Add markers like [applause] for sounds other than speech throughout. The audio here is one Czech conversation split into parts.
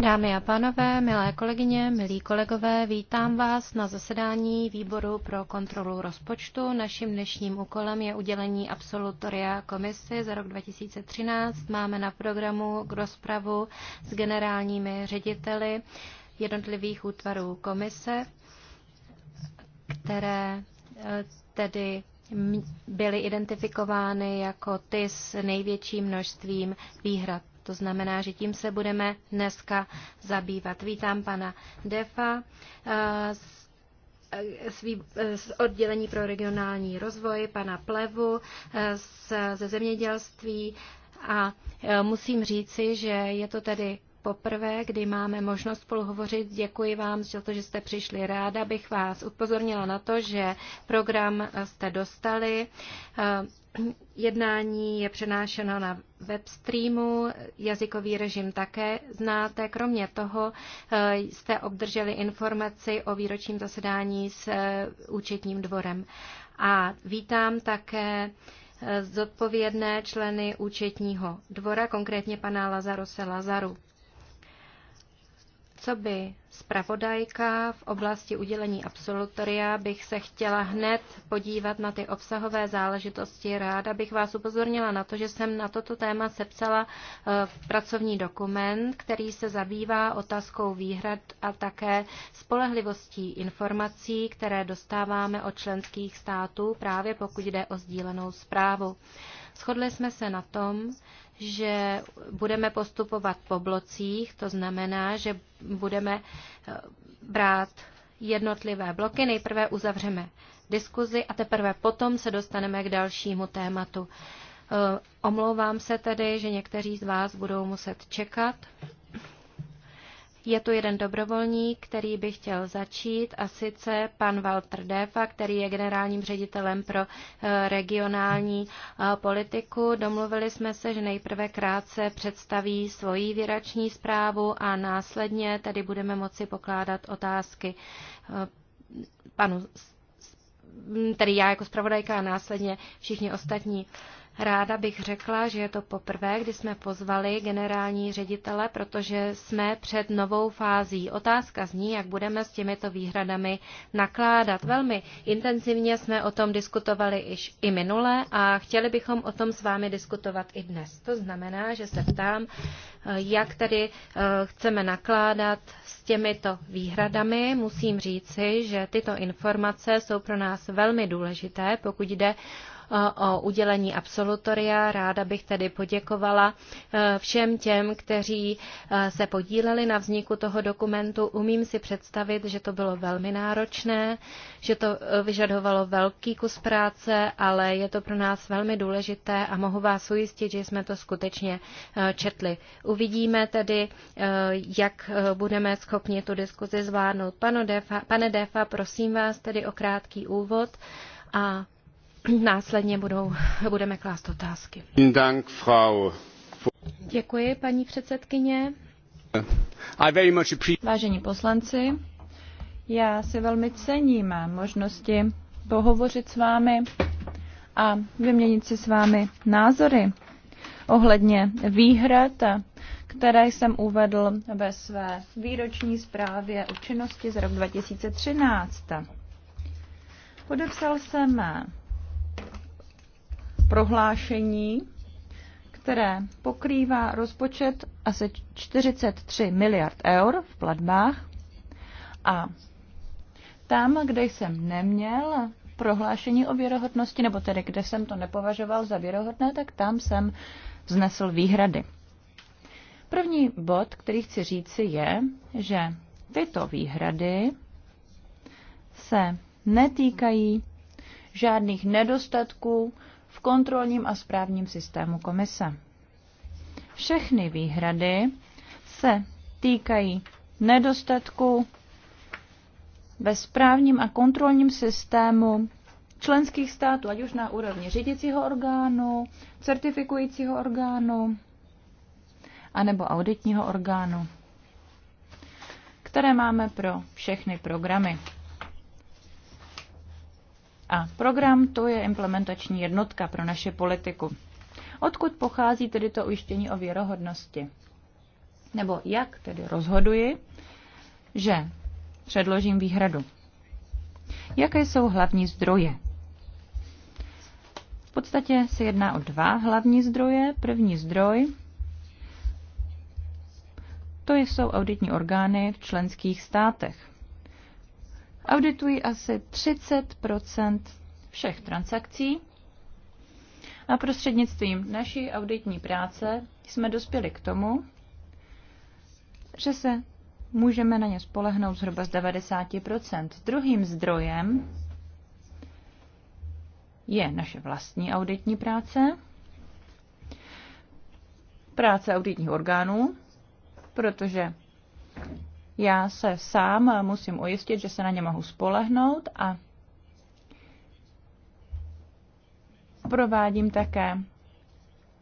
Dámy a pánové, milé kolegyně, milí kolegové, vítám vás na zasedání výboru pro kontrolu rozpočtu. Naším dnešním úkolem je udělení absolutoria komisi za rok 2013. Máme na programu k rozpravu s generálními řediteli jednotlivých útvarů komise, které eh, tedy byly identifikovány jako ty s největším množstvím výhrad. To znamená, že tím se budeme dneska zabývat. Vítám pana Defa eh, eh, eh, z oddělení pro regionální rozvoj, pana Plevu ze zemědělství a musím říci, že je to tedy poprvé, kdy máme možnost spolu hovořit. Děkuji vám za to, že jste přišli. Ráda bych vás upozornila na to, že program jste dostali. Eh, jednání je přenášeno na webstreamu, jazykový režim také znáte. Kromě toho eh, jste obdrželi informaci o výročním zasedání s eh, účetním dvorem. A vítám také zodpovědné členy účetního dvora, konkrétně pana Lazarose Lazaru. Co by zpravodajka v oblasti udělení absolutoria bych se chtěla hned podívat na ty obsahové záležitosti. Ráda bych vás upozornila na to, že jsem na toto téma sepsala eh, pracovní dokument, který se zabývá otázkou výhrad a také spolehlivostí informací, které dostáváme od členských států, právě pokud jde o sdílenou zprávu. Shodli jsme se na tom, že budeme postupovat po blocích, to znamená, že budeme eh, brát jednotlivé bloky. Nejprve uzavřeme diskuzi a teprve potom se dostaneme k dalšímu tématu. Eh, omlouvám se tedy, že někteří z vás budou muset čekat. Je tu jeden dobrovolník, který by chtěl začít, a sice pan Walter Defa, který je generálním ředitelem pro eh, regionální eh, politiku. Domluvili jsme se, že nejprve krátce představí svoji výrační zprávu a následně tedy budeme moci pokládat otázky eh, panu tedy já jako zpravodajka a následně všichni ostatní. Ráda bych řekla, že je to poprvé, kdy jsme pozvali generální ředitele, protože jsme před novou fází. Otázka zní, jak budeme s těmito výhradami nakládat. Velmi intenzivně jsme o tom diskutovali již i minule a chtěli bychom o tom s vámi diskutovat i dnes. To znamená, že se ptám, jak tedy eh, chceme nakládat s těmito výhradami. Musím říci, že tyto informace jsou pro nás velmi důležité, pokud jde o udělení absolutoria. Ráda bych tedy poděkovala e, všem těm, kteří e, se podíleli na vzniku toho dokumentu. Umím si představit, že to bylo velmi náročné, že to e, vyžadovalo velký kus práce, ale je to pro nás velmi důležité a mohu vás ujistit, že jsme to skutečně četli. Uvidíme tedy, jak budeme schopni tu diskuzi zvládnout. Pane Defa, pane Defa prosím vás tedy o krátký úvod a následně budou, budeme klást otázky. Děkuji, paní předsedkyně. Vážení poslanci, já si velmi cením možnosti pohovořit s vámi a vyměnit si s vámi názory ohledně výhrad, které jsem uvedl ve své výroční zprávě o činnosti z roku 2013. Podepsal jsem prohlášení, které pokrývá rozpočet asi 43 miliard eur v platbách a tam, kde jsem neměl prohlášení o věrohodnosti, nebo tedy kde jsem to nepovažoval za věrohodné, tak tam jsem vznesl výhrady. První bod, který chci říci, je, že tyto výhrady se netýkají žádných nedostatků v kontrolním a správním systému komise. Všechny výhrady se týkají nedostatku ve správním a kontrolním systému členských států, ať už na úrovni řídicího orgánu, certifikujícího orgánu, anebo auditního orgánu, které máme pro všechny programy. A program to je implementační jednotka pro naše politiku. Odkud pochází tedy to ujištění o věrohodnosti? Nebo jak tedy rozhoduji, že předložím výhradu? Jaké jsou hlavní zdroje? V podstatě se jedná o dva hlavní zdroje. První zdroj to jsou auditní orgány v členských státech auditují asi 30 všech transakcí a prostřednictvím naší auditní práce jsme dospěli k tomu, že se můžeme na ně spolehnout zhruba z 90 Druhým zdrojem je naše vlastní auditní práce, práce auditních orgánů, protože já se sám musím ujistit, že se na ně mohu spolehnout a provádím také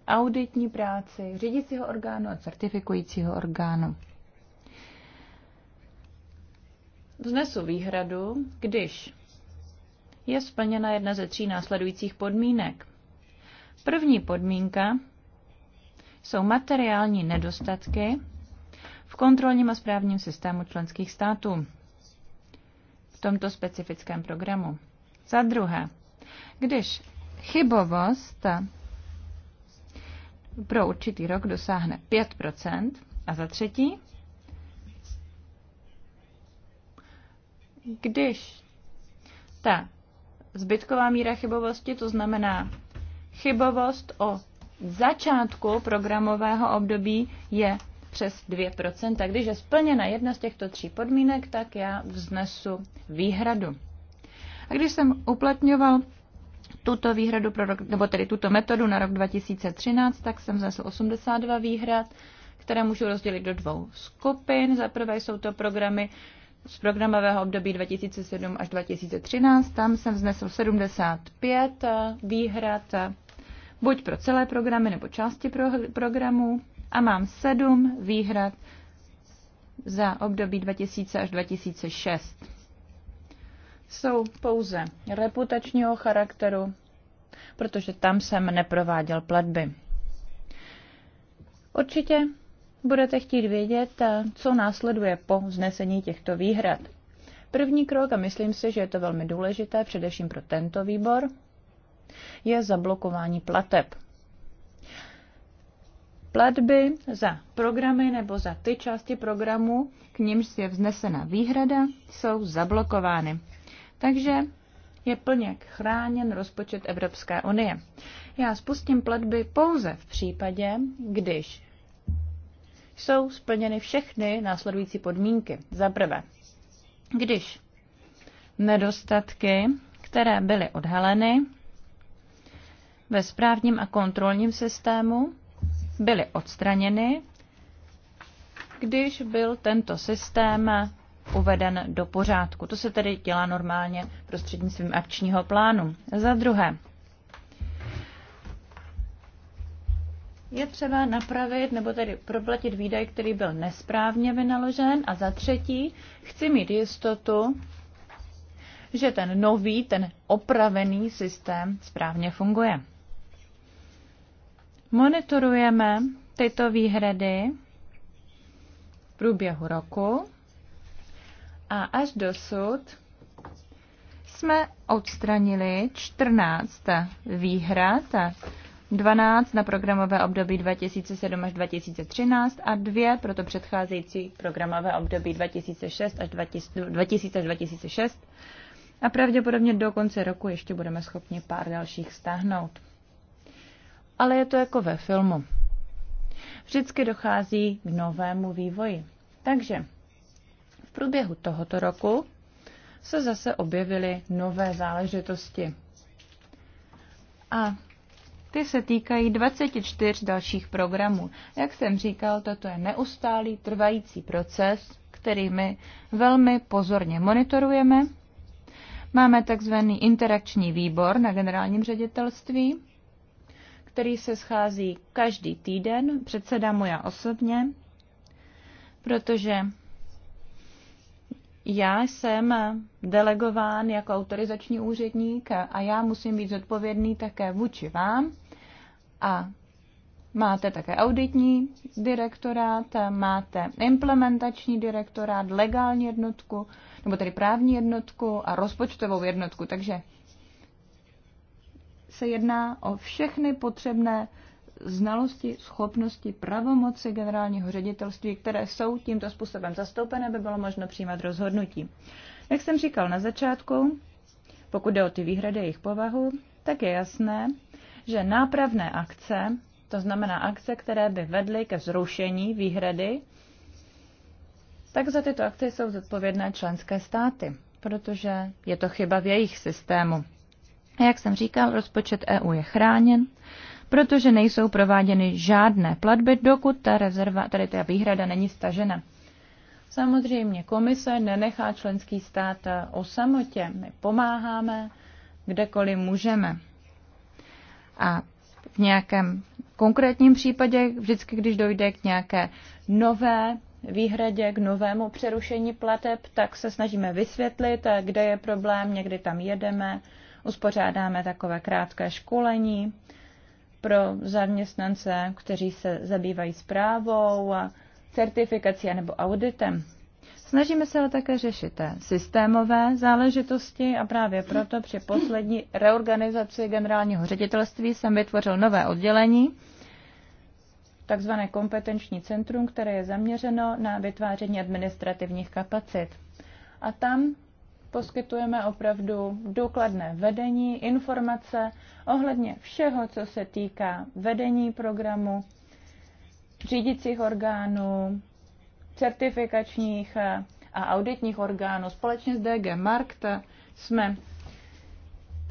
auditní práci řídícího orgánu a certifikujícího orgánu. Vznesu výhradu, když je splněna jedna ze tří následujících podmínek. První podmínka jsou materiální nedostatky, v kontrolním a správním systému členských států v tomto specifickém programu. Za druhé, když chybovost pro určitý rok dosáhne 5 a za třetí, když ta zbytková míra chybovosti, to znamená chybovost o začátku programového období je přes 2%. Když je splněna jedna z těchto tří podmínek, tak já vznesu výhradu. A když jsem uplatňoval tuto výhradu pro rok, nebo tedy tuto metodu na rok 2013, tak jsem vznesl 82 výhrad, které můžu rozdělit do dvou skupin. Za prvé jsou to programy z programového období 2007 až 2013. Tam jsem vznesl 75 výhrad buď pro celé programy nebo části pro, programů a mám sedm výhrad za období 2000 až 2006. Jsou pouze reputačního charakteru, protože tam jsem neprováděl platby. Určitě budete chtít vědět, eh, co následuje po vznesení těchto výhrad. První krok, a myslím si, že je to velmi důležité, především pro tento výbor, je zablokování plateb platby za programy nebo za ty části programu, k nímž je vznesena výhrada, jsou zablokovány. Takže je plně chráněn rozpočet Evropské unie. Já spustím platby pouze v případě, když jsou splněny všechny následující podmínky. Za prvé, když nedostatky, které byly odhaleny ve správním a kontrolním systému, byly odstraněny, když byl tento systém uveden do pořádku. To se tedy dělá normálně prostřednictvím akčního plánu. Za druhé, je třeba napravit nebo tedy proplatit výdaj, který byl nesprávně vynaložen. A za třetí, chci mít jistotu, že ten nový, ten opravený systém správně funguje. Monitorujeme tyto výhrady v průběhu roku a až dosud jsme odstranili 14 výhrad, 12 na programové období 2007 až 2013 a dvě pro to předcházející programové období 2006 až 2006 a pravděpodobně do konce roku ještě budeme schopni pár dalších stáhnout ale je to jako ve filmu. Vždycky dochází k novému vývoji. Takže v průběhu tohoto roku se zase objevily nové záležitosti. A ty se týkají 24 dalších programů. Jak jsem říkal, toto je neustálý trvající proces, který my velmi pozorně monitorujeme. Máme takzvaný interakční výbor na generálním ředitelství, který se schází každý týden, předseda moja osobně, protože já jsem delegován jako autorizační úředník a já musím být zodpovědný také vůči vám. A máte také auditní direktorát, máte implementační direktorát, legální jednotku, nebo tedy právní jednotku a rozpočtovou jednotku. Takže se jedná o všechny potřebné znalosti, schopnosti, pravomoci generálního ředitelství, které jsou tímto způsobem zastoupené, by bylo možno přijímat rozhodnutí. Jak jsem říkal na začátku, pokud jde o ty výhrady jejich povahu, tak je jasné, že nápravné akce, to znamená akce, které by vedly ke zrušení výhrady, tak za tyto akce jsou zodpovědné členské státy, protože je to chyba v jejich systému. Jak jsem říkal, rozpočet EU je chráněn, protože nejsou prováděny žádné platby, dokud ta rezerva, tady ta výhrada není stažena. Samozřejmě komise nenechá členský stát o samotě. My pomáháme kdekoliv můžeme. A v nějakém konkrétním případě, vždycky, když dojde k nějaké nové výhradě, k novému přerušení plateb, tak se snažíme vysvětlit, kde je problém, někdy tam jedeme, uspořádáme takové krátké školení pro zaměstnance, kteří se zabývají zprávou, a certifikací nebo auditem. Snažíme se ale také řešit systémové záležitosti a právě proto při poslední reorganizaci generálního ředitelství jsem vytvořil nové oddělení, takzvané kompetenční centrum, které je zaměřeno na vytváření administrativních kapacit. A tam poskytujeme opravdu důkladné vedení, informace ohledně všeho, co se týká vedení programu, řídicích orgánů, certifikačních a auditních orgánů. Společně s DG Markt jsme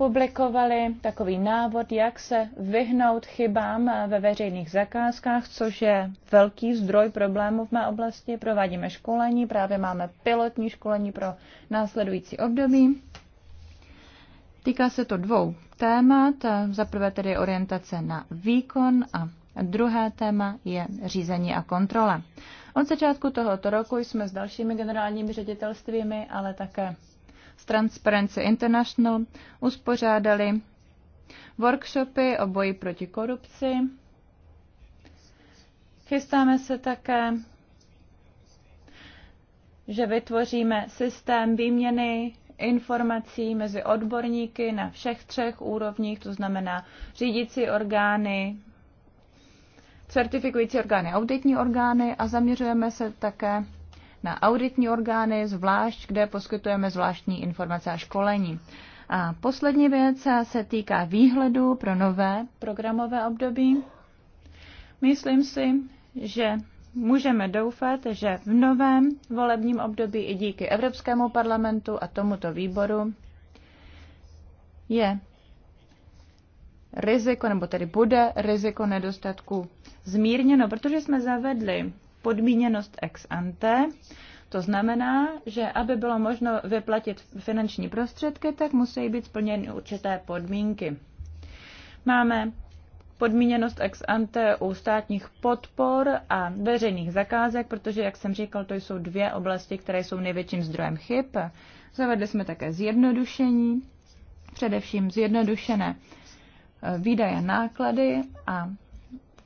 publikovali takový návod, jak se vyhnout chybám ve veřejných zakázkách, což je velký zdroj problémů v mé oblasti. Provádíme školení, právě máme pilotní školení pro následující období. Týká se to dvou témat. Za prvé tedy orientace na výkon a druhé téma je řízení a kontrola. Od začátku tohoto roku jsme s dalšími generálními ředitelstvími, ale také s Transparency International uspořádali workshopy o boji proti korupci. Chystáme se také, že vytvoříme systém výměny informací mezi odborníky na všech třech úrovních, to znamená řídící orgány, certifikující orgány, auditní orgány a zaměřujeme se také na auditní orgány, zvlášť kde poskytujeme zvláštní informace a školení. A poslední věc se týká výhledu pro nové programové období. Myslím si, že můžeme doufat, že v novém volebním období i díky Evropskému parlamentu a tomuto výboru je riziko, nebo tedy bude riziko nedostatku zmírněno, protože jsme zavedli podmíněnost ex ante. To znamená, že aby bylo možno vyplatit finanční prostředky, tak musí být splněny určité podmínky. Máme podmíněnost ex ante u státních podpor a veřejných zakázek, protože, jak jsem říkal, to jsou dvě oblasti, které jsou největším zdrojem chyb. Zavedli jsme také zjednodušení, především zjednodušené eh, výdaje náklady a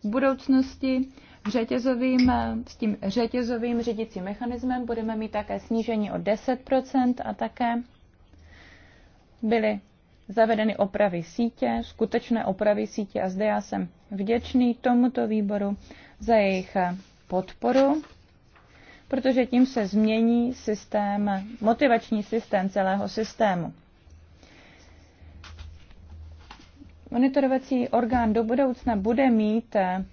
v budoucnosti řetězovým, eh, s tím řetězovým řídicím mechanismem budeme mít také snížení o 10% a také byly zavedeny opravy sítě, skutečné opravy sítě a zde já jsem vděčný tomuto výboru za jejich eh, podporu, protože tím se změní systém, motivační systém celého systému. Monitorovací orgán do budoucna bude mít eh,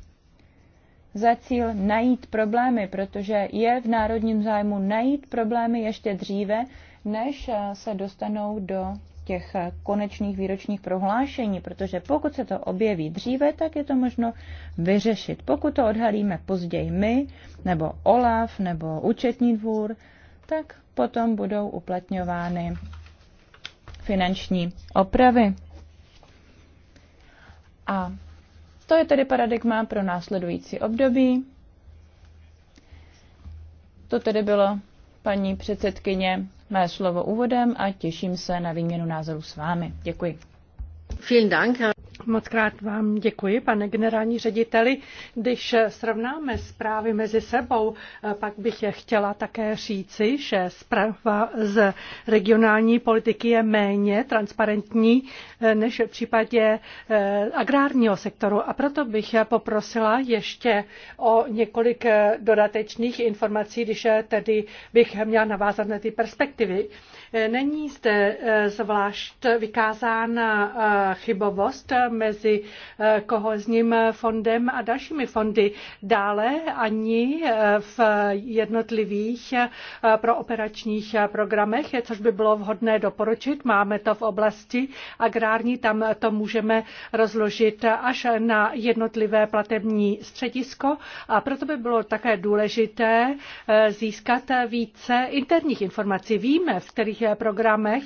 za cíl najít problémy, protože je v národním zájmu najít problémy ještě dříve, než eh, se dostanou do těch eh, konečných výročních prohlášení, protože pokud se to objeví dříve, tak je to možno vyřešit. Pokud to odhalíme později my, nebo OLAF, nebo účetní dvůr, tak potom budou uplatňovány finanční opravy. A to je tedy paradigma pro následující období. To tedy bylo, paní předsedkyně, mé slovo úvodem a těším se na výměnu názoru s vámi. Děkuji. Vielen Dank. Moc krát vám děkuji, pane generální řediteli. Když srovnáme zprávy mezi sebou, pak bych je chtěla také říci, že zpráva z regionální politiky je méně transparentní eh, než v případě eh, agrárního sektoru. A proto bych poprosila ještě o několik eh, dodatečných informací, když tedy bych měla navázat na ty perspektivy. Není zde zvlášť vykázána chybovost mezi eh, kohozním fondem a dalšími fondy. Dále ani eh, v jednotlivých eh, prooperačních programech, což by bylo vhodné doporučit. Máme to v oblasti agrární, tam to můžeme rozložit až na jednotlivé platební středisko a proto by bylo také důležité získat více interních informací. Víme, v kterých programech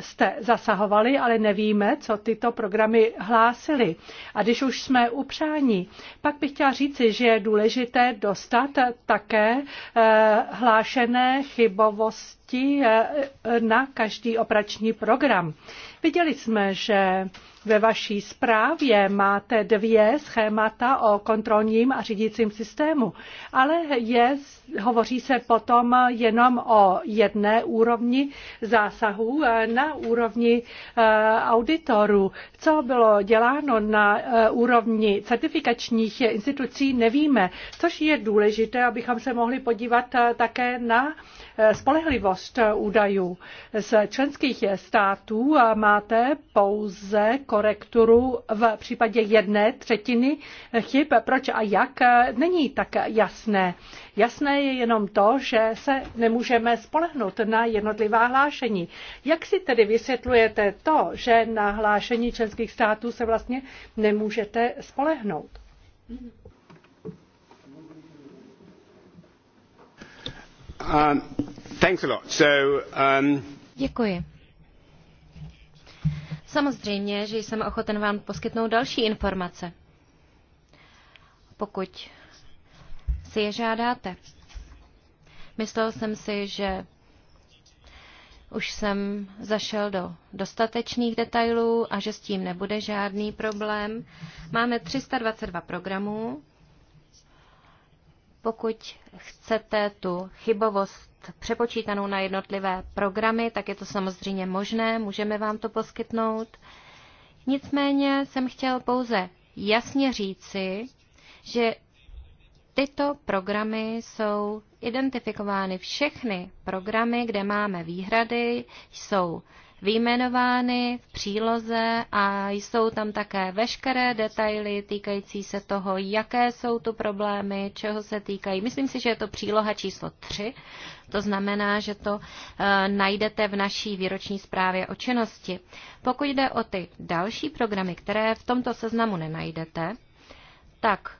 jste zasahovali, ale nevíme, co tyto programy hlásili. A když už jsme upřáni, pak bych chtěla říci, že je důležité dostat také eh, hlášené chybovosti eh, na každý operační program. Viděli jsme, že ve vaší zprávě máte dvě schémata o kontrolním a řídícím systému, ale je, hovoří se potom jenom o jedné úrovni zásahu e, na úrovni e, auditorů. Co bylo děláno na e, úrovni certifikačních institucí, nevíme, což je důležité, abychom se mohli podívat také na spolehlivost údajů. Z členských států máte pouze korekturu v případě jedné třetiny chyb, proč a jak, není tak jasné. Jasné je jenom to, že se nemůžeme spolehnout na jednotlivá hlášení. Jak si tedy vysvětlujete to, že na hlášení členských států se vlastně nemůžete spolehnout? Um, thanks a lot. So, um... Děkuji. Samozřejmě, že jsem ochoten vám poskytnout další informace, pokud si je žádáte. Myslel jsem si, že už jsem zašel do dostatečných detailů a že s tím nebude žádný problém. Máme 322 programů, pokud chcete tu chybovost přepočítanou na jednotlivé programy, tak je to samozřejmě možné, můžeme vám to poskytnout. Nicméně jsem chtěl pouze jasně říci, že tyto programy jsou identifikovány. Všechny programy, kde máme výhrady, jsou vyjmenovány v příloze a jsou tam také veškeré detaily týkající se toho, jaké jsou tu problémy, čeho se týkají. Myslím si, že je to příloha číslo 3, to znamená, že to eh, najdete v naší výroční zprávě o činnosti. Pokud jde o ty další programy, které v tomto seznamu nenajdete, tak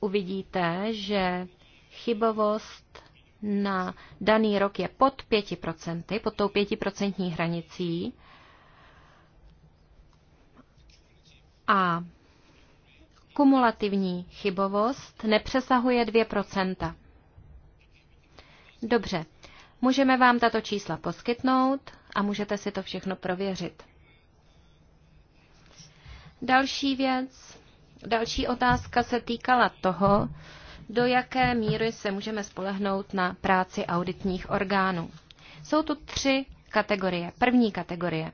uvidíte, že chybovost na daný rok je pod 5%, pod tou 5% hranicí. A kumulativní chybovost nepřesahuje 2%. Dobře, můžeme vám tato čísla poskytnout a můžete si to všechno prověřit. Další věc, další otázka se týkala toho, do jaké míry se můžeme spolehnout na práci auditních orgánů. Jsou tu tři kategorie. První kategorie.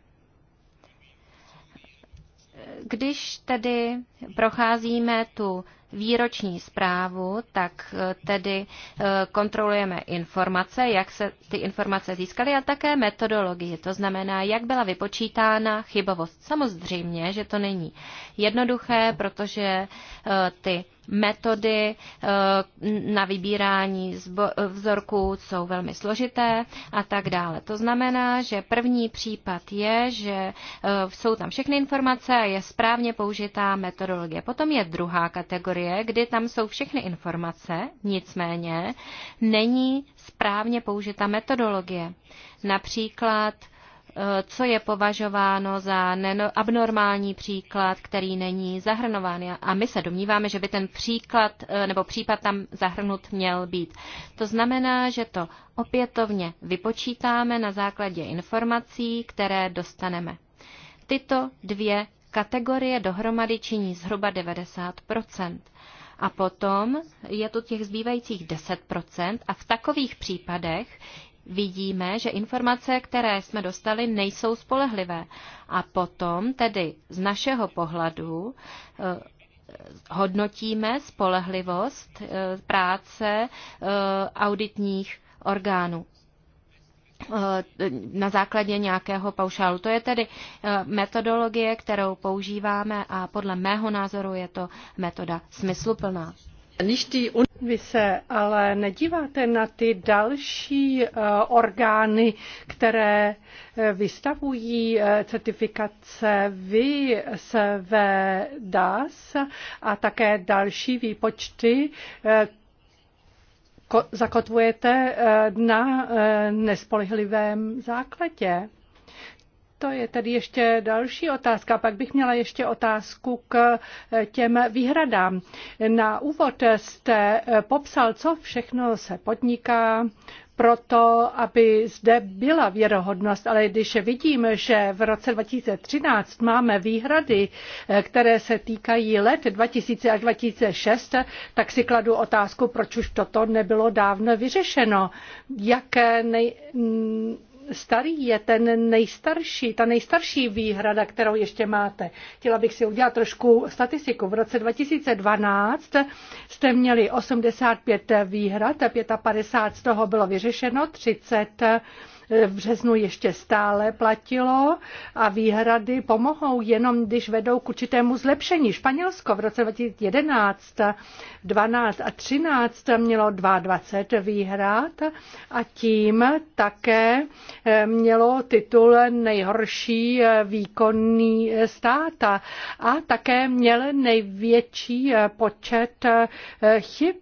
Když tedy procházíme tu výroční zprávu, tak eh, tedy eh, kontrolujeme informace, jak se ty informace získaly a také metodologii, to znamená, jak byla vypočítána chybovost. Samozřejmě, že to není jednoduché, protože eh, ty metody eh, na vybírání vzorků jsou velmi složité a tak dále. To znamená, že první případ je, že eh, jsou tam všechny informace a je správně použitá metodologie. Potom je druhá kategorie, kdy tam jsou všechny informace, nicméně není správně použita metodologie. Například co je považováno za abnormální příklad, který není zahrnován. A my se domníváme, že by ten příklad eh, nebo případ tam zahrnut měl být. To znamená, že to opětovně vypočítáme na základě informací, které dostaneme. Tyto dvě kategorie dohromady činí zhruba 90 a potom je tu těch zbývajících 10 a v takových případech vidíme, že informace, které jsme dostali, nejsou spolehlivé. A potom tedy z našeho pohledu eh, hodnotíme spolehlivost eh, práce eh, auditních orgánů na základě nějakého paušálu. To je tedy metodologie, kterou používáme a podle mého názoru je to metoda smysluplná. Vy se ale nedíváte na ty další eh, orgány, které eh, vystavují eh, certifikace se DAS a také další výpočty, zakotvujete na nespolehlivém základě. To je tedy ještě další otázka. Pak bych měla ještě otázku k eh, těm výhradám. Na úvod jste eh, popsal, co všechno se podniká proto, aby zde byla věrohodnost, ale když vidím, že v roce 2013 máme výhrady, eh, které se týkají let 2000 až 2006, tak si kladu otázku, proč už toto nebylo dávno vyřešeno. Jaké nej starý je ten nejstarší, ta nejstarší výhrada, kterou ještě máte. Chtěla bych si udělat trošku statistiku. V roce 2012 jste měli 85 výhrad, 55 z toho bylo vyřešeno, 30 v březnu ještě stále platilo a výhrady pomohou jenom, když vedou k určitému zlepšení. Španělsko v roce 2011, 12 a 13 mělo 22 výhrad a tím také eh, mělo titul nejhorší eh, výkonný stát a také měl největší eh, počet chyb.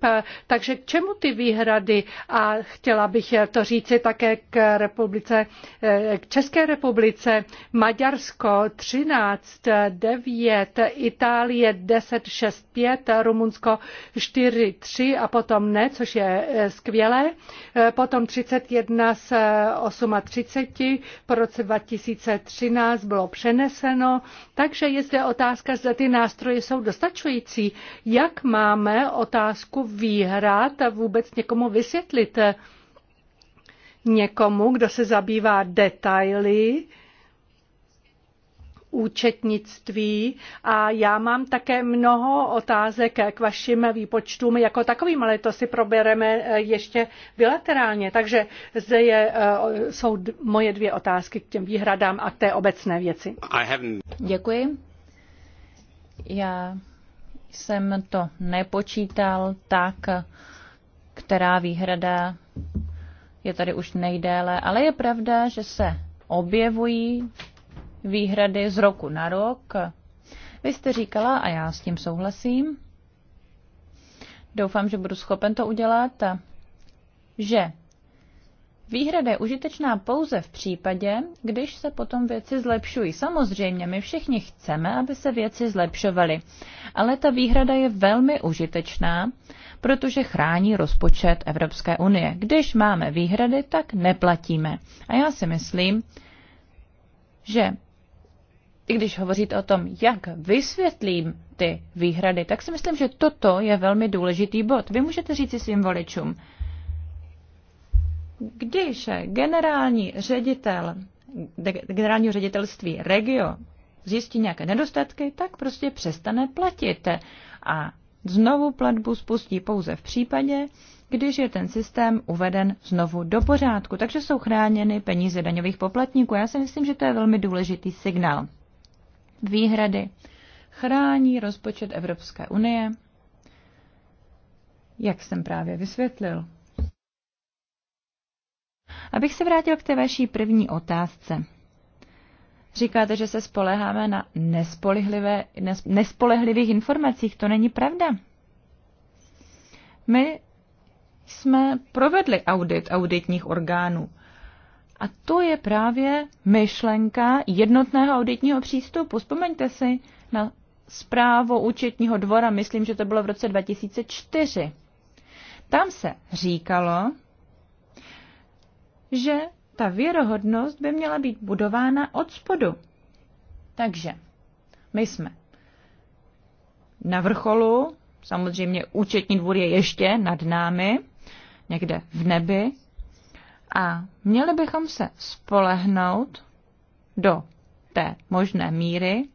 Takže k čemu ty výhrady? A chtěla bych to říci také k republice, eh, k České republice, Maďarsko 13, 9, Itálie 10, 6, 5, Rumunsko 4, 3 a potom ne, což je eh, skvělé. Eh, potom 31 z 38 po roce 2013 bylo přeneseno, takže je zde otázka, zda ty nástroje jsou dostačující. Jak máme otázku a vůbec někomu vysvětlit? někomu, kdo se zabývá detaily, účetnictví a já mám také mnoho otázek k vašim výpočtům jako takovým, ale to si probereme eh, ještě bilaterálně. Takže zde je, eh, jsou moje dvě otázky k těm výhradám a k té obecné věci. Děkuji. Já jsem to nepočítal tak, která výhrada je tady už nejdéle, ale je pravda, že se objevují výhrady z roku na rok. Vy jste říkala, a já s tím souhlasím, doufám, že budu schopen to udělat, že Výhrada je užitečná pouze v případě, když se potom věci zlepšují. Samozřejmě, my všichni chceme, aby se věci zlepšovaly, ale ta výhrada je velmi užitečná, protože chrání rozpočet Evropské unie. Když máme výhrady, tak neplatíme. A já si myslím, že i když hovoříte o tom, jak vysvětlím ty výhrady, tak si myslím, že toto je velmi důležitý bod. Vy můžete si svým voličům, když generální ředitel generálního ředitelství Regio zjistí nějaké nedostatky, tak prostě přestane platit a znovu platbu spustí pouze v případě, když je ten systém uveden znovu do pořádku. Takže jsou chráněny peníze daňových poplatníků. Já si myslím, že to je velmi důležitý signál. Výhrady chrání rozpočet Evropské unie, jak jsem právě vysvětlil. Abych se vrátil k té vaší první otázce. Říkáte, že se spoleháme na nespolehlivé, nespolehlivých informacích. To není pravda. My jsme provedli audit auditních orgánů. A to je právě myšlenka jednotného auditního přístupu. Vzpomeňte si na zprávu účetního dvora, myslím, že to bylo v roce 2004. Tam se říkalo, že ta věrohodnost by měla být budována od spodu. Takže my jsme na vrcholu, samozřejmě účetní dvůr je ještě nad námi, někde v nebi, a měli bychom se spolehnout do té možné míry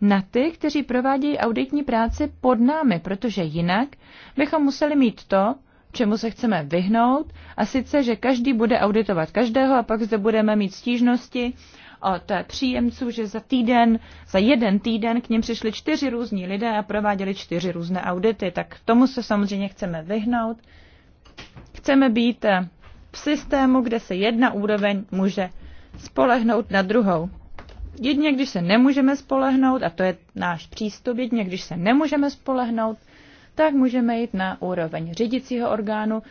na ty, kteří provádějí auditní práci pod námi, protože jinak bychom museli mít to, čemu se chceme vyhnout, a sice, že každý bude auditovat každého a pak zde budeme mít stížnosti od příjemců, že za týden, za jeden týden k ním přišli čtyři různí lidé a prováděli čtyři různé audity. Tak tomu se samozřejmě chceme vyhnout. Chceme být eh, v systému, kde se jedna úroveň může spolehnout na druhou. Jedině, když se nemůžeme spolehnout, a to je náš přístup, jedině, když se nemůžeme spolehnout, tak můžeme jít na úroveň řídicího orgánu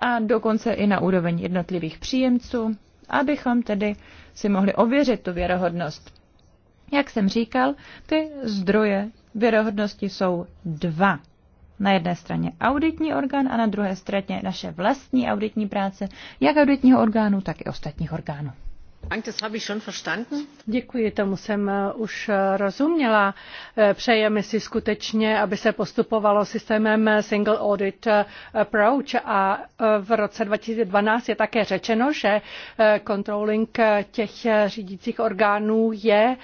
a dokonce i na úroveň jednotlivých příjemců, abychom tedy si mohli ověřit tu věrohodnost. Jak jsem říkal, ty zdroje věrohodnosti jsou dva. Na jedné straně auditní orgán a na druhé straně naše vlastní auditní práce, jak auditního orgánu, tak i ostatních orgánů. Děkuji, tomu jsem eh, už eh, rozuměla. Eh, přejeme si skutečně, aby se postupovalo systémem Single Audit Approach a v roce 2012 je také řečeno, že controlling těch řídících orgánů je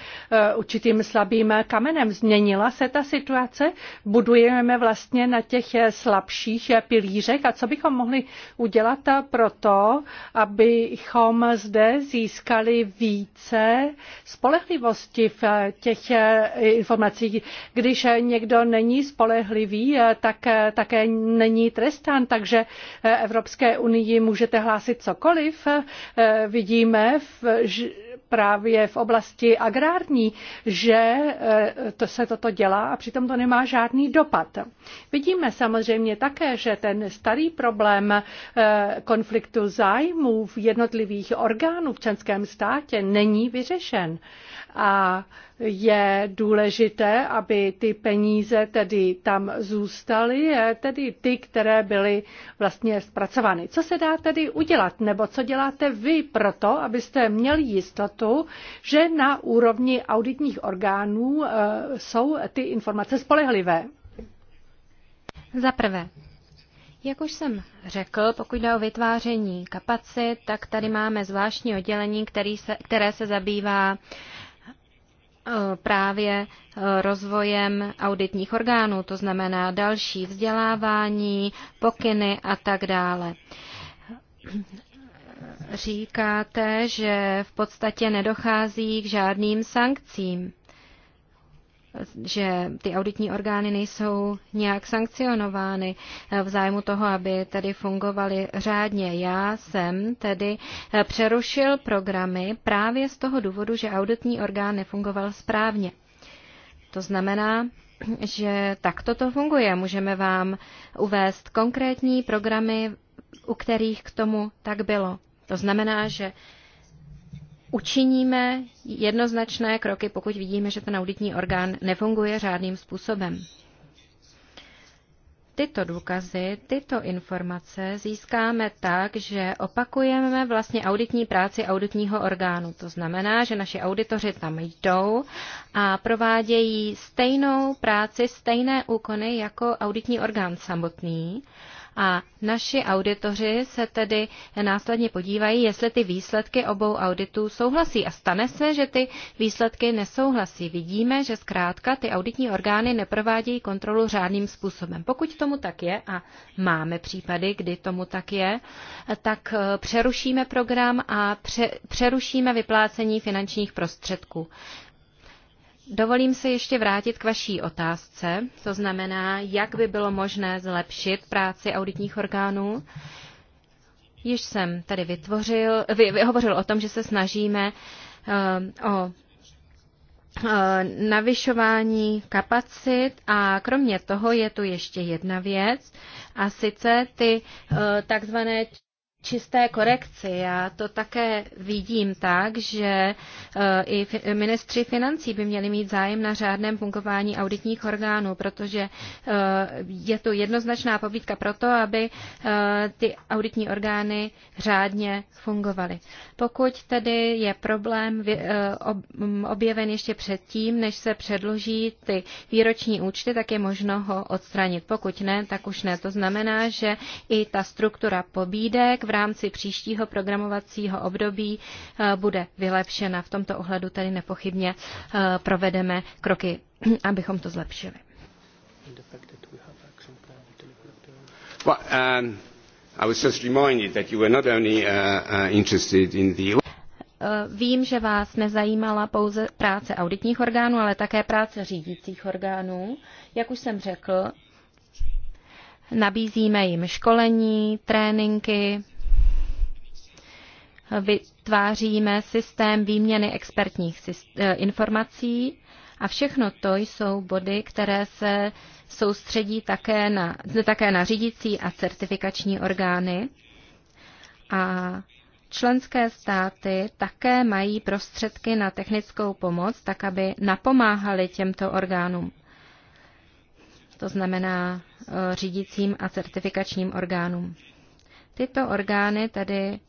určitým slabým kamenem. Změnila se ta situace? Budujeme vlastně na těch slabších pilířech a co bychom mohli udělat pro to, abychom zde získali získali více spolehlivosti v těch eh, informacích. Když někdo není spolehlivý, eh, tak eh, také není trestán, takže Evropské unii můžete hlásit cokoliv. Vidíme, právě v oblasti agrární, že eh, to se toto dělá a přitom to nemá žádný dopad. Vidíme samozřejmě také, že ten starý problém eh, konfliktu zájmů v jednotlivých orgánů v členském státě není vyřešen a je důležité, aby ty peníze tedy tam zůstaly, eh, tedy ty, které byly vlastně zpracovány. Co se dá tedy udělat, nebo co děláte vy proto, abyste měli jistotu, že na úrovni auditních orgánů eh, jsou ty informace spolehlivé? Za prvé, jak už jsem řekl, pokud jde o vytváření kapacit, tak tady máme zvláštní oddělení, který se, které se zabývá E, právě e, rozvojem auditních orgánů, to znamená další vzdělávání, pokyny a tak dále. Říkáte, že v podstatě nedochází k žádným sankcím že ty auditní orgány nejsou nějak sankcionovány v zájmu toho, aby tady fungovaly řádně. Já jsem tedy přerušil programy právě z toho důvodu, že auditní orgán nefungoval správně. To znamená, že takto to funguje. Můžeme vám uvést konkrétní programy, u kterých k tomu tak bylo. To znamená, že učiníme jednoznačné kroky, pokud vidíme, že ten auditní orgán nefunguje řádným způsobem. Tyto důkazy, tyto informace získáme tak, že opakujeme vlastně auditní práci auditního orgánu. To znamená, že naši auditoři tam jdou a provádějí stejnou práci, stejné úkony jako auditní orgán samotný a naši auditoři se tedy následně podívají, jestli ty výsledky obou auditů souhlasí. A stane se, že ty výsledky nesouhlasí. Vidíme, že zkrátka ty auditní orgány neprovádějí kontrolu řádným způsobem. Pokud tomu tak je, a máme případy, kdy tomu tak je, tak eh, přerušíme program a pře- přerušíme vyplácení finančních prostředků. Dovolím se ještě vrátit k vaší otázce, to znamená, jak by bylo možné zlepšit práci auditních orgánů. Již jsem tady vytvořil, vy, vy hovořil o tom, že se snažíme uh, o uh, navyšování kapacit a kromě toho je tu ještě jedna věc a sice ty uh, takzvané čisté korekci. Já to také vidím tak, že eh, i ministři financí by měli mít zájem na řádném fungování auditních orgánů, protože eh, je to jednoznačná pobídka pro to, aby eh, ty auditní orgány řádně fungovaly. Pokud tedy je problém objeven ještě předtím, než se předloží ty výroční účty, tak je možno ho odstranit. Pokud ne, tak už ne. To znamená, že i ta struktura pobídek v rámci příštího programovacího období eh, bude vylepšena. V tomto ohledu tedy nepochybně eh, provedeme kroky, [clears throat] abychom to zlepšili. Um, uh, uh, eh, vím, že vás nezajímala pouze práce auditních orgánů, ale také práce řídících orgánů. Jak už jsem řekl, nabízíme jim školení, tréninky, vytváříme systém výměny expertních eh, informací a všechno to jsou body, které se soustředí také na, také na řídící a certifikační orgány. A členské státy také mají prostředky na technickou pomoc, tak aby napomáhali těmto orgánům. To znamená eh, řídícím a certifikačním orgánům. Tyto orgány tedy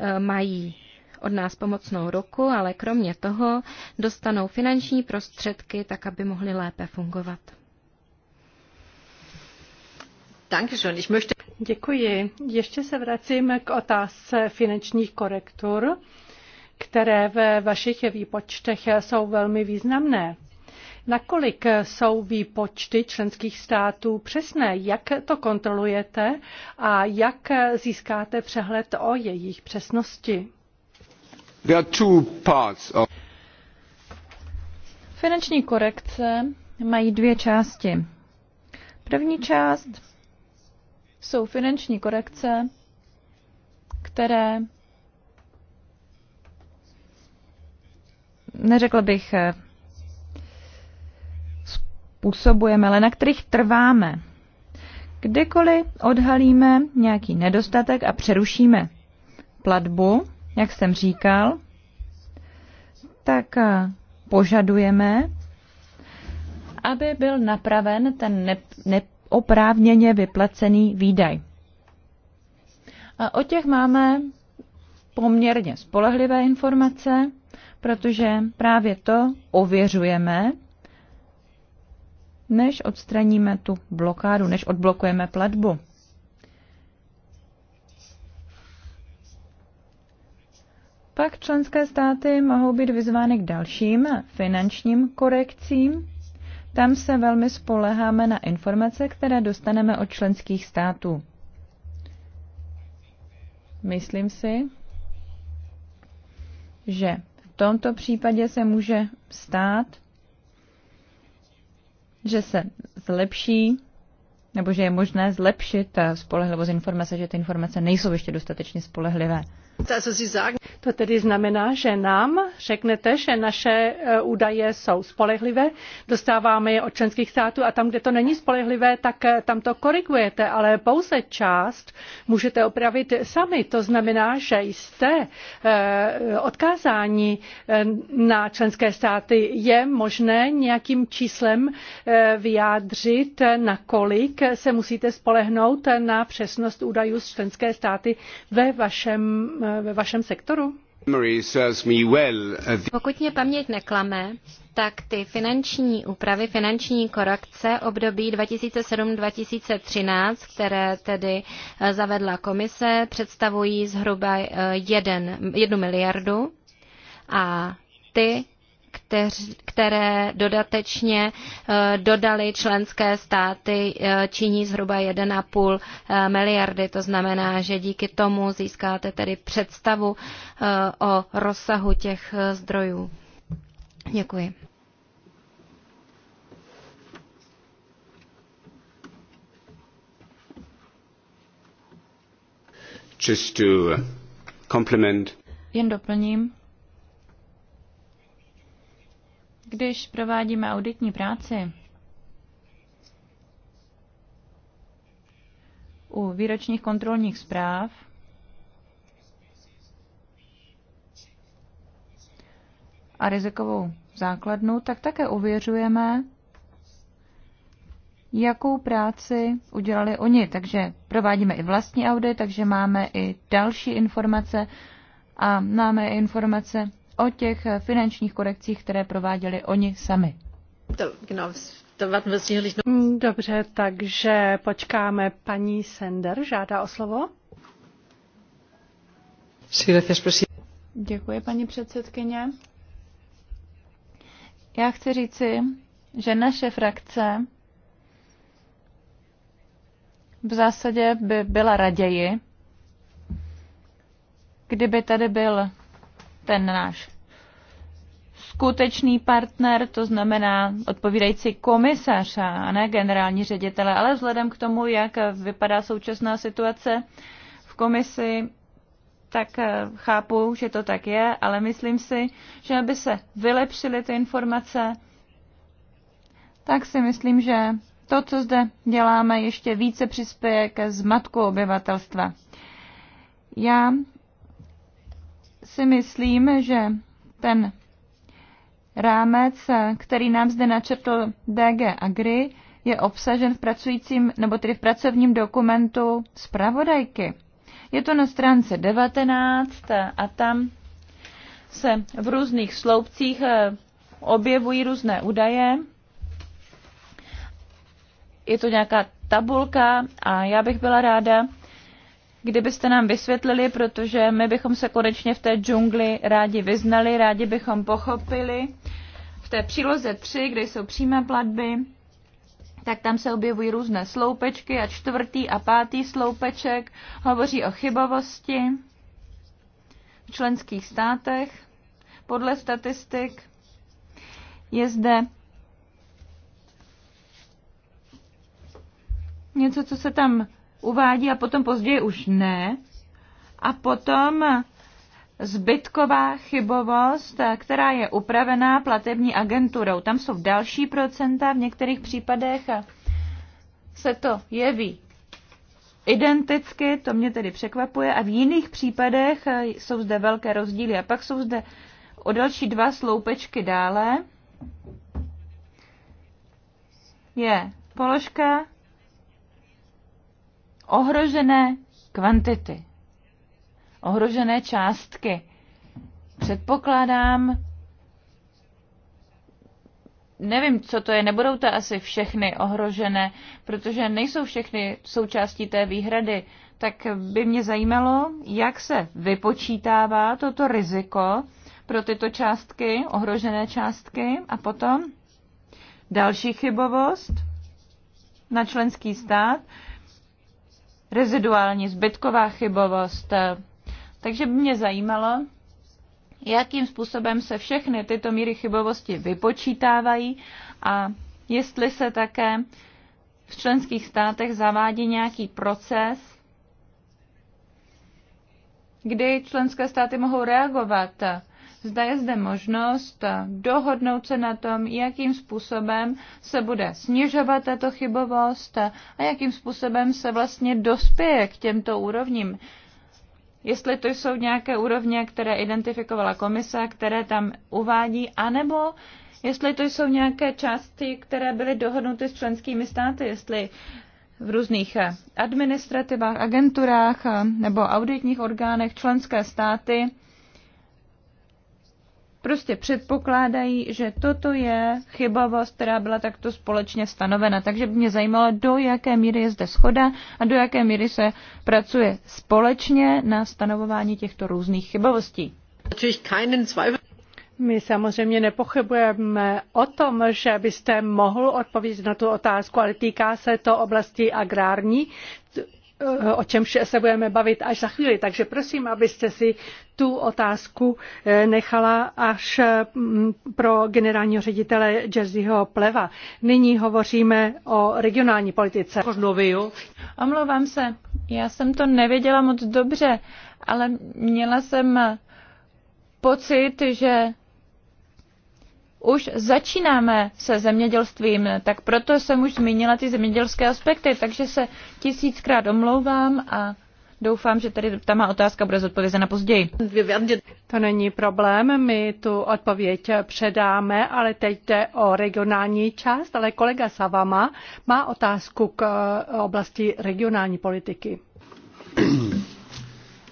Eh, mají od nás pomocnou ruku, ale kromě toho dostanou finanční prostředky, tak aby mohly lépe fungovat. Děkuji. Ještě se vracím k otázce finančních korektur, které ve vašich výpočtech jsou velmi významné. Nakolik jsou výpočty členských států přesné? Jak to kontrolujete a jak získáte přehled o jejich přesnosti? There are two parts of... Finanční korekce mají dvě části. První část jsou finanční korekce, které neřekla bych eh, působujeme, ale na kterých trváme. Kdykoliv odhalíme nějaký nedostatek a přerušíme platbu, jak jsem říkal, tak eh, požadujeme, aby byl napraven ten neoprávněně vyplacený výdaj. A o těch máme poměrně spolehlivé informace, protože právě to ověřujeme než odstraníme tu blokádu, než odblokujeme platbu. Pak členské státy mohou být vyzvány k dalším finančním korekcím. Tam se velmi spoleháme na informace, které dostaneme od členských států. Myslím si, že v tomto případě se může stát, že se zlepší nebo že je možné zlepšit eh, spolehlivost informace, že ty informace nejsou ještě dostatečně spolehlivé. To tedy znamená, že nám řeknete, že naše e, údaje jsou spolehlivé, dostáváme je od členských států a tam, kde to není spolehlivé, tak e, tam to korigujete, ale pouze část můžete opravit sami. To znamená, že jste e, odkázáni na členské státy. Je možné nějakým číslem vyjádřit, nakolik se musíte spolehnout na přesnost údajů z členské státy ve vašem Eh, ve vašem sektoru? Pokud mě paměť neklame, tak ty finanční úpravy, finanční korekce období 2007-2013, které tedy eh, zavedla komise, představují zhruba eh, jeden, jednu miliardu a ty které dodatečně eh, dodali členské státy, eh, činí zhruba 1,5 eh, miliardy. To znamená, že díky tomu získáte tedy představu o rozsahu těch zdrojů. Děkuji. Just to uh, compliment. Jen doplním, Když provádíme auditní práci u výročních kontrolních zpráv, a rizikovou základnu, tak také ověřujeme, jakou práci udělali oni. Takže provádíme i vlastní audit, takže máme i další informace a máme informace o těch finančních korekcích, které prováděli oni sami. Dobře, takže počkáme. Paní Sender žádá o slovo. Děkuji, paní předsedkyně. Já chci říci, že naše frakce v zásadě by byla raději, kdyby tady byl ten náš skutečný partner, to znamená odpovídající komisař a ne generální ředitele, ale vzhledem k tomu, jak vypadá současná situace v komisi, tak eh, chápu, že to tak je, ale myslím si, že aby se vylepšily ty informace, tak si myslím, že to, co zde děláme, ještě více přispěje ke zmatku obyvatelstva. Já si myslím, že ten rámec, který nám zde načrtl DG Agri, je obsažen v pracujícím, nebo tedy v pracovním dokumentu zpravodajky. Je to na stránce 19 a tam se v různých sloupcích eh, objevují různé údaje. Je to nějaká tabulka a já bych byla ráda, kdybyste nám vysvětlili, protože my bychom se konečně v té džungli rádi vyznali, rádi bychom pochopili. V té příloze 3, kde jsou přímé platby, tak tam se objevují různé sloupečky a čtvrtý a pátý sloupeček hovoří o chybovosti v členských státech. Podle statistik je zde něco, co se tam uvádí a potom později už ne. A potom zbytková chybovost, která je upravená platební agenturou. Tam jsou další procenta, v některých případech se to jeví identicky, to mě tedy překvapuje, a v jiných případech jsou zde velké rozdíly. A pak jsou zde o další dva sloupečky dále. Je položka ohrožené kvantity, ohrožené částky. Předpokládám, nevím, co to je, nebudou to asi všechny ohrožené, protože nejsou všechny součástí té výhrady, tak by mě zajímalo, jak se vypočítává toto riziko pro tyto částky, ohrožené částky a potom další chybovost na členský stát, reziduální zbytková chybovost. Takže by mě zajímalo, jakým způsobem se všechny tyto míry chybovosti vypočítávají a jestli se také v členských státech zavádí nějaký proces, kdy členské státy mohou reagovat Zda je zde možnost eh, dohodnout se na tom, jakým způsobem se bude snižovat tato chybovost eh, a jakým způsobem se vlastně dospěje k těmto úrovním. Jestli to jsou nějaké úrovně, které identifikovala komise, které tam uvádí, anebo jestli to jsou nějaké části, které byly dohodnuty s členskými státy, jestli v různých eh, administrativách, agenturách nebo auditních orgánech členské státy prostě předpokládají, že toto je chybavost, která byla takto společně stanovena. Takže by mě zajímalo, do jaké míry je zde schoda a do jaké míry se pracuje společně na stanovování těchto různých chybavostí. My samozřejmě nepochybujeme o tom, že byste mohl odpovědět na tu otázku, ale týká se to oblasti agrární, Eh, o čemž se budeme bavit až za chvíli. Takže prosím, abyste si tu otázku eh, nechala až mm, pro generálního ředitele Jerseyho Pleva. Nyní hovoříme o regionální politice. Omlouvám se, já jsem to nevěděla moc dobře, ale měla jsem pocit, že už začínáme se zemědělstvím, tak proto jsem už zmínila ty zemědělské aspekty, takže se tisíckrát omlouvám a Doufám, že tady ta má otázka bude zodpovězena později. To není problém, my tu odpověď předáme, ale teď jde o regionální část, ale kolega Savama má otázku k oblasti regionální politiky.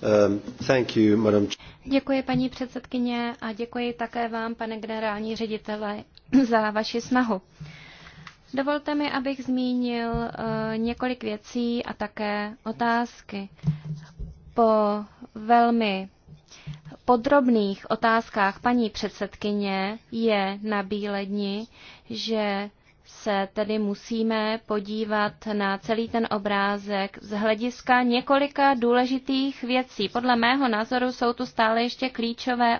Um, thank you, madam. Děkuji paní předsedkyně a děkuji také vám, pane generální ředitele, [clears throat] za vaši snahu. Dovolte mi, abych zmínil uh, několik věcí a také otázky. Po velmi podrobných otázkách paní předsedkyně je na že se tedy musíme podívat na celý ten obrázek z hlediska několika důležitých věcí. Podle mého názoru jsou tu stále ještě klíčové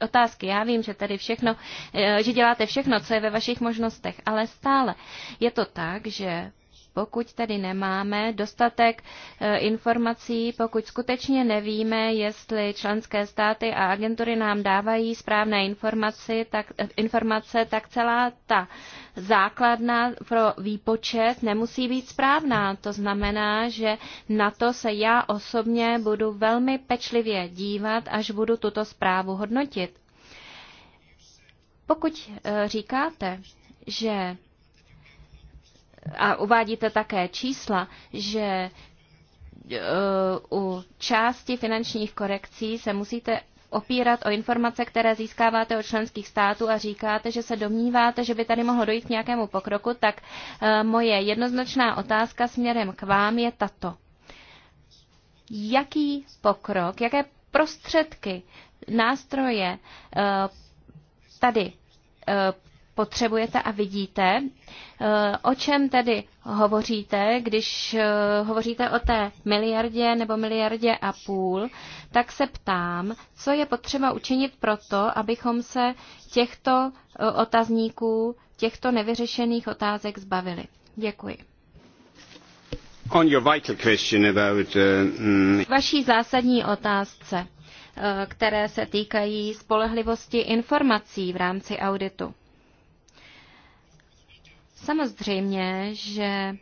otázky. Já vím, že tady všechno, eh, že děláte všechno, co je ve vašich možnostech, ale stále je to tak, že pokud tedy nemáme dostatek e, informací, pokud skutečně nevíme, jestli členské státy a agentury nám dávají správné informace, tak, e, informace, tak celá ta základna pro výpočet nemusí být správná. To znamená, že na to se já osobně budu velmi pečlivě dívat, až budu tuto zprávu hodnotit. Pokud e, říkáte, že a uvádíte také čísla, že uh, u části finančních korekcí se musíte opírat o informace, které získáváte od členských států a říkáte, že se domníváte, že by tady mohlo dojít k nějakému pokroku, tak uh, moje jednoznačná otázka směrem k vám je tato. Jaký pokrok, jaké prostředky, nástroje uh, tady potřebujete a vidíte. Eh, o čem tedy hovoříte, když eh, hovoříte o té miliardě nebo miliardě a půl, tak se ptám, co je potřeba učinit proto, abychom se těchto eh, otazníků, těchto nevyřešených otázek zbavili. Děkuji. On your vital question about, uh, mm, Vaší zásadní otázce, které se týkají spolehlivosti informací v rámci auditu. Samozřejmě, že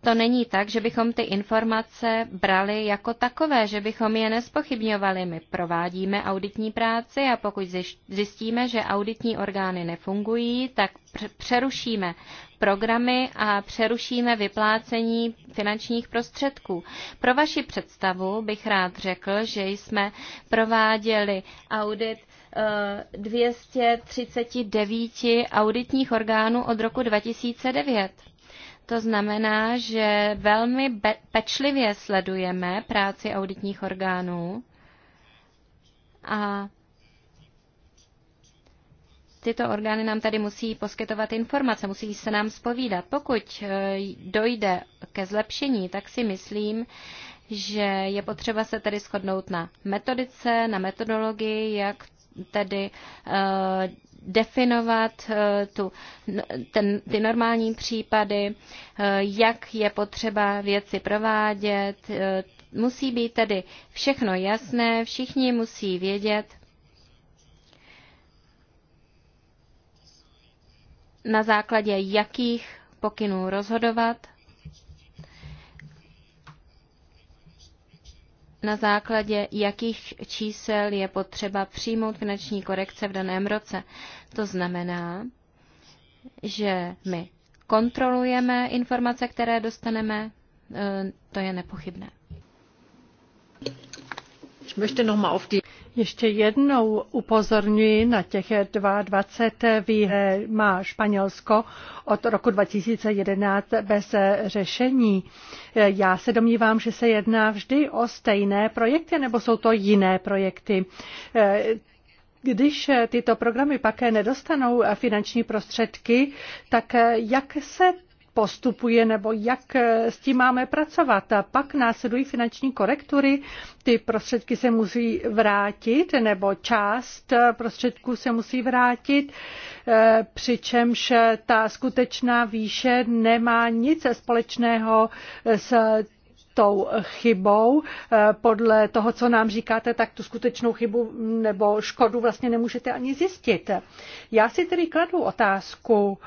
to není tak, že bychom ty informace brali jako takové, že bychom je nespochybňovali. My provádíme auditní práci a pokud zjistíme, že auditní orgány nefungují, tak přerušíme programy a přerušíme vyplácení finančních prostředků. Pro vaši představu bych rád řekl, že jsme prováděli audit 239 auditních orgánů od roku 2009. To znamená, že velmi pečlivě sledujeme práci auditních orgánů a tyto orgány nám tady musí poskytovat informace, musí se nám spovídat. Pokud e, dojde ke zlepšení, tak si myslím, že je potřeba se tedy shodnout na metodice, na metodologii, jak tedy eh, definovat eh, tu, ten, ty normální případy, eh, jak je potřeba věci provádět. Musí být tedy všechno jasné, všichni musí vědět, na základě jakých pokynů rozhodovat. na základě jakých čísel je potřeba přijmout finanční korekce v daném roce. To znamená, že my kontrolujeme informace, které dostaneme, eh, to je nepochybné. Ich möchte noch mal auf die ještě jednou upozorňuji na těch 22 výhle eh, má Španělsko od roku 2011 bez řešení. Eh, já se domnívám, že se jedná vždy o stejné projekty, nebo jsou to jiné projekty. Eh, když tyto programy pak nedostanou finanční prostředky, tak jak se postupuje nebo jak eh, s tím máme pracovat. A pak následují finanční korektury, ty prostředky se musí vrátit nebo část eh, prostředků se musí vrátit, eh, přičemž ta skutečná výše nemá nic společného s tou chybou. Podle toho, co nám říkáte, tak tu skutečnou chybu nebo škodu vlastně nemůžete ani zjistit. Já si tedy kladu otázku,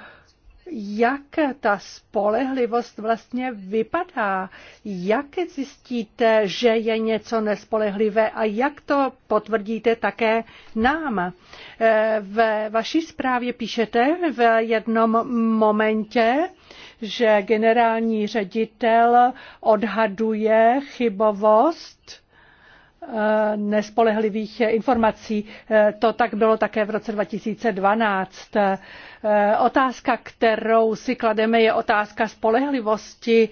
jak ta spolehlivost vlastně vypadá, jak zjistíte, že je něco nespolehlivé a jak to potvrdíte také nám. Eh, v vaší zprávě píšete v jednom momentě, že generální ředitel odhaduje chybovost Eh, nespolehlivých informací. Eh, to tak bylo také v roce 2012. Eh, otázka, kterou si klademe, je otázka spolehlivosti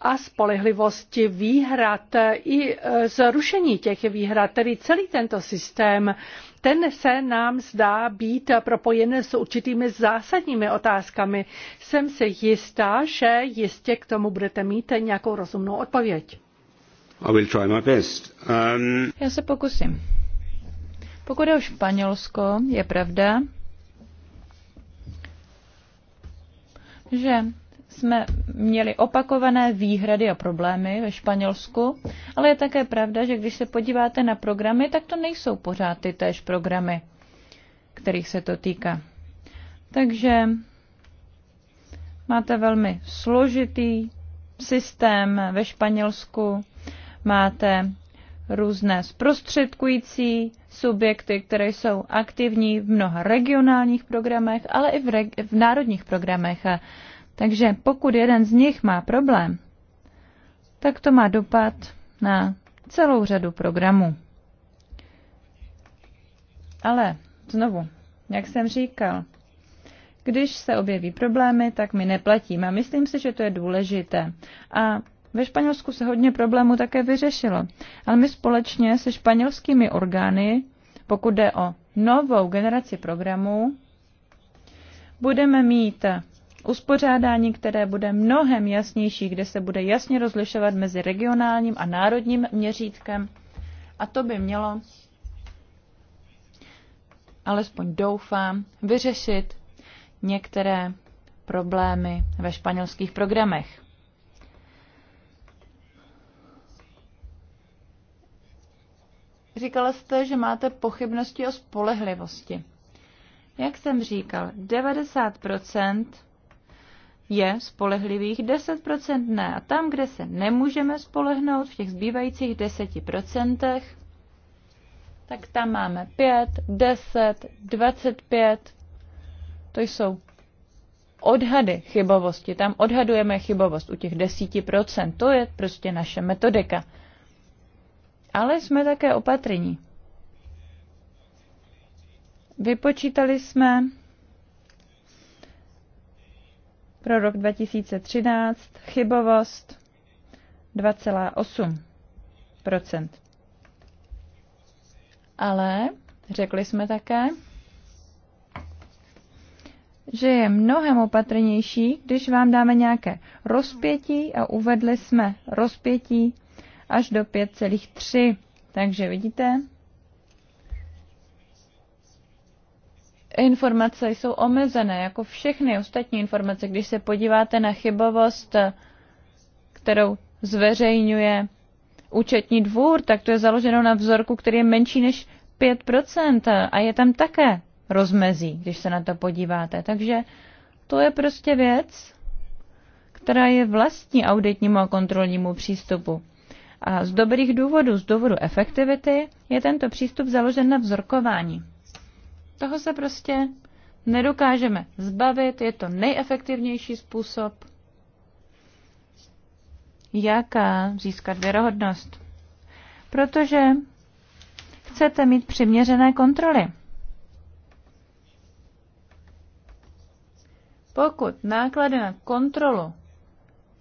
a spolehlivosti výhrad i zrušení těch výhrad, tedy celý tento systém, ten se nám zdá být propojen s určitými zásadními otázkami. Jsem si jistá, že jistě k tomu budete mít nějakou rozumnou odpověď. I will try my best. Um... Já se pokusím. Pokud je o Španělsko, je pravda, že jsme měli opakované výhrady a problémy ve Španělsku, ale je také pravda, že když se podíváte na programy, tak to nejsou pořád ty též programy, kterých se to týká. Takže máte velmi složitý systém ve Španělsku, máte různé zprostředkující subjekty, které jsou aktivní v mnoha regionálních programech, ale i v, reg- v národních programech. Takže pokud jeden z nich má problém, tak to má dopad na celou řadu programů. Ale znovu, jak jsem říkal, když se objeví problémy, tak my neplatíme. Myslím si, že to je důležité. A ve Španělsku se hodně problémů také vyřešilo, ale my společně se španělskými orgány, pokud jde o novou generaci programů, budeme mít uspořádání, které bude mnohem jasnější, kde se bude jasně rozlišovat mezi regionálním a národním měřítkem. A to by mělo, alespoň doufám, vyřešit některé problémy ve španělských programech. Říkala jste, že máte pochybnosti o spolehlivosti. Jak jsem říkal, 90% je spolehlivých, 10% ne. A tam, kde se nemůžeme spolehnout, v těch zbývajících 10%, tak tam máme 5, 10, 25. To jsou odhady chybovosti. Tam odhadujeme chybovost u těch 10%. To je prostě naše metodika ale jsme také opatrní. Vypočítali jsme pro rok 2013 chybovost 2,8 Ale řekli jsme také, že je mnohem opatrnější, když vám dáme nějaké rozpětí a uvedli jsme rozpětí až do 5,3. Takže vidíte, informace jsou omezené, jako všechny ostatní informace. Když se podíváte na chybovost, kterou zveřejňuje účetní dvůr, tak to je založeno na vzorku, který je menší než 5% a je tam také rozmezí, když se na to podíváte. Takže to je prostě věc, která je vlastní auditnímu a kontrolnímu přístupu. A z dobrých důvodů, z důvodu efektivity, je tento přístup založen na vzorkování. Toho se prostě nedokážeme zbavit, je to nejefektivnější způsob, jak eh, získat věrohodnost. Protože chcete mít přiměřené kontroly. Pokud náklady na kontrolu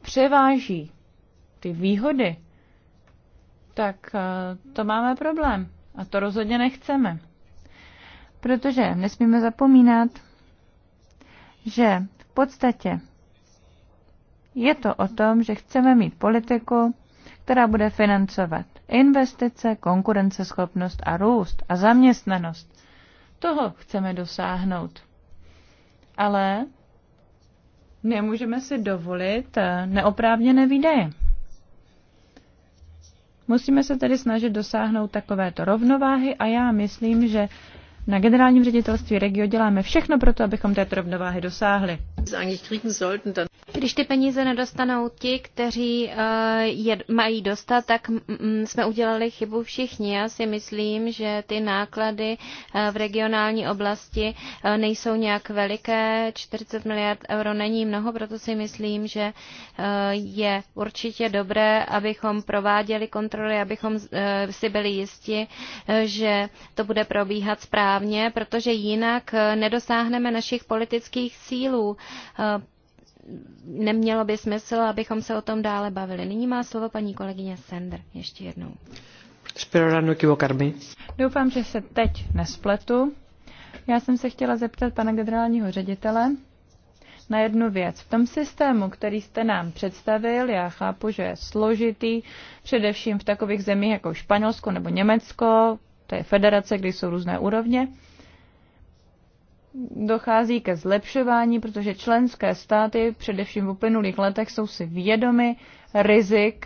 převáží ty výhody, tak eh, to máme problém. A to rozhodně nechceme. Protože nesmíme zapomínat, že v podstatě je to o tom, že chceme mít politiku, která bude financovat investice, konkurenceschopnost a růst a zaměstnanost. Toho chceme dosáhnout. Ale nemůžeme si dovolit eh, neoprávněné výdaje. Musíme se tedy snažit dosáhnout takovéto rovnováhy a já myslím, že na generálním ředitelství regio děláme všechno pro to, abychom této rovnováhy dosáhli. Když ty peníze nedostanou ti, kteří eh, je mají dostat, tak mm, mm, jsme udělali chybu všichni. Já si myslím, že ty náklady eh, v regionální oblasti eh, nejsou nějak veliké. 40 miliard euro není mnoho, proto si myslím, že je určitě dobré, abychom prováděli kontroly, abychom si byli jisti, že to bude probíhat správně, protože jinak nedosáhneme našich politických cílů. Eh, nemělo by smysl, abychom se o tom dále bavili. Nyní má slovo paní kolegyně Sender ještě jednou. No Doufám, že se teď nespletu. Já jsem se chtěla zeptat pana generálního ředitele na jednu věc. V tom systému, který jste nám představil, já chápu, že je složitý, především v takových zemích jako Španělsko nebo Německo, to je federace, kde jsou různé úrovně, dochází ke zlepšování, protože členské státy především v uplynulých letech jsou si vědomy rizik,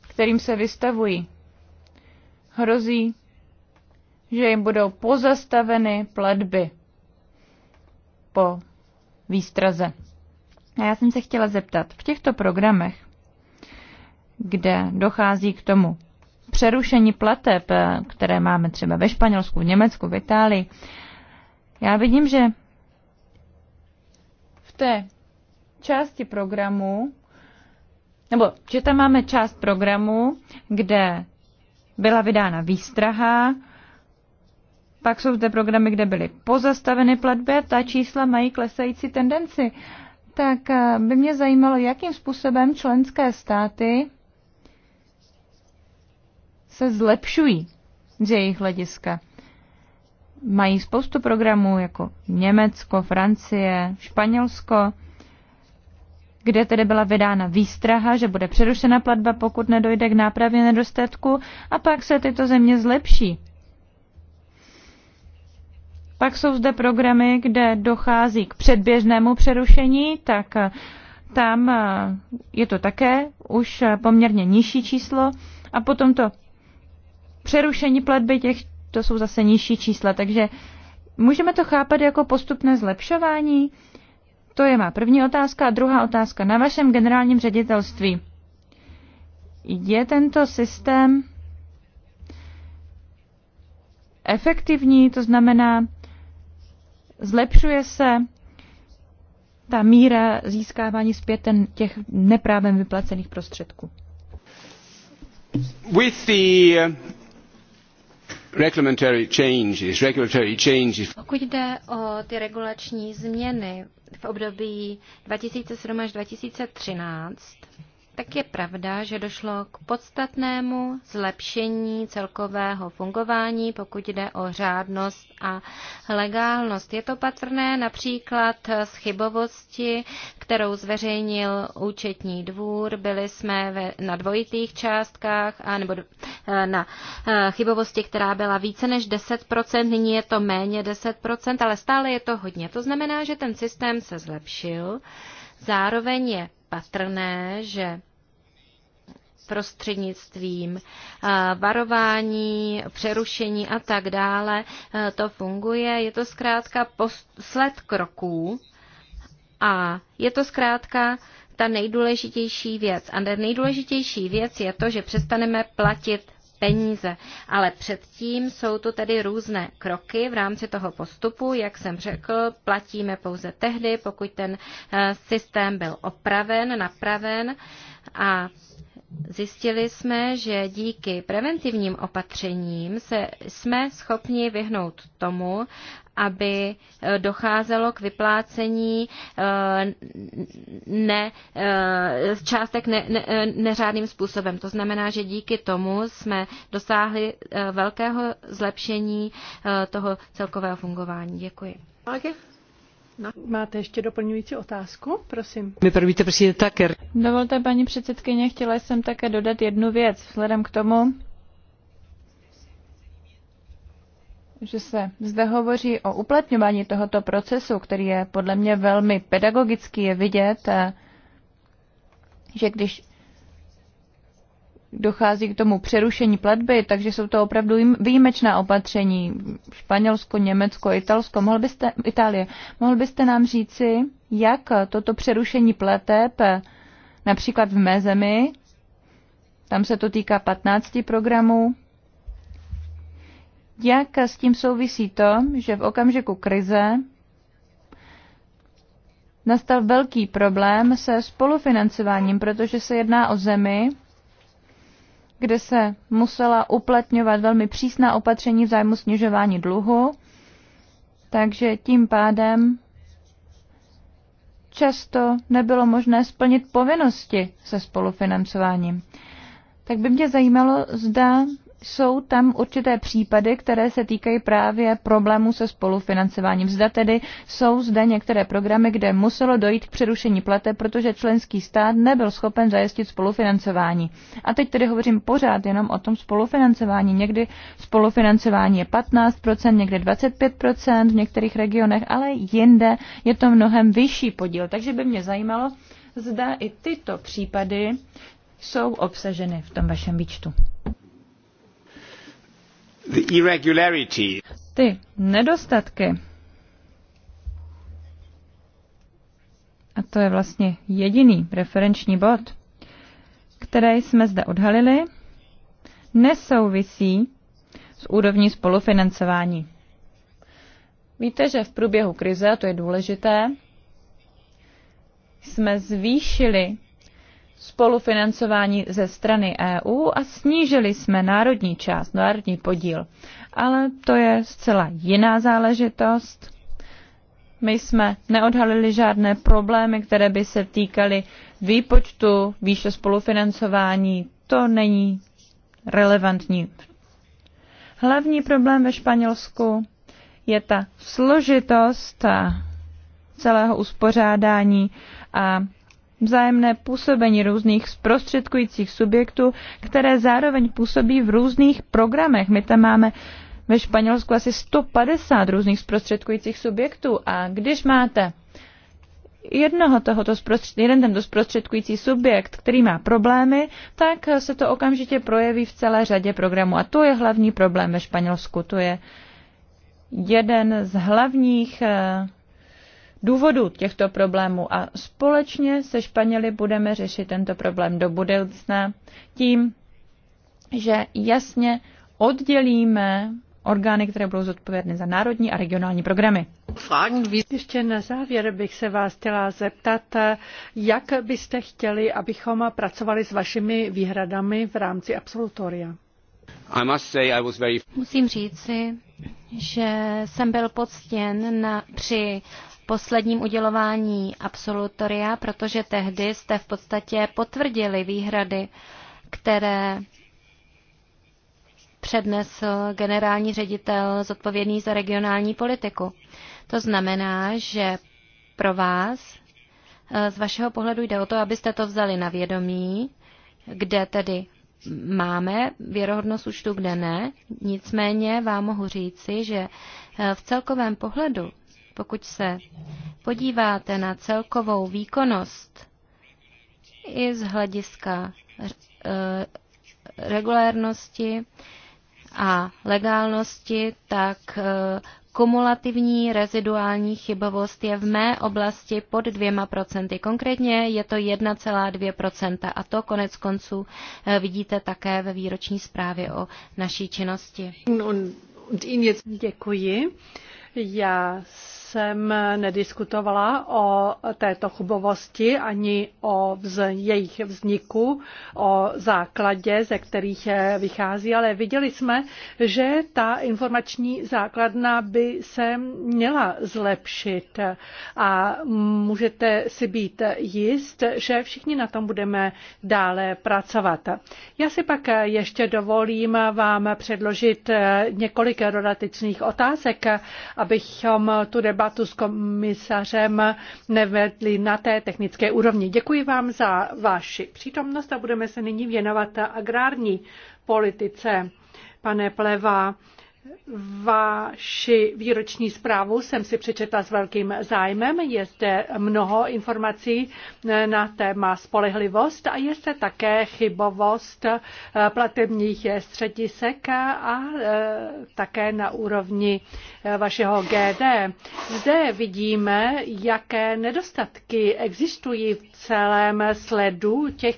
kterým se vystavují. Hrozí, že jim budou pozastaveny platby po výstraze. A já jsem se chtěla zeptat, v těchto programech, kde dochází k tomu přerušení plateb, které máme třeba ve Španělsku, v Německu, v Itálii, já vidím, že v té části programu, nebo že tam máme část programu, kde byla vydána výstraha, pak jsou zde programy, kde byly pozastaveny platby a ta čísla mají klesající tendenci. Tak eh, by mě zajímalo, jakým způsobem členské státy se zlepšují z jejich hlediska. Mají spoustu programů jako Německo, Francie, Španělsko, kde tedy byla vydána výstraha, že bude přerušena platba, pokud nedojde k nápravě nedostatku, a pak se tyto země zlepší. Pak jsou zde programy, kde dochází k předběžnému přerušení, tak eh, tam eh, je to také už eh, poměrně nižší číslo a potom to přerušení platby těch, to jsou zase nižší čísla, takže můžeme to chápat jako postupné zlepšování? To je má první otázka. A druhá otázka. Na vašem generálním ředitelství je tento systém efektivní, to znamená, zlepšuje se ta míra získávání zpět těch neprávem vyplacených prostředků. With the pokud jde o ty regulační změny v období 2007 až 2013, tak je pravda, že došlo k podstatnému zlepšení celkového fungování, pokud jde o řádnost a legálnost. Je to patrné například z chybovosti, kterou zveřejnil účetní dvůr. Byli jsme ve, na dvojitých částkách, a, nebo eh, na eh, chybovosti, která byla více než 10%, nyní je to méně 10%, ale stále je to hodně. To znamená, že ten systém se zlepšil. Zároveň je patrné, že prostřednictvím varování, přerušení a tak dále to funguje. Je to zkrátka sled kroků a je to zkrátka ta nejdůležitější věc. A nejdůležitější věc je to, že přestaneme platit peníze. Ale předtím jsou to tedy různé kroky v rámci toho postupu. Jak jsem řekl, platíme pouze tehdy, pokud ten eh, systém byl opraven, napraven a Zjistili jsme, že díky preventivním opatřením se, jsme schopni vyhnout tomu, aby eh, docházelo k vyplácení eh, ne, eh, částek ne, ne, neřádným způsobem. To znamená, že díky tomu jsme dosáhli velkého zlepšení toho celkového fungování. Děkuji. No. Máte ještě doplňující otázku? Prosím. Dovolte, paní předsedkyně, chtěla jsem také dodat jednu věc. Vzhledem k tomu, že se zde hovoří o uplatňování tohoto procesu, který je podle mě velmi pedagogický, je vidět, eh, že když dochází k tomu přerušení platby, takže jsou to opravdu výjimečná opatření. Španělsko, Německo, Italsko, mohl byste, Itálie. Mohl byste nám říci, jak toto přerušení plateb eh, například v mé zemi, tam se to týká 15 programů, jak s tím souvisí to, že v okamžiku krize nastal velký problém se spolufinancováním, protože se jedná o zemi, kde se musela uplatňovat velmi přísná opatření v zájmu snižování dluhu, takže tím pádem často nebylo možné splnit povinnosti se spolufinancováním. Tak by mě zajímalo, zda jsou tam určité případy, které se týkají právě problémů se spolufinancováním. Zda tedy jsou zde některé programy, kde muselo dojít k přerušení plate, protože členský stát nebyl schopen zajistit spolufinancování. A teď tedy hovořím pořád jenom o tom spolufinancování. Někdy spolufinancování je 15%, někde 25% v některých regionech, ale jinde je to mnohem vyšší podíl. Takže by mě zajímalo, zda i tyto případy jsou obsaženy v tom vašem výčtu. Ty nedostatky, a to je vlastně jediný referenční bod, které jsme zde odhalili, nesouvisí s úrovní spolufinancování. Víte, že v průběhu krize, a to je důležité, jsme zvýšili spolufinancování ze strany EU a snížili jsme národní část, národní podíl. Ale to je zcela jiná záležitost. My jsme neodhalili žádné problémy, které by se týkaly výpočtu výše spolufinancování. To není relevantní. Hlavní problém ve Španělsku je ta složitost celého uspořádání a vzájemné působení různých zprostředkujících subjektů, které zároveň působí v různých programech. My tam máme ve Španělsku asi 150 různých zprostředkujících subjektů a když máte jednoho tohoto zprostřed, jeden tento zprostředkující subjekt, který má problémy, tak se to okamžitě projeví v celé řadě programů. A to je hlavní problém ve Španělsku. To je jeden z hlavních eh, důvodů těchto problémů a společně se Španěli budeme řešit tento problém do budoucna tím, že jasně oddělíme orgány, které budou zodpovědné za národní a regionální programy. Ještě na závěr bych se vás chtěla zeptat, jak byste chtěli, abychom pracovali s vašimi výhradami v rámci absolutoria? Very... Musím říci, že jsem byl poctěn na, při posledním udělování absolutoria, protože tehdy jste v podstatě potvrdili výhrady, které přednesl generální ředitel zodpovědný za regionální politiku. To znamená, že pro vás eh, z vašeho pohledu jde o to, abyste to vzali na vědomí, kde tedy máme věrohodnost účtu, kde ne. Nicméně vám mohu říci, že eh, v celkovém pohledu pokud se podíváte na celkovou výkonnost i z hlediska regulérnosti a legálnosti, tak kumulativní reziduální chybovost je v mé oblasti pod dvěma procenty. Konkrétně je to 1,2 a to konec konců vidíte také ve výroční zprávě o naší činnosti. Děkuji. Já jsem nediskutovala o této chubovosti ani o vz, jejich vzniku, o základě, ze kterých vychází, ale viděli jsme, že ta informační základna by se měla zlepšit a můžete si být jist, že všichni na tom budeme dále pracovat. Já si pak ještě dovolím vám předložit několik dodatečných otázek, abychom tu debatu debatu s komisařem nevedli na té technické úrovni. Děkuji vám za vaši přítomnost a budeme se nyní věnovat agrární politice. Pane Pleva, Vaši výroční zprávu jsem si přečetla s velkým zájmem. Je zde mnoho informací na téma spolehlivost a je zde také chybovost eh, platebních středisek a eh, také na úrovni eh, vašeho GD. Zde vidíme, jaké nedostatky existují v celém sledu těch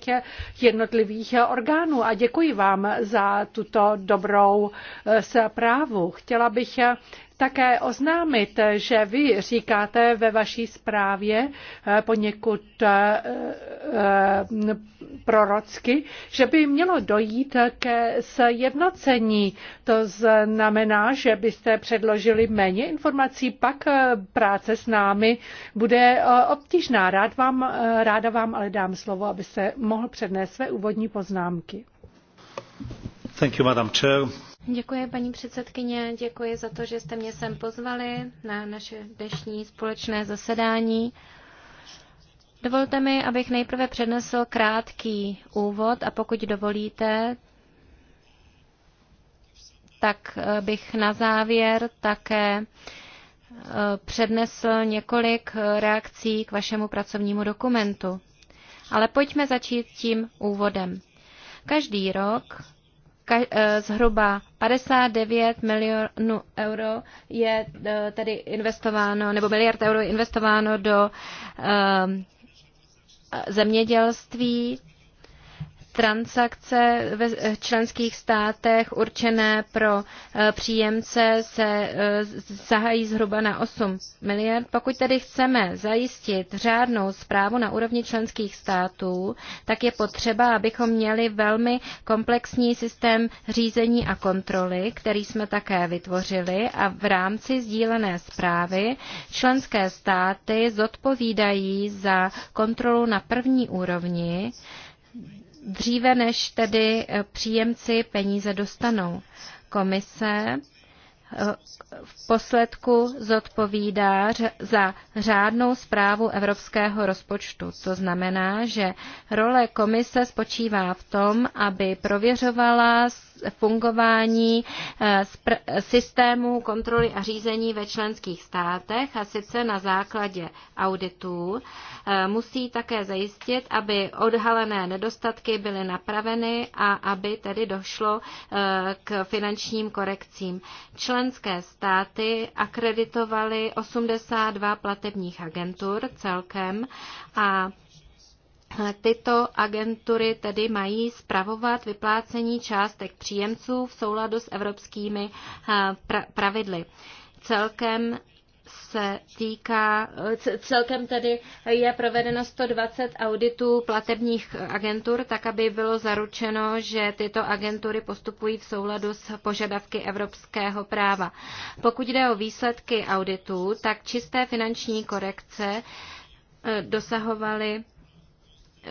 jednotlivých orgánů a děkuji vám za tuto dobrou zprávu zprávu. Chtěla bych eh, také oznámit, že vy říkáte ve vaší zprávě eh, poněkud eh, prorocky, že by mělo dojít ke sjednocení. To znamená, že byste předložili méně informací, pak práce s námi bude obtížná. Rád vám, ráda vám ale dám slovo, abyste mohl přednést své úvodní poznámky. Thank you, Madam Chair. Děkuji, paní předsedkyně, děkuji za to, že jste mě sem pozvali na naše dnešní společné zasedání. Dovolte mi, abych nejprve přednesl krátký úvod a pokud dovolíte, tak eh, bych na závěr také eh, přednesl několik eh, reakcí k vašemu pracovnímu dokumentu. Ale pojďme začít tím úvodem. Každý rok Eh, zhruba 59 milionů euro je eh, tedy investováno, nebo miliard euro je investováno do eh, zemědělství transakce v členských státech určené pro e, příjemce se zahají e, zhruba na 8 miliard. Pokud tedy chceme zajistit řádnou zprávu na úrovni členských států, tak je potřeba, abychom měli velmi komplexní systém řízení a kontroly, který jsme také vytvořili a v rámci sdílené zprávy členské státy zodpovídají za kontrolu na první úrovni, dříve než tedy eh, příjemci peníze dostanou. Komise v posledku zodpovídá za řádnou zprávu evropského rozpočtu. To znamená, že role komise spočívá v tom, aby prověřovala fungování eh, systému kontroly a řízení ve členských státech a sice na základě auditů. Eh, musí také zajistit, aby odhalené nedostatky byly napraveny a aby tedy došlo eh, k finančním korekcím. Člen členské státy akreditovaly 82 platebních agentur celkem a Tyto agentury tedy mají spravovat vyplácení částek příjemců v souladu s evropskými eh, pravidly. Celkem se týká, celkem tedy je provedeno 120 auditů platebních agentur, tak aby bylo zaručeno, že tyto agentury postupují v souladu s požadavky evropského práva. Pokud jde o výsledky auditů, tak čisté finanční korekce eh, dosahovaly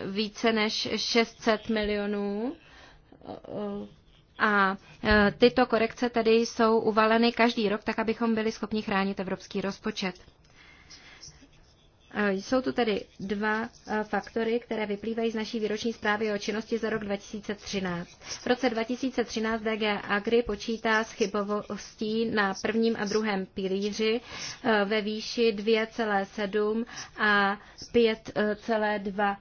více než 600 milionů eh, a e, tyto korekce tedy jsou uvaleny každý rok, tak abychom byli schopni chránit evropský rozpočet. E, jsou tu tedy dva e, faktory, které vyplývají z naší výroční zprávy o činnosti za rok 2013. V roce 2013 DG Agri počítá s chybovostí na prvním a druhém pilíři ve výši 2,7 a 5,2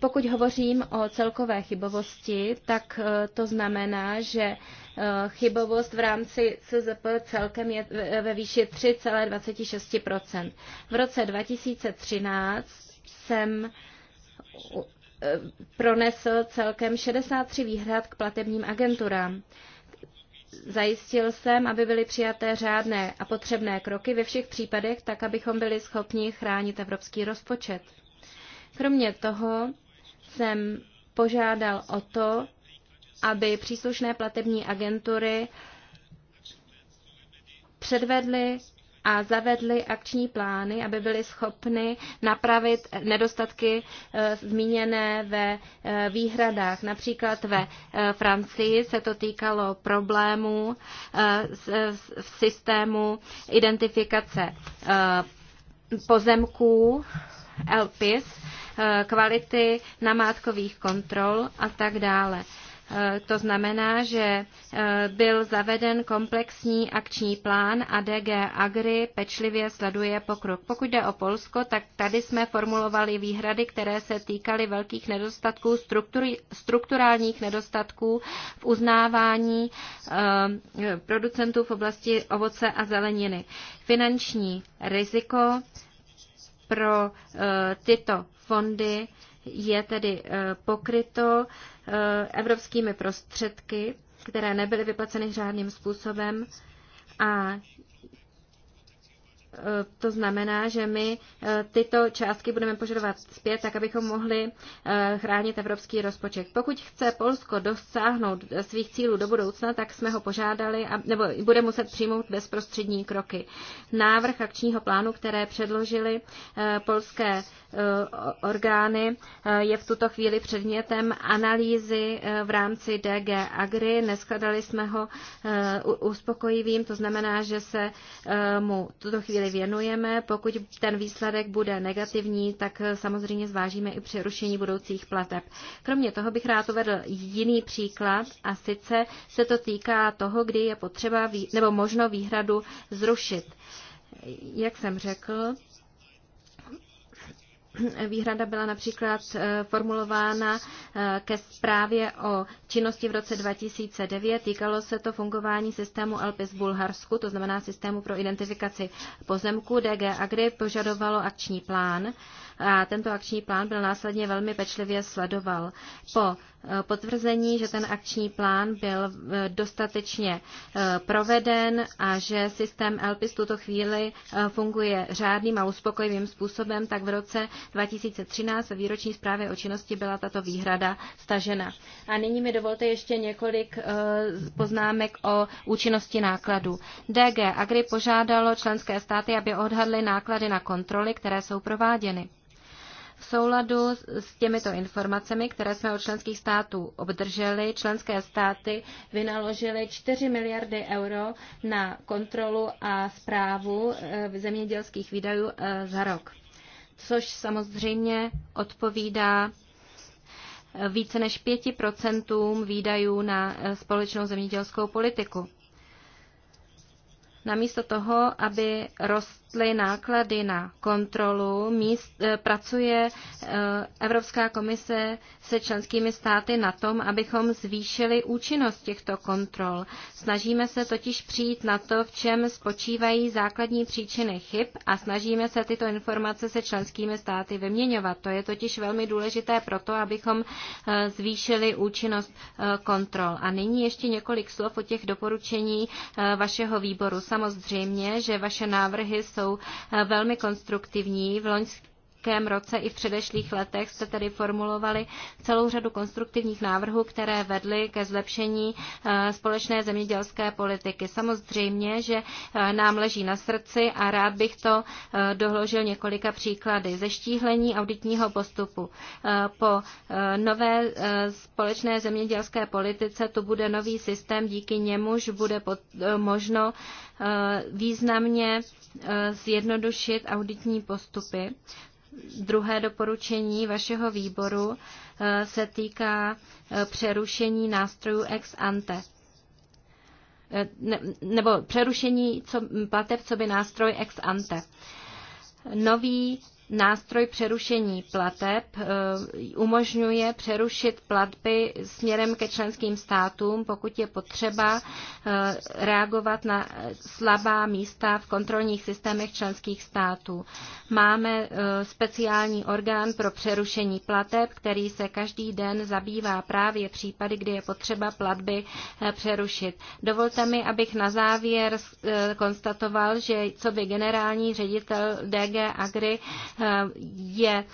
pokud hovořím o celkové chybovosti, tak eh, to znamená, že eh, chybovost v rámci CZP celkem je eh, ve výši 3,26 V roce 2013 jsem pronesl celkem 63 výhrad k platebním agenturám. Zajistil jsem, aby byly přijaté řádné a potřebné kroky ve všech případech, tak abychom byli schopni chránit evropský rozpočet. Kromě toho jsem požádal o to, aby příslušné platební agentury předvedly a zavedly akční plány, aby byly schopny napravit nedostatky eh, zmíněné ve eh, výhradách. Například ve eh, Francii se to týkalo problémů v systému identifikace pozemků LPIS, eh, kvality namátkových kontrol a tak dále. Eh, to znamená, že eh, byl zaveden komplexní akční plán a DG Agri pečlivě sleduje pokrok. Pokud jde o Polsko, tak tady jsme formulovali výhrady, které se týkaly velkých nedostatků, strukturálních nedostatků v uznávání producentů v oblasti ovoce a zeleniny. Finanční riziko pro eh, tyto fondy je tedy eh, pokryto eh, evropskými prostředky, které nebyly vyplaceny řádným způsobem a Eh, to znamená, že my eh, tyto částky budeme požadovat zpět, tak abychom mohli eh, chránit evropský rozpočet. Pokud chce Polsko dosáhnout svých cílů do budoucna, tak jsme ho požádali, nebo bude muset přijmout bezprostřední kroky. Návrh akčního plánu, které předložili polské orgány, je v tuto chvíli předmětem analýzy v rámci DG Agri. Neskladali jsme ho uspokojivým, to znamená, že se mu v tuto chvíli věnujeme. Pokud ten výsledek bude negativní, tak samozřejmě zvážíme i přerušení budoucích plateb. Kromě toho bych rád uvedl jiný příklad a sice se to týká toho, kdy je potřeba nebo možno výhradu zrušit. Jak jsem řekl, Výhrada byla například eh, formulována eh, ke zprávě o činnosti v roce 2009. Týkalo se to fungování systému LPIS v Bulharsku, to znamená systému pro identifikaci pozemků. DG Agri požadovalo akční plán a tento akční plán byl následně velmi pečlivě sledoval. Po potvrzení, že ten akční plán byl eh, dostatečně eh, proveden a že systém LPIS v tuto chvíli eh, funguje řádným a uspokojivým způsobem, tak v roce 2013 ve výroční zprávě o činnosti byla tato výhrada stažena. A nyní mi dovolte ještě několik poznámek o účinnosti nákladů. DG Agri požádalo členské státy, aby odhadly náklady na kontroly, které jsou prováděny. V souladu s těmito informacemi, které jsme od členských států obdrželi, členské státy vynaložily 4 miliardy euro na kontrolu a zprávu eh, zemědělských výdajů eh, za rok, což samozřejmě odpovídá eh, více než 5% výdajů na společnou zemědělskou politiku namísto toho, aby rost rostly náklady na kontrolu. Míst, eh, pracuje eh, Evropská komise se členskými státy na tom, abychom zvýšili účinnost těchto kontrol. Snažíme se totiž přijít na to, v čem spočívají základní příčiny chyb a snažíme se tyto informace se členskými státy vyměňovat. To je totiž velmi důležité proto, abychom eh, zvýšili účinnost kontrol. A nyní ještě několik slov o těch doporučení vašeho výboru. Samozřejmě, že vaše návrhy jsou jsou eh, velmi konstruktivní. V loňském loňském roce i v předešlých letech jste tedy formulovali celou řadu konstruktivních návrhů, které vedly ke zlepšení eh, společné zemědělské politiky. Samozřejmě, že eh, nám leží na srdci a rád bych to eh, dohložil několika příklady. Zeštíhlení auditního postupu. Po nové společné zemědělské politice tu bude nový systém, díky němuž bude možno významně zjednodušit auditní postupy druhé doporučení vašeho výboru eh, se týká eh, přerušení nástrojů ex ante. Eh, ne, nebo přerušení co, plateb, co by nástroj ex ante. Nový Nástroj přerušení plateb eh, umožňuje přerušit platby směrem ke členským státům, pokud je potřeba eh, reagovat na slabá místa v kontrolních systémech členských států. Máme eh, speciální orgán pro přerušení plateb, který se každý den zabývá právě případy, kdy je potřeba platby přerušit. Dovolte mi, abych na závěr konstatoval, že co by generální ředitel DG Agri Eh, je,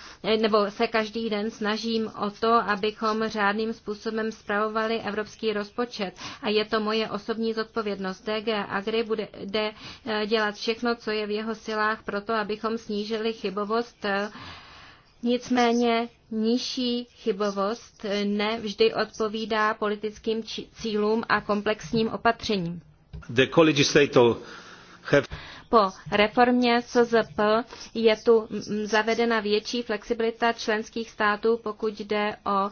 nebo se každý den snažím o to, abychom řádným způsobem zpravovali evropský rozpočet. A je to moje osobní zodpovědnost. DG Agri bude de, eh, dělat všechno, co je v jeho silách proto abychom snížili chybovost. Nicméně nižší chybovost eh, nevždy odpovídá politickým cílům a komplexním opatřením. The have... Po reformě CZP je tu zavedena větší flexibilita členských států, pokud jde o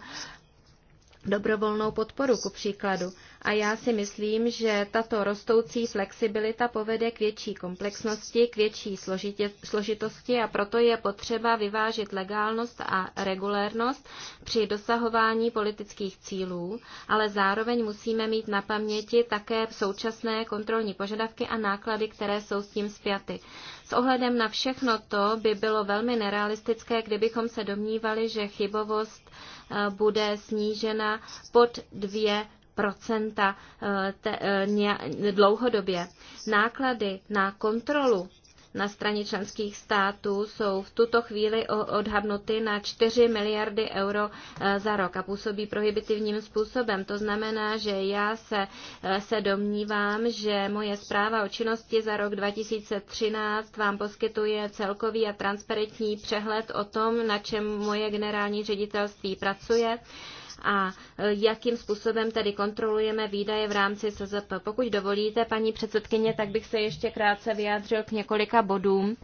dobrovolnou podporu, ku příkladu. A já si myslím, že tato rostoucí flexibilita povede k větší komplexnosti, k větší složitě, složitosti a proto je potřeba vyvážit legálnost a regulérnost při dosahování politických cílů, ale zároveň musíme mít na paměti také současné kontrolní požadavky a náklady, které jsou s tím spjaty. S ohledem na všechno to by bylo velmi nerealistické, kdybychom se domnívali, že chybovost bude snížena pod 2 procenta eh, eh, dlouhodobě. Náklady na kontrolu na straně členských států jsou v tuto chvíli odhadnuty na 4 miliardy euro eh, za rok a působí prohibitivním způsobem. To znamená, že já se, eh, se domnívám, že moje zpráva o činnosti za rok 2013 vám poskytuje celkový a transparentní přehled o tom, na čem moje generální ředitelství pracuje a e, jakým způsobem tedy kontrolujeme výdaje v rámci SZP. Pokud dovolíte, paní předsedkyně, tak bych se ještě krátce vyjádřil k několika bodům,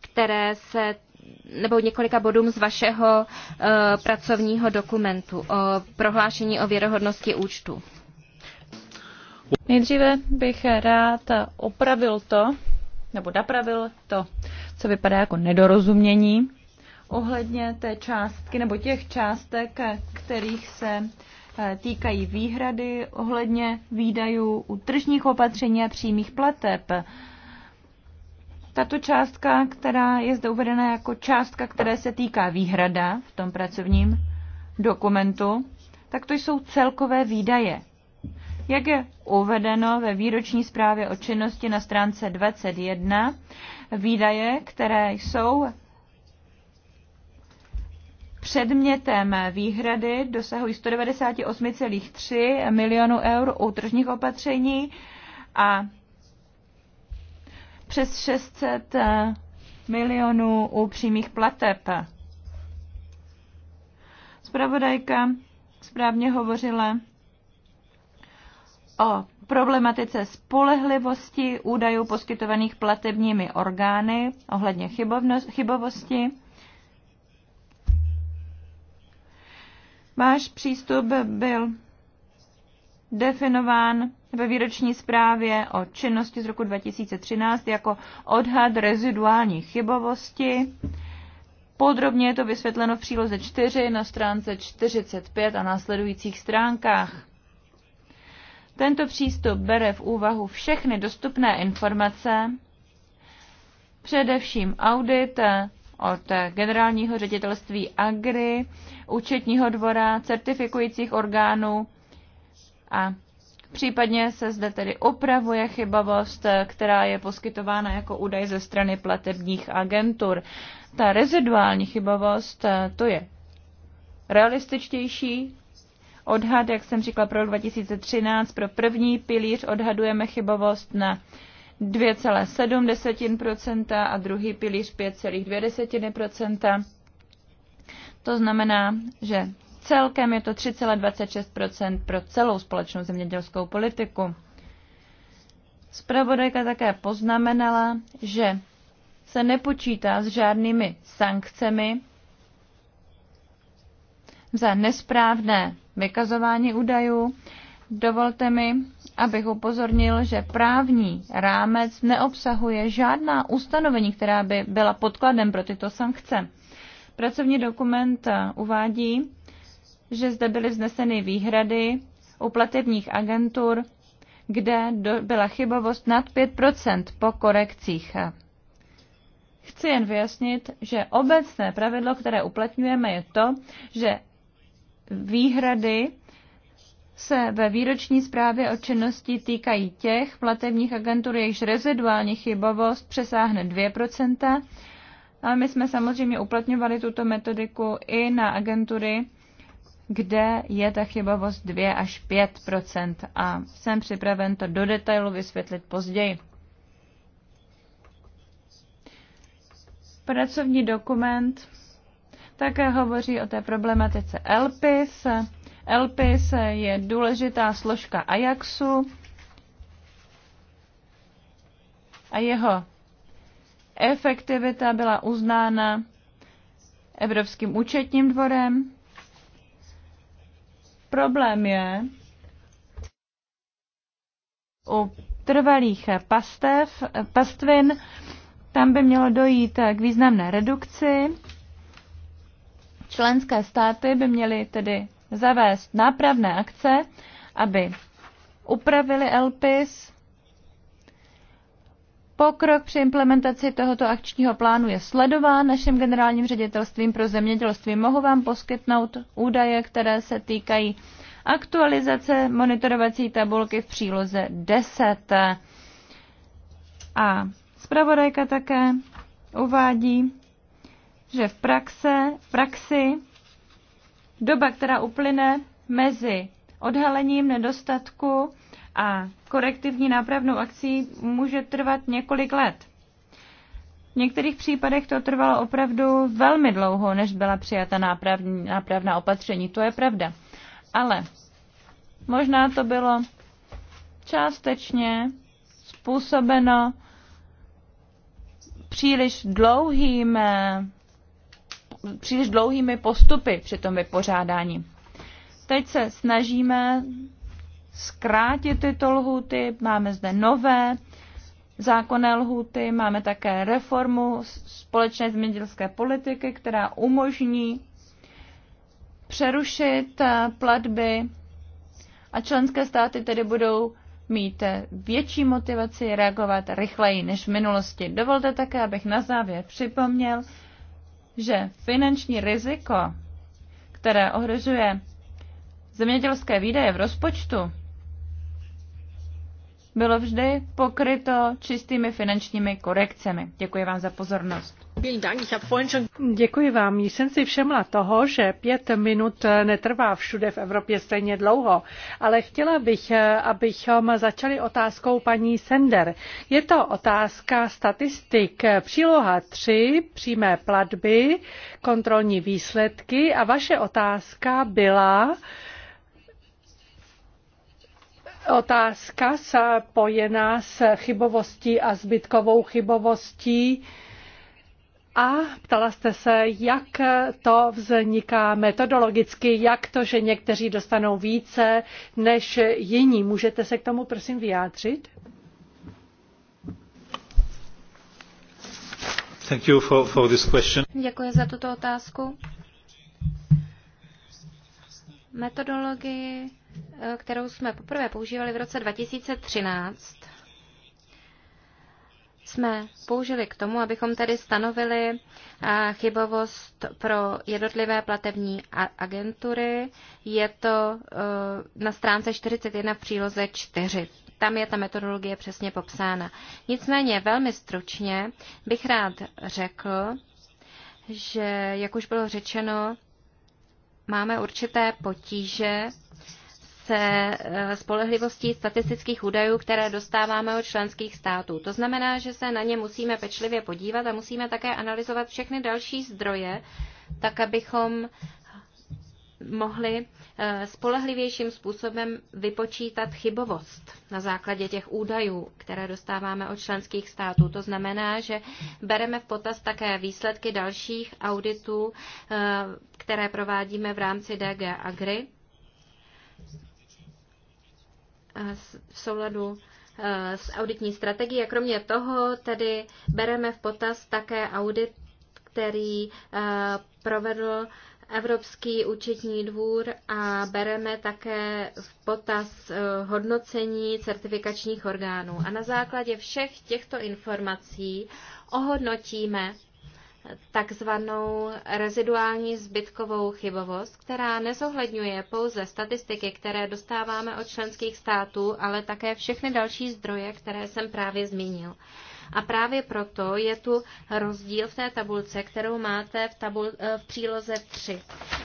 které se nebo několika bodům z vašeho uh, pracovního dokumentu o prohlášení o věrohodnosti účtu. Nejdříve bych rád opravil to, nebo napravil to, co vypadá jako nedorozumění ohledně té částky nebo těch částek, kterých se eh, týkají výhrady ohledně výdajů u tržních opatření a přímých plateb. Tato částka, která je zde uvedena jako částka, které se týká výhrada v tom pracovním dokumentu, tak to jsou celkové výdaje. Jak je uvedeno ve výroční zprávě o činnosti na stránce 21, výdaje, které jsou Předmětem výhrady dosahují 198,3 milionů eur u tržních opatření a přes 600 eh, milionů u přímých plateb. Spravodajka správně hovořila o problematice spolehlivosti údajů poskytovaných platebními orgány ohledně chybovosti Váš přístup byl definován ve výroční zprávě o činnosti z roku 2013 jako odhad reziduální chybovosti. Podrobně je to vysvětleno v příloze 4 na stránce 45 a následujících stránkách. Tento přístup bere v úvahu všechny dostupné informace, především audit od generálního ředitelství Agri, účetního dvora, certifikujících orgánů a Případně se zde tedy opravuje chybavost, která je poskytována jako údaj ze strany platebních agentur. Ta reziduální chybavost, to je realističtější odhad, jak jsem říkala, pro 2013, pro první pilíř odhadujeme chybavost na 2,7 a druhý pilíř 5,2 To znamená, že celkem je to 3,26 pro celou společnou zemědělskou politiku. Spravodajka také poznamenala, že se nepočítá s žádnými sankcemi za nesprávné vykazování údajů. Dovolte mi, abych upozornil, že právní rámec neobsahuje žádná ustanovení, která by byla podkladem pro tyto sankce. Pracovní dokument eh, uvádí, že zde byly vzneseny výhrady u platebních agentur, kde byla chybovost nad 5 po korekcích. Chci jen vyjasnit, že obecné pravidlo, které uplatňujeme, je to, že výhrady se ve výroční zprávě o činnosti týkají těch platebních agentur, jejichž reziduální chybovost přesáhne 2 ale my jsme samozřejmě uplatňovali tuto metodiku i na agentury, kde je ta chybovost 2 až 5 a jsem připraven to do detailu vysvětlit později. Pracovní dokument také hovoří o té problematice LPIS LPS je důležitá složka Ajaxu a jeho efektivita byla uznána Evropským účetním dvorem. Problém je u trvalých pastev, pastvin, tam by mělo dojít k významné redukci. Členské státy by měly tedy zavést nápravné akce, aby upravili LPIS. Pokrok při implementaci tohoto akčního plánu je sledován naším generálním ředitelstvím pro zemědělství. Mohu vám poskytnout údaje, které se týkají aktualizace monitorovací tabulky v příloze 10. A zpravodajka také uvádí, že v, praxe, v praxi doba, která uplyne mezi odhalením nedostatku a korektivní nápravnou akcí, může trvat několik let. V některých případech to trvalo opravdu velmi dlouho, než byla přijata nápravní, nápravná opatření. To je pravda. Ale možná to bylo částečně způsobeno příliš dlouhým eh, příliš dlouhými postupy při tom vypořádání. Teď se snažíme zkrátit tyto lhuty, máme zde nové zákonné lhuty, máme také reformu společné zemědělské politiky, která umožní přerušit eh, platby a členské státy tedy budou mít eh, větší motivaci reagovat rychleji než v minulosti. Dovolte také, abych na závěr připomněl, že finanční riziko, které ohrožuje zemědělské výdaje v rozpočtu, bylo vždy pokryto čistými finančními korekcemi. Děkuji vám za pozornost. Děkuji vám. Jsem si všemla toho, že pět minut netrvá všude v Evropě stejně dlouho, ale chtěla bych, abychom začali otázkou paní Sender. Je to otázka statistik. Příloha 3, přímé platby, kontrolní výsledky a vaše otázka byla, otázka spojená s chybovostí a zbytkovou chybovostí a ptala jste se, jak to vzniká metodologicky, jak to, že někteří dostanou více než jiní. Můžete se k tomu prosím vyjádřit? Thank you for, for this question. Děkuji za tuto otázku. Metodologii, kterou jsme poprvé používali v roce 2013, jsme použili k tomu, abychom tedy stanovili eh, chybovost pro jednotlivé platební agentury. Je to eh, na stránce 41 v příloze 4. Tam je ta metodologie přesně popsána. Nicméně velmi stručně bych rád řekl, že, jak už bylo řečeno, máme určité potíže se eh, spolehlivostí statistických údajů, které dostáváme od členských států. To znamená, že se na ně musíme pečlivě podívat a musíme také analyzovat všechny další zdroje, tak abychom mohli eh, spolehlivějším způsobem vypočítat chybovost na základě těch údajů, které dostáváme od členských států. To znamená, že bereme v potaz také výsledky dalších auditů, eh, které provádíme v rámci DG Agri v souladu e, s auditní strategií a kromě toho tedy bereme v potaz také audit, který e, provedl Evropský účetní dvůr a bereme také v potaz e, hodnocení certifikačních orgánů. A na základě všech těchto informací ohodnotíme takzvanou reziduální zbytkovou chybovost, která nezohledňuje pouze statistiky, které dostáváme od členských států, ale také všechny další zdroje, které jsem právě zmínil. A právě proto je tu rozdíl v té tabulce, kterou máte v, tabul- eh, v příloze 3.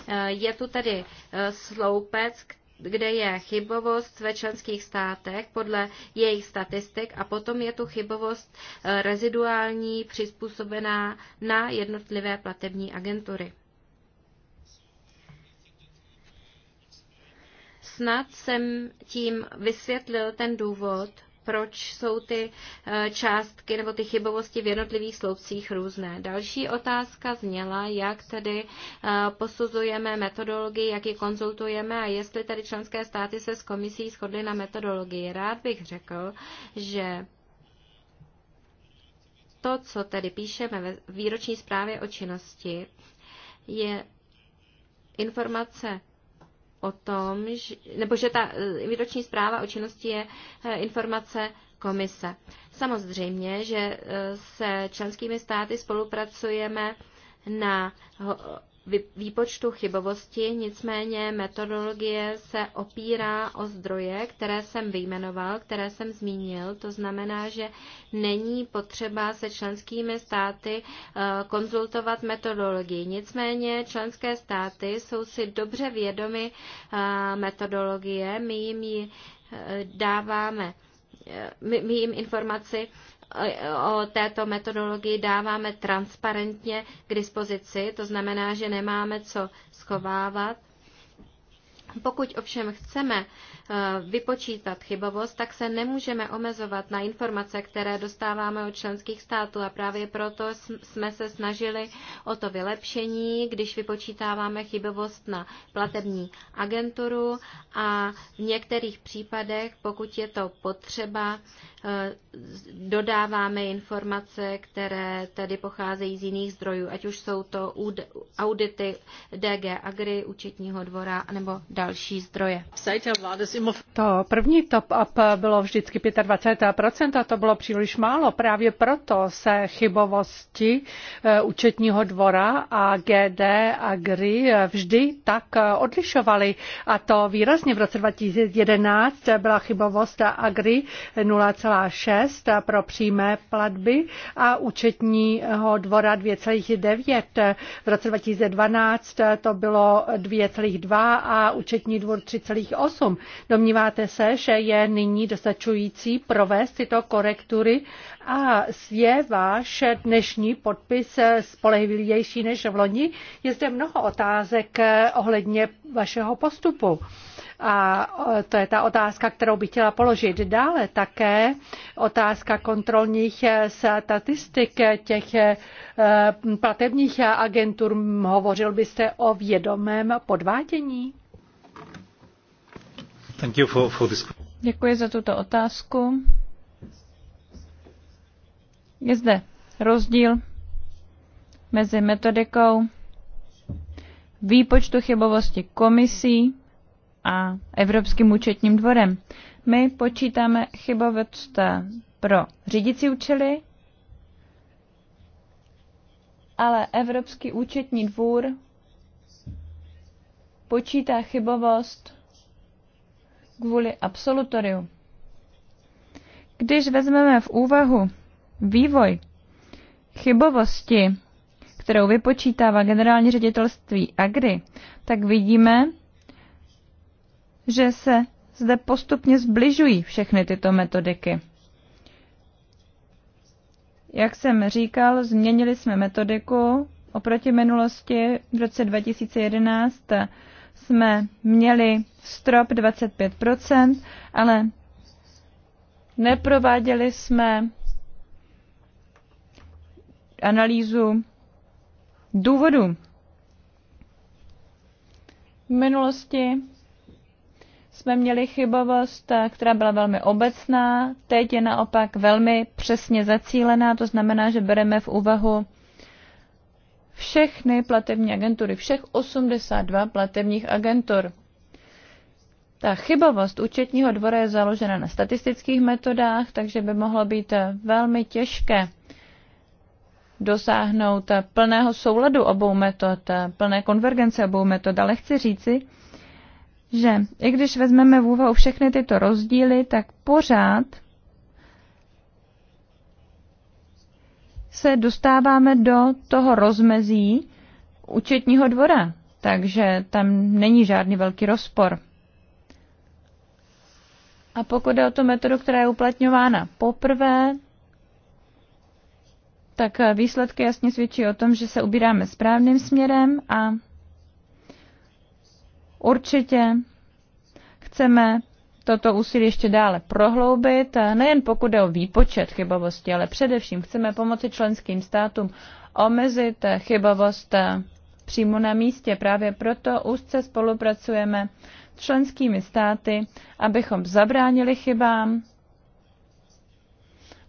Eh, je tu tedy eh, sloupec, kde je chybovost ve členských státech podle jejich statistik a potom je tu chybovost eh, reziduální přizpůsobená na jednotlivé platební agentury. Snad jsem tím vysvětlil ten důvod, proč jsou ty eh, částky nebo ty chybovosti v jednotlivých sloupcích různé. Další otázka zněla, jak tedy eh, posuzujeme metodologii, jak ji konzultujeme a jestli tedy členské státy se s komisí shodly na metodologii. Rád bych řekl, že to, co tedy píšeme ve výroční zprávě o činnosti, je informace o tom, že, nebo že ta eh, výroční zpráva o činnosti je eh, informace komise. Samozřejmě, že eh, se členskými státy spolupracujeme na výpočtu chybovosti, nicméně metodologie se opírá o zdroje, které jsem vyjmenoval, které jsem zmínil. To znamená, že není potřeba se členskými státy eh, konzultovat metodologii. Nicméně členské státy jsou si dobře vědomy eh, metodologie, my jim ji eh, dáváme my, jim informaci o této metodologii dáváme transparentně k dispozici, to znamená, že nemáme co schovávat. Pokud ovšem chceme eh, vypočítat chybovost, tak se nemůžeme omezovat na informace, které dostáváme od členských států a právě proto jsme se snažili o to vylepšení, když vypočítáváme chybovost na platební agenturu a v některých případech, pokud je to potřeba, eh, dodáváme informace, které tedy pocházejí z jiných zdrojů, ať už jsou to audity DG Agri, účetního dvora nebo další zdroje. To první top-up bylo vždycky 25% a to bylo příliš málo. Právě proto se chybovosti e, účetního dvora a GD a GRI e, vždy tak e, odlišovaly. A to výrazně v roce 2011 byla chybovost a GRI 0,6 pro přímé platby a účetního dvora 2,9. V roce 2012 to bylo 2,2 a účetního účetní dvůr 3,8. Domníváte se, že je nyní dostačující provést tyto korektury a je váš dnešní podpis spolehlivější než v loni? Je zde mnoho otázek ohledně vašeho postupu. A to je ta otázka, kterou bych chtěla položit. Dále také otázka kontrolních statistik těch eh, platebních agentur. Hovořil byste o vědomém podvádění? Děkuji za tuto otázku. Je zde rozdíl mezi metodikou výpočtu chybovosti komisí a Evropským účetním dvorem. My počítáme chybovost eh, pro řídící účely, ale Evropský účetní dvůr počítá chybovost kvůli absolutoriu. Když vezmeme v úvahu vývoj chybovosti, kterou vypočítává generální ředitelství Agri, tak vidíme, že se zde postupně zbližují všechny tyto metodiky. Jak jsem říkal, změnili jsme metodiku oproti minulosti v roce 2011 jsme měli strop 25%, ale neprováděli jsme analýzu důvodů. V minulosti jsme měli chybovost, která byla velmi obecná, teď je naopak velmi přesně zacílená, to znamená, že bereme v úvahu všechny platební agentury, všech 82 platebních agentur. Ta chybovost účetního dvora je založena na statistických metodách, takže by mohlo být velmi těžké dosáhnout plného souladu obou metod, plné konvergence obou metod, ale chci říci, že i když vezmeme v úvahu všechny tyto rozdíly, tak pořád se dostáváme do toho rozmezí účetního dvora, takže tam není žádný velký rozpor. A pokud je o tu metodu, která je uplatňována poprvé, tak výsledky jasně svědčí o tom, že se ubíráme správným směrem a určitě chceme toto úsilí ještě dále prohloubit, eh, nejen pokud je o výpočet chybovosti, ale především chceme pomoci členským státům omezit eh, chybovost eh, přímo na místě. Právě proto úzce spolupracujeme s členskými státy, abychom zabránili chybám.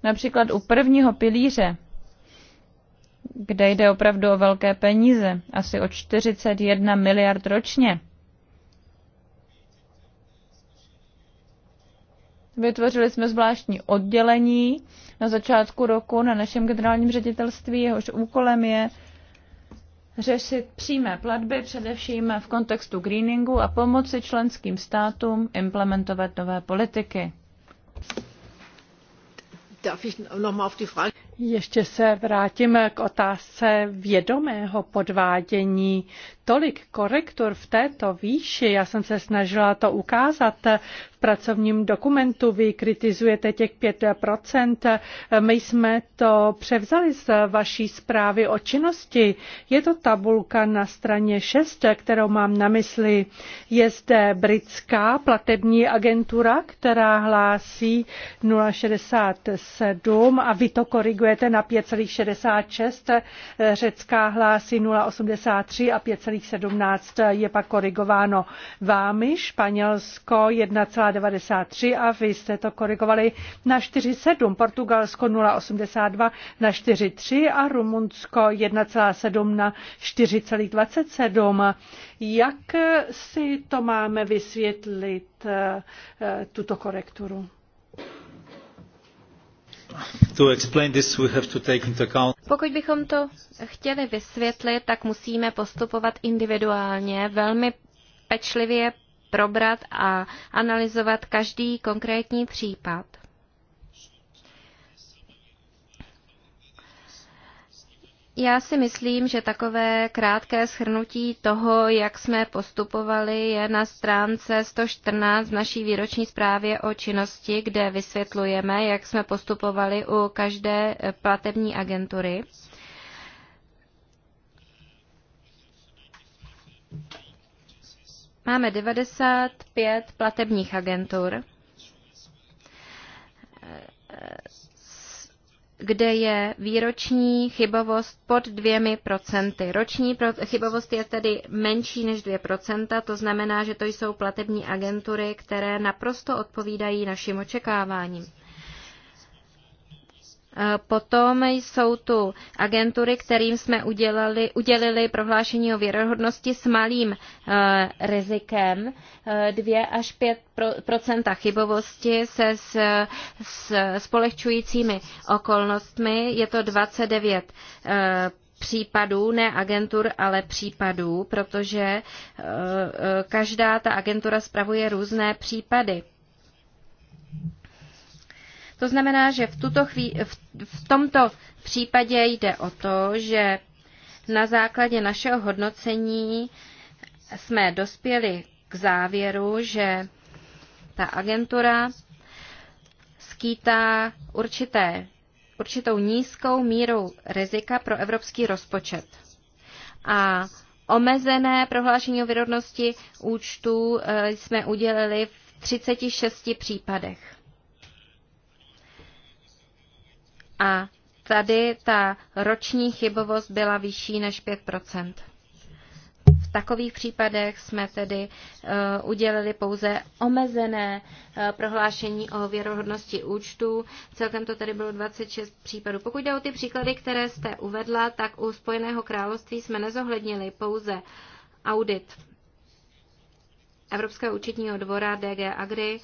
Například u prvního pilíře, kde jde opravdu o velké peníze, asi o 41 miliard ročně. Vytvořili jsme zvláštní oddělení na začátku roku na našem generálním ředitelství, jehož úkolem je řešit přímé platby, především v kontextu greeningu a pomoci členským státům implementovat nové politiky. Ještě se vrátím k otázce vědomého podvádění. Tolik korektur v této výši, já jsem se snažila to ukázat v pracovním dokumentu, vy kritizujete těch 5%, my jsme to převzali z vaší zprávy o činnosti. Je to tabulka na straně 6, kterou mám na mysli. Je zde britská platební agentura, která hlásí 0,67 a vy to korigujete navrhujete na 5,66, řecká hlásí 0,83 a 5,17 je pak korigováno vámi, Španělsko 1,93 a vy jste to korigovali na 4,7, Portugalsko 0,82 na 4,3 a Rumunsko 1,7 na 4,27. Jak si to máme vysvětlit, eh, tuto korekturu? Pokud bychom to chtěli vysvětlit, tak musíme postupovat individuálně, velmi pečlivě probrat a analyzovat každý konkrétní případ. Já si myslím, že takové krátké shrnutí toho, jak jsme postupovali, je na stránce 114 v naší výroční zprávě o činnosti, kde vysvětlujeme, jak jsme postupovali u každé eh, platební agentury. Máme 95 platebních agentur eh, eh, kde je výroční chybovost pod dvěmi procenty. Roční chybovost je tedy menší než 2%, to znamená, že to jsou platební agentury, které naprosto odpovídají našim očekáváním. Potom jsou tu agentury, kterým jsme udělali, udělili prohlášení o věrohodnosti s malým e, rizikem. E, 2 až 5 pro, procenta chybovosti se s, s spolehčujícími okolnostmi. Je to 29 e, případů, ne agentur, ale případů, protože e, e každá ta agentura spravuje různé případy. To znamená, že v, tuto chví, v, v tomto případě jde o to, že na základě našeho hodnocení jsme dospěli k závěru, že ta agentura skýtá určité, určitou nízkou míru rizika pro evropský rozpočet. A omezené prohlášení o vyrovnosti účtů eh, jsme udělili v 36 případech. a tady ta roční chybovost byla vyšší než 5 v takových případech jsme tedy eh, udělili pouze omezené eh, prohlášení o věrohodnosti účtu. Celkem to tedy bylo 26 případů. Pokud jde o ty příklady, které jste uvedla, tak u Spojeného království jsme nezohlednili pouze audit Evropského účetního dvora DG Agri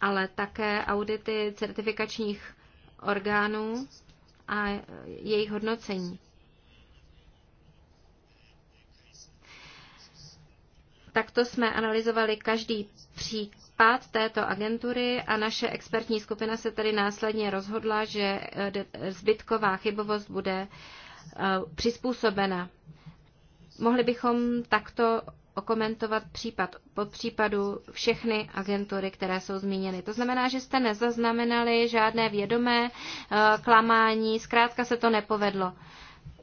ale také audity certifikačních orgánů a jejich hodnocení. Takto jsme analyzovali každý případ této agentury a naše expertní skupina se tedy následně rozhodla, že eh, zbytková chybovost bude eh, přizpůsobena. Mohli bychom takto okomentovat případ pod případu všechny agentury, které jsou zmíněny. To znamená, že jste nezaznamenali žádné vědomé eh, klamání, zkrátka se to nepovedlo.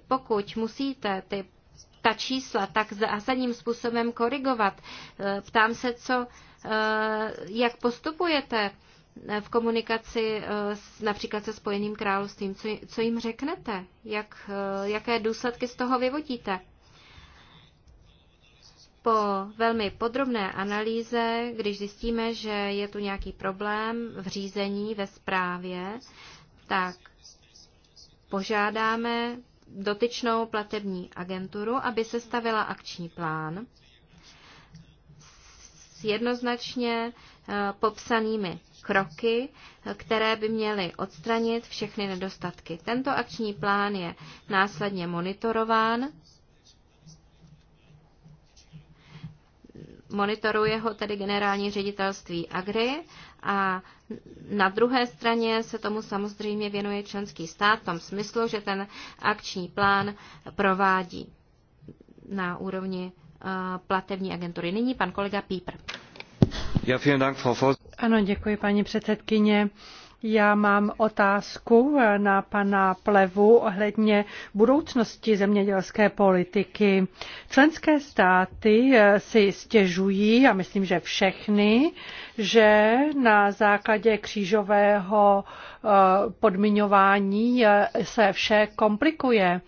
Pokud musíte ty ta čísla tak zásadním způsobem korigovat, eh, ptám se, co, eh, jak postupujete v komunikaci například se Spojeným královstvím, co, co jim řeknete, jak, jaké důsledky z toho vyvodíte. Po velmi podrobné analýze, když zjistíme, že je tu nějaký problém v řízení, ve správě, tak požádáme dotyčnou platební agenturu, aby sestavila akční plán s jednoznačně eh, popsanými kroky, které by měly odstranit všechny nedostatky. Tento akční plán je následně monitorován monitoruje ho tedy generální ředitelství Agri a na druhé straně se tomu samozřejmě věnuje členský stát v tom smyslu, že ten akční plán provádí na úrovni eh, platební agentury. Nyní pan kolega Píper. Ano, děkuji paní předsedkyně. Já mám otázku eh, na pana Plevu ohledně budoucnosti zemědělské politiky. Členské státy eh, si stěžují, a myslím, že všechny, že na základě křížového eh, podmiňování se vše komplikuje.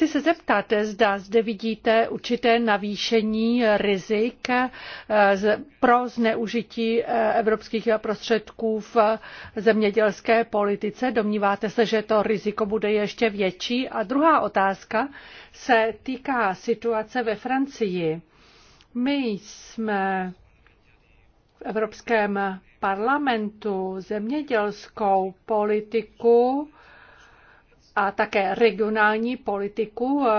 Chci se zeptat, zda zde vidíte určité navýšení rizik eh, pro zneužití eh, evropských prostředků v zemědělské politice. Domníváte se, že to riziko bude ještě větší? A druhá otázka se týká situace ve Francii. My jsme v Evropském parlamentu zemědělskou politiku a také regionální politiku eh,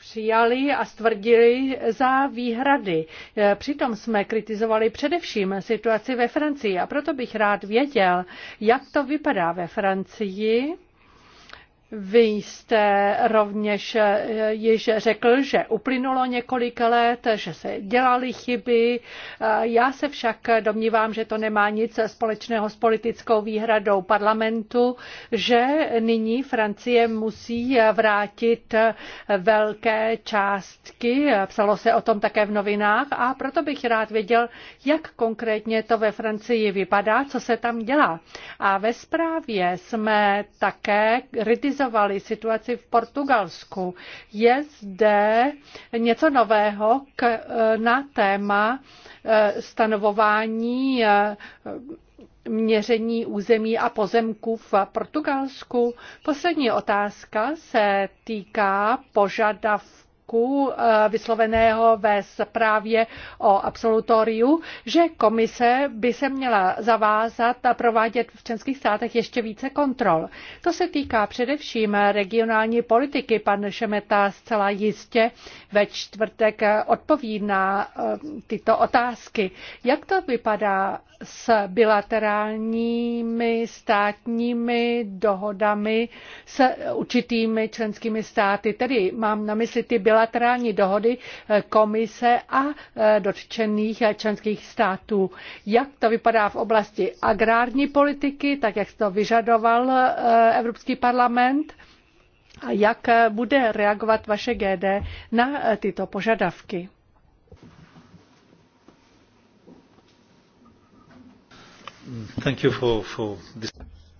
přijali a stvrdili za výhrady. Eh, přitom jsme kritizovali především situaci ve Francii a proto bych rád věděl, jak to vypadá ve Francii. Vy jste rovněž eh, již řekl, že uplynulo několik let, že se dělaly chyby. Eh, já se však domnívám, že to nemá nic společného s politickou výhradou parlamentu, že nyní Francie musí vrátit velké částky. Psalo se o tom také v novinách a proto bych rád věděl, jak konkrétně to ve Francii vypadá, co se tam dělá. A ve zprávě jsme také kritizovali analyzovali situaci v Portugalsku. Je zde něco nového k, eh, na téma eh, stanovování eh, měření území a pozemků v Portugalsku. Poslední otázka se týká požadavků roku eh, vysloveného ve zprávě o absolutoriu, že komise by se měla zavázat a provádět v členských státech ještě více kontrol. To se týká především regionální politiky. Pan Šemeta zcela jistě ve čtvrtek odpoví na eh, tyto otázky. Jak to vypadá s bilaterálními státními dohodami s určitými členskými státy? Tedy mám na mysli ty bilaterální bilaterální dohody eh, komise a eh, dotčených eh, členských států. Jak to vypadá v oblasti agrární politiky, tak jak to vyžadoval Evropský parlament? A jak bude reagovat vaše GD na tyto požadavky?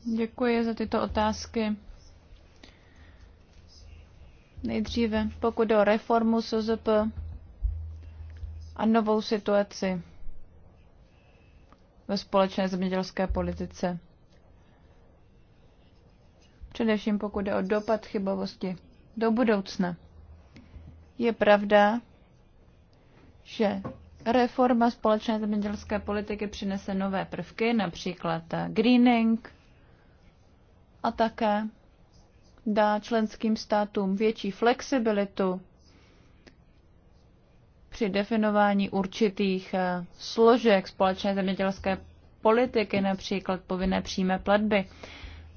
Děkuji za tyto otázky. Nejdříve, pokud jde o reformu SZP a novou situaci ve společné zemědělské politice. Především pokud jde o dopad chybovosti do budoucna. Je pravda, že reforma společné zemědělské politiky přinese nové prvky, například greening a také dá členským státům větší flexibilitu při definování určitých eh, složek společné zemědělské politiky, například povinné přímé platby.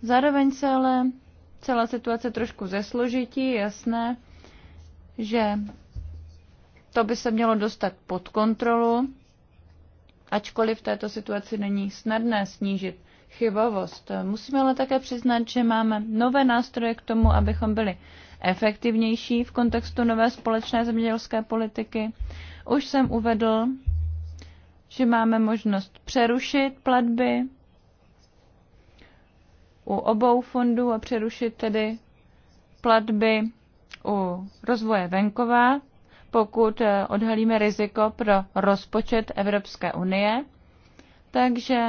Zároveň se ale celá situace trošku zesložití, jasné, že to by se mělo dostat pod kontrolu, ačkoliv v této situaci není snadné snížit chybovost. Musíme ale také přiznat, že máme nové nástroje k tomu, abychom byli efektivnější v kontextu nové společné zemědělské politiky. Už jsem uvedl, že máme možnost přerušit platby u obou fondů a přerušit tedy platby u rozvoje venková, pokud eh, odhalíme riziko pro rozpočet Evropské unie. Takže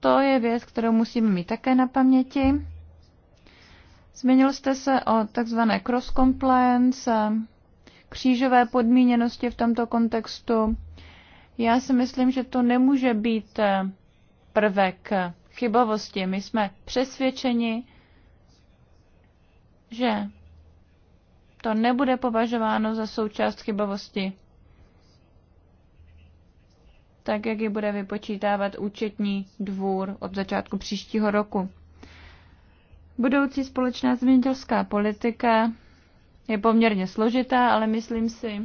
to je věc, kterou musíme mít také na paměti. Změnil jste se o takzvané cross compliance, křížové podmíněnosti v tomto kontextu. Já si myslím, že to nemůže být eh, prvek chybovosti. My jsme přesvědčeni, že to nebude považováno za součást chybovosti tak jak je bude vypočítávat účetní dvůr od začátku příštího roku. Budoucí společná zemědělská politika je poměrně složitá, ale myslím si,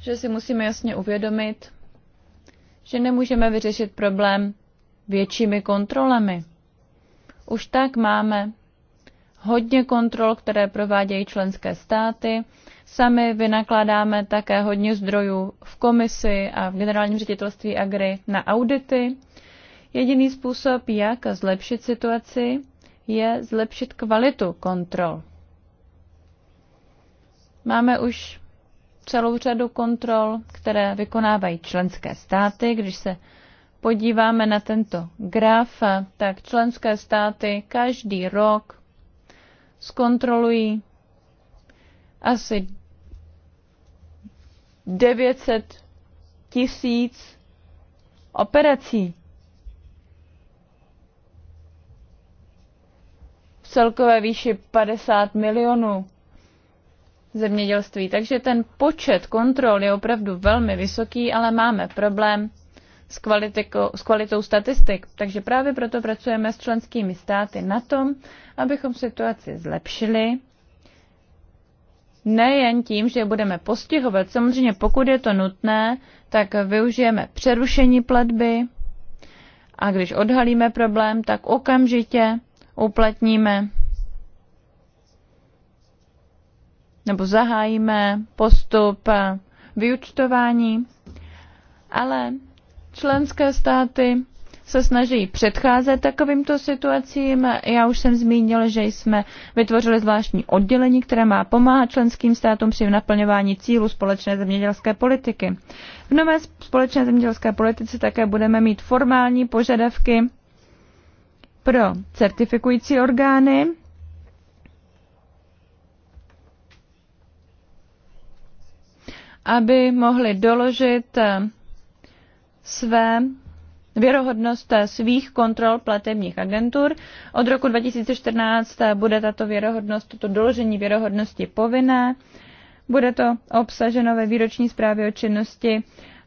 že si musíme jasně uvědomit, že nemůžeme vyřešit problém většími kontrolami. Už tak máme hodně kontrol, které provádějí členské státy. Sami vynakládáme také hodně zdrojů v komisi a v generálním ředitelství Agri na audity. Jediný způsob, jak zlepšit situaci, je zlepšit kvalitu kontrol. Máme už celou řadu kontrol, které vykonávají členské státy. Když se podíváme na tento graf, tak členské státy každý rok zkontrolují asi 900 tisíc operací. V celkové výši 50 milionů zemědělství. Takže ten počet kontrol je opravdu velmi vysoký, ale máme problém s, s kvalitou statistik. Takže právě proto pracujeme s členskými státy na tom, abychom situaci zlepšili. Nejen tím, že je budeme postihovat, samozřejmě pokud je to nutné, tak využijeme přerušení platby a když odhalíme problém, tak okamžitě uplatníme nebo zahájíme postup vyučtování, ale Členské státy se snaží předcházet takovýmto situacím. Já už jsem zmínil, že jsme vytvořili zvláštní oddělení, které má pomáhat členským státům při naplňování cílu společné zemědělské politiky. V nové společné zemědělské politice také budeme mít formální požadavky pro certifikující orgány, aby mohli doložit své věrohodnost eh, svých kontrol platebních agentur. Od roku 2014 eh, bude tato věrohodnost, toto doložení věrohodnosti povinné. Bude to obsaženo ve výroční zprávě o činnosti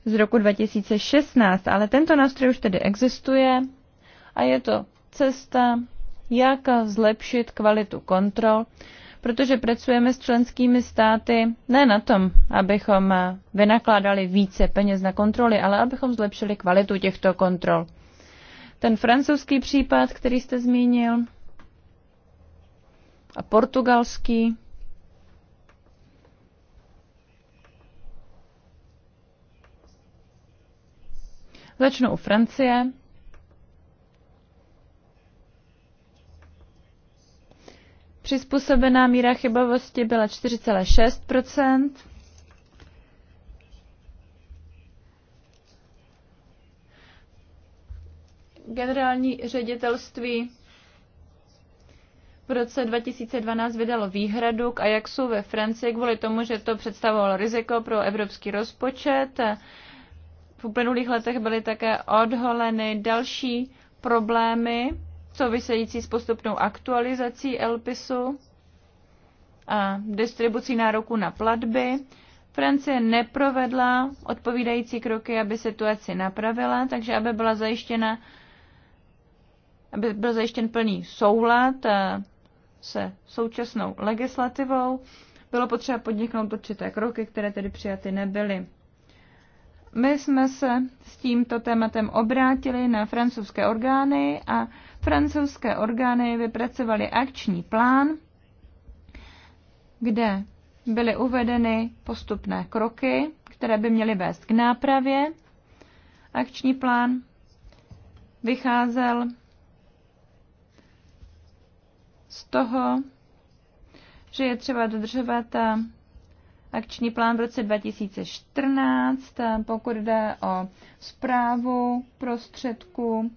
z roku 2016, ale tento nástroj už tedy existuje a je to cesta, jak zlepšit kvalitu kontrol protože pracujeme s členskými státy ne na tom, abychom eh, vynakládali více peněz na kontroly, ale abychom zlepšili kvalitu těchto kontrol. Ten francouzský případ, který jste zmínil, a portugalský, Začnu u Francie. Přizpůsobená míra chybovosti byla 4,6 Generální ředitelství v roce 2012 vydalo výhradu k Ajaxu ve Francii kvůli tomu, že to představovalo riziko pro evropský rozpočet. V uplynulých letech byly také odholeny další problémy související s postupnou aktualizací LPISu a distribucí nároku na platby. Francie neprovedla odpovídající kroky, aby situaci napravila, takže aby byla zajištěna aby byl zajištěn plný soulad eh, se současnou legislativou, bylo potřeba podniknout určité kroky, které tedy přijaty nebyly. My jsme se s tímto tématem obrátili na francouzské orgány a Francouzské orgány vypracovaly akční plán, kde byly uvedeny postupné kroky, které by měly vést k nápravě. Akční plán vycházel z toho, že je třeba dodržovat akční plán v roce 2014, pokud jde o zprávu prostředků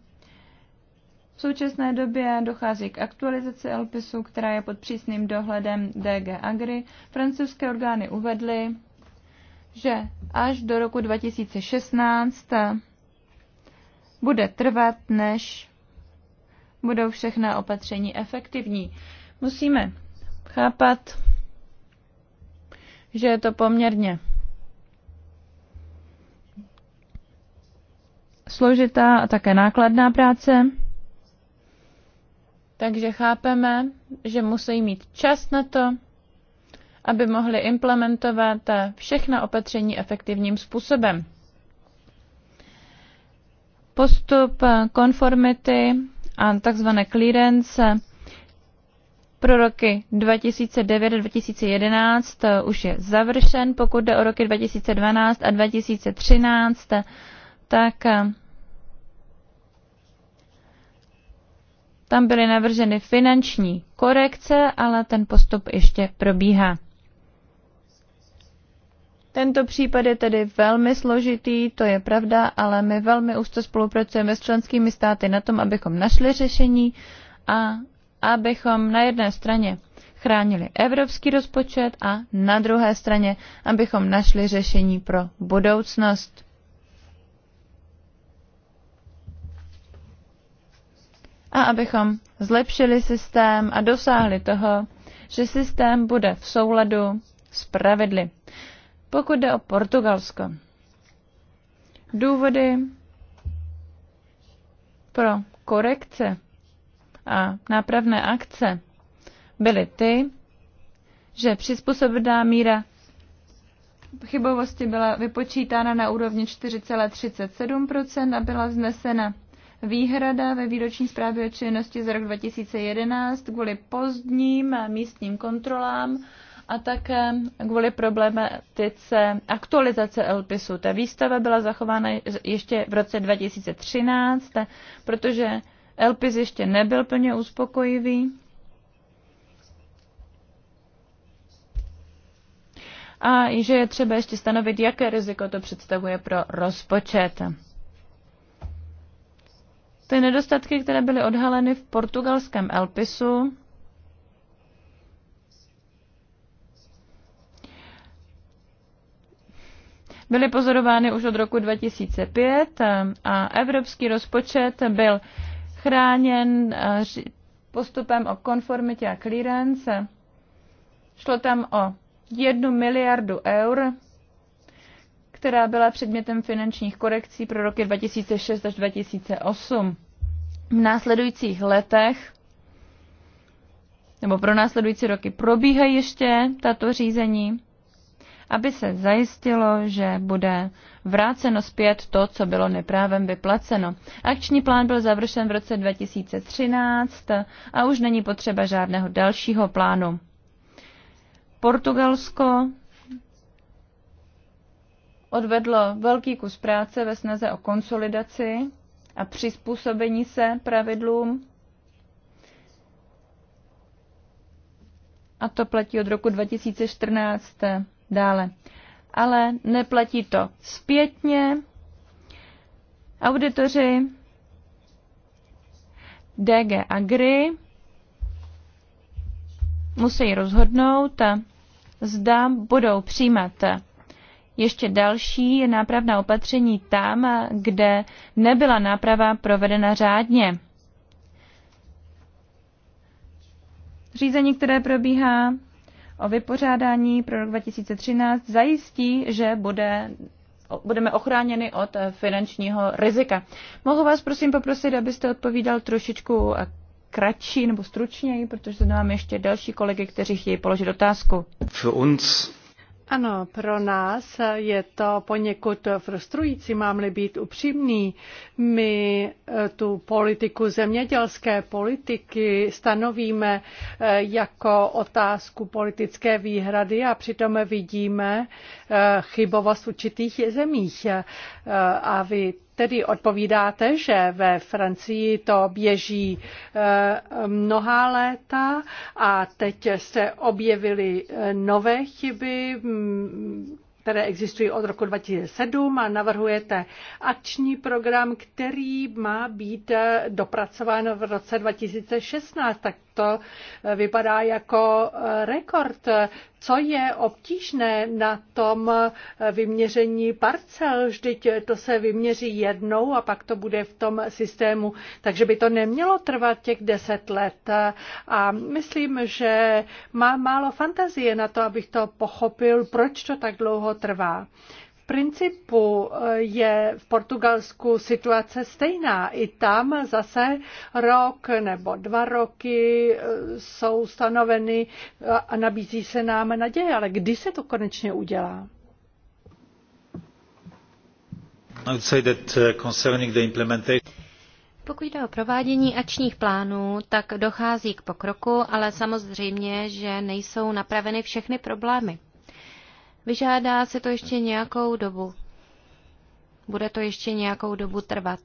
v současné době dochází k aktualizaci LPISu, která je pod přísným dohledem DG Agri. Francouzské orgány uvedly, že až do roku 2016 bude trvat, než budou všechna opatření efektivní. Musíme chápat, že je to poměrně složitá a také nákladná práce. Takže chápeme, že musí mít čas na to, aby mohli implementovat všechna opatření efektivním způsobem. Postup konformity a tzv. clearance pro roky 2009-2011 už je završen. Pokud jde o roky 2012 a 2013, tak Tam byly navrženy finanční korekce, ale ten postup ještě probíhá. Tento případ je tedy velmi složitý, to je pravda, ale my velmi úzce spolupracujeme s členskými státy na tom, abychom našli řešení a abychom na jedné straně chránili evropský rozpočet a na druhé straně, abychom našli řešení pro budoucnost. a abychom zlepšili systém a dosáhli toho, že systém bude v souladu s pravidly. Pokud jde o Portugalsko, důvody pro korekce a nápravné akce byly ty, že přizpůsobená míra chybovosti byla vypočítána na úrovni 4,37% a byla znesena výhrada ve výroční zprávě o činnosti za rok 2011 kvůli pozdním místním kontrolám a také kvůli problematice aktualizace LPISu. Ta výstava byla zachována ještě v roce 2013, protože LPIS ještě nebyl plně uspokojivý. A že je třeba ještě stanovit, jaké riziko to představuje pro rozpočet. Ty nedostatky, které byly odhaleny v portugalském Elpisu, byly pozorovány už od roku 2005 a evropský rozpočet byl chráněn eh, postupem o konformitě a clearance. Šlo tam o jednu miliardu eur která byla předmětem finančních korekcí pro roky 2006 až 2008. V následujících letech nebo pro následující roky probíhají ještě tato řízení, aby se zajistilo, že bude vráceno zpět to, co bylo neprávem vyplaceno. Akční plán byl završen v roce 2013 a už není potřeba žádného dalšího plánu. Portugalsko odvedlo velký kus práce ve snaze o konsolidaci a přizpůsobení se pravidlům. A to platí od roku 2014 dále. Ale neplatí to zpětně. Auditoři DG Agri musí rozhodnout, zda budou přijímat ještě další nápravná opatření tam, kde nebyla náprava provedena řádně. Řízení, které probíhá o vypořádání pro rok 2013, zajistí, že bude, budeme ochráněni od finančního rizika. Mohu vás prosím poprosit, abyste odpovídal trošičku kratší nebo stručněji, protože zde mám ještě další kolegy, kteří chtějí položit otázku. Für uns ano, pro nás je to poněkud frustrující, mám-li být upřímný. My eh, tu politiku zemědělské politiky stanovíme eh, jako otázku politické výhrady a přitom vidíme eh, chybovost v určitých zemích. A vy tedy odpovídáte, že ve Francii to běží eh, mnohá léta a teď se objevily eh, nové chyby, mm, které existují od roku 2007 a navrhujete akční program, který má být eh, dopracován v roce 2016, tak to eh, vypadá jako eh, rekord. Co je obtížné na tom vyměření parcel? Vždyť to se vyměří jednou a pak to bude v tom systému, takže by to nemělo trvat těch deset let. A myslím, že má málo fantazie na to, abych to pochopil, proč to tak dlouho dlouho trvá principu eh, je v Portugalsku situace stejná. I tam zase rok nebo dva roky eh, jsou stanoveny eh, a nabízí se nám naděje. Ale kdy se to konečně udělá? Uh, Pokud jde o provádění ačních plánů, tak dochází k pokroku, ale samozřejmě, že nejsou napraveny všechny problémy. Vyžádá se to ještě nějakou dobu. Bude to ještě nějakou dobu trvat.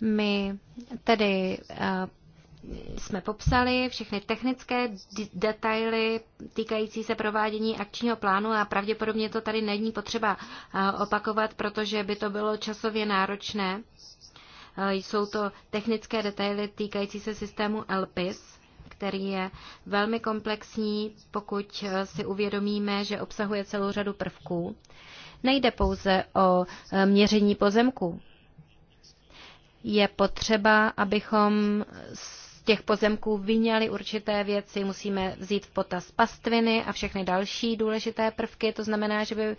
My tedy eh, jsme popsali všechny technické detaily týkající se provádění akčního plánu a pravděpodobně to tady není potřeba eh, opakovat, protože by to bylo časově náročné. Eh, jsou to technické detaily týkající se systému LPIS který je velmi komplexní, pokud eh, si uvědomíme, že obsahuje celou řadu prvků. Nejde pouze o eh, měření pozemku. Je potřeba, abychom těch pozemků vyňali určité věci, musíme vzít v potaz pastviny a všechny další důležité prvky. To znamená, že, by,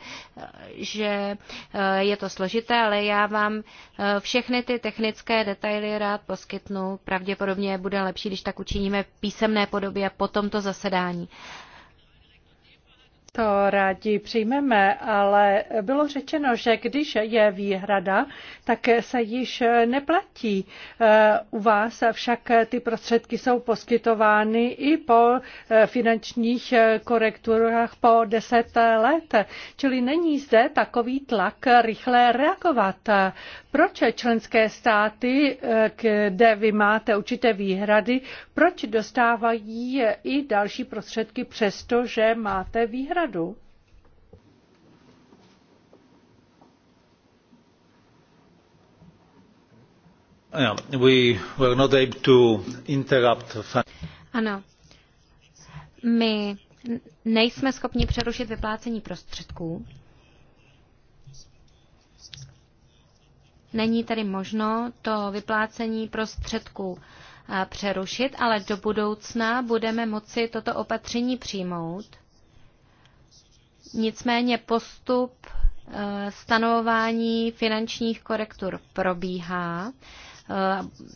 že eh, je to složité, ale já vám eh, všechny ty technické detaily rád poskytnu. Pravděpodobně bude lepší, když tak učiníme v písemné podobě po tomto zasedání. To rádi přijmeme, ale bylo řečeno, že když je výhrada, tak se již neplatí. Eh, u vás však ty prostředky jsou poskytovány i po eh, finančních eh, korekturách po deset let, čili není zde takový tlak rychle reagovat. Proč členské státy, kde vy máte určité výhrady, proč dostávají i další prostředky přesto, že máte výhrady? radu. We were not able to interrupt. Ano, my nejsme schopni přerušit vyplácení prostředků. Není tedy možno to vyplácení prostředků eh, přerušit, ale do budoucna budeme moci toto opatření přijmout Nicméně postup eh, stanovování finančních korektur probíhá eh,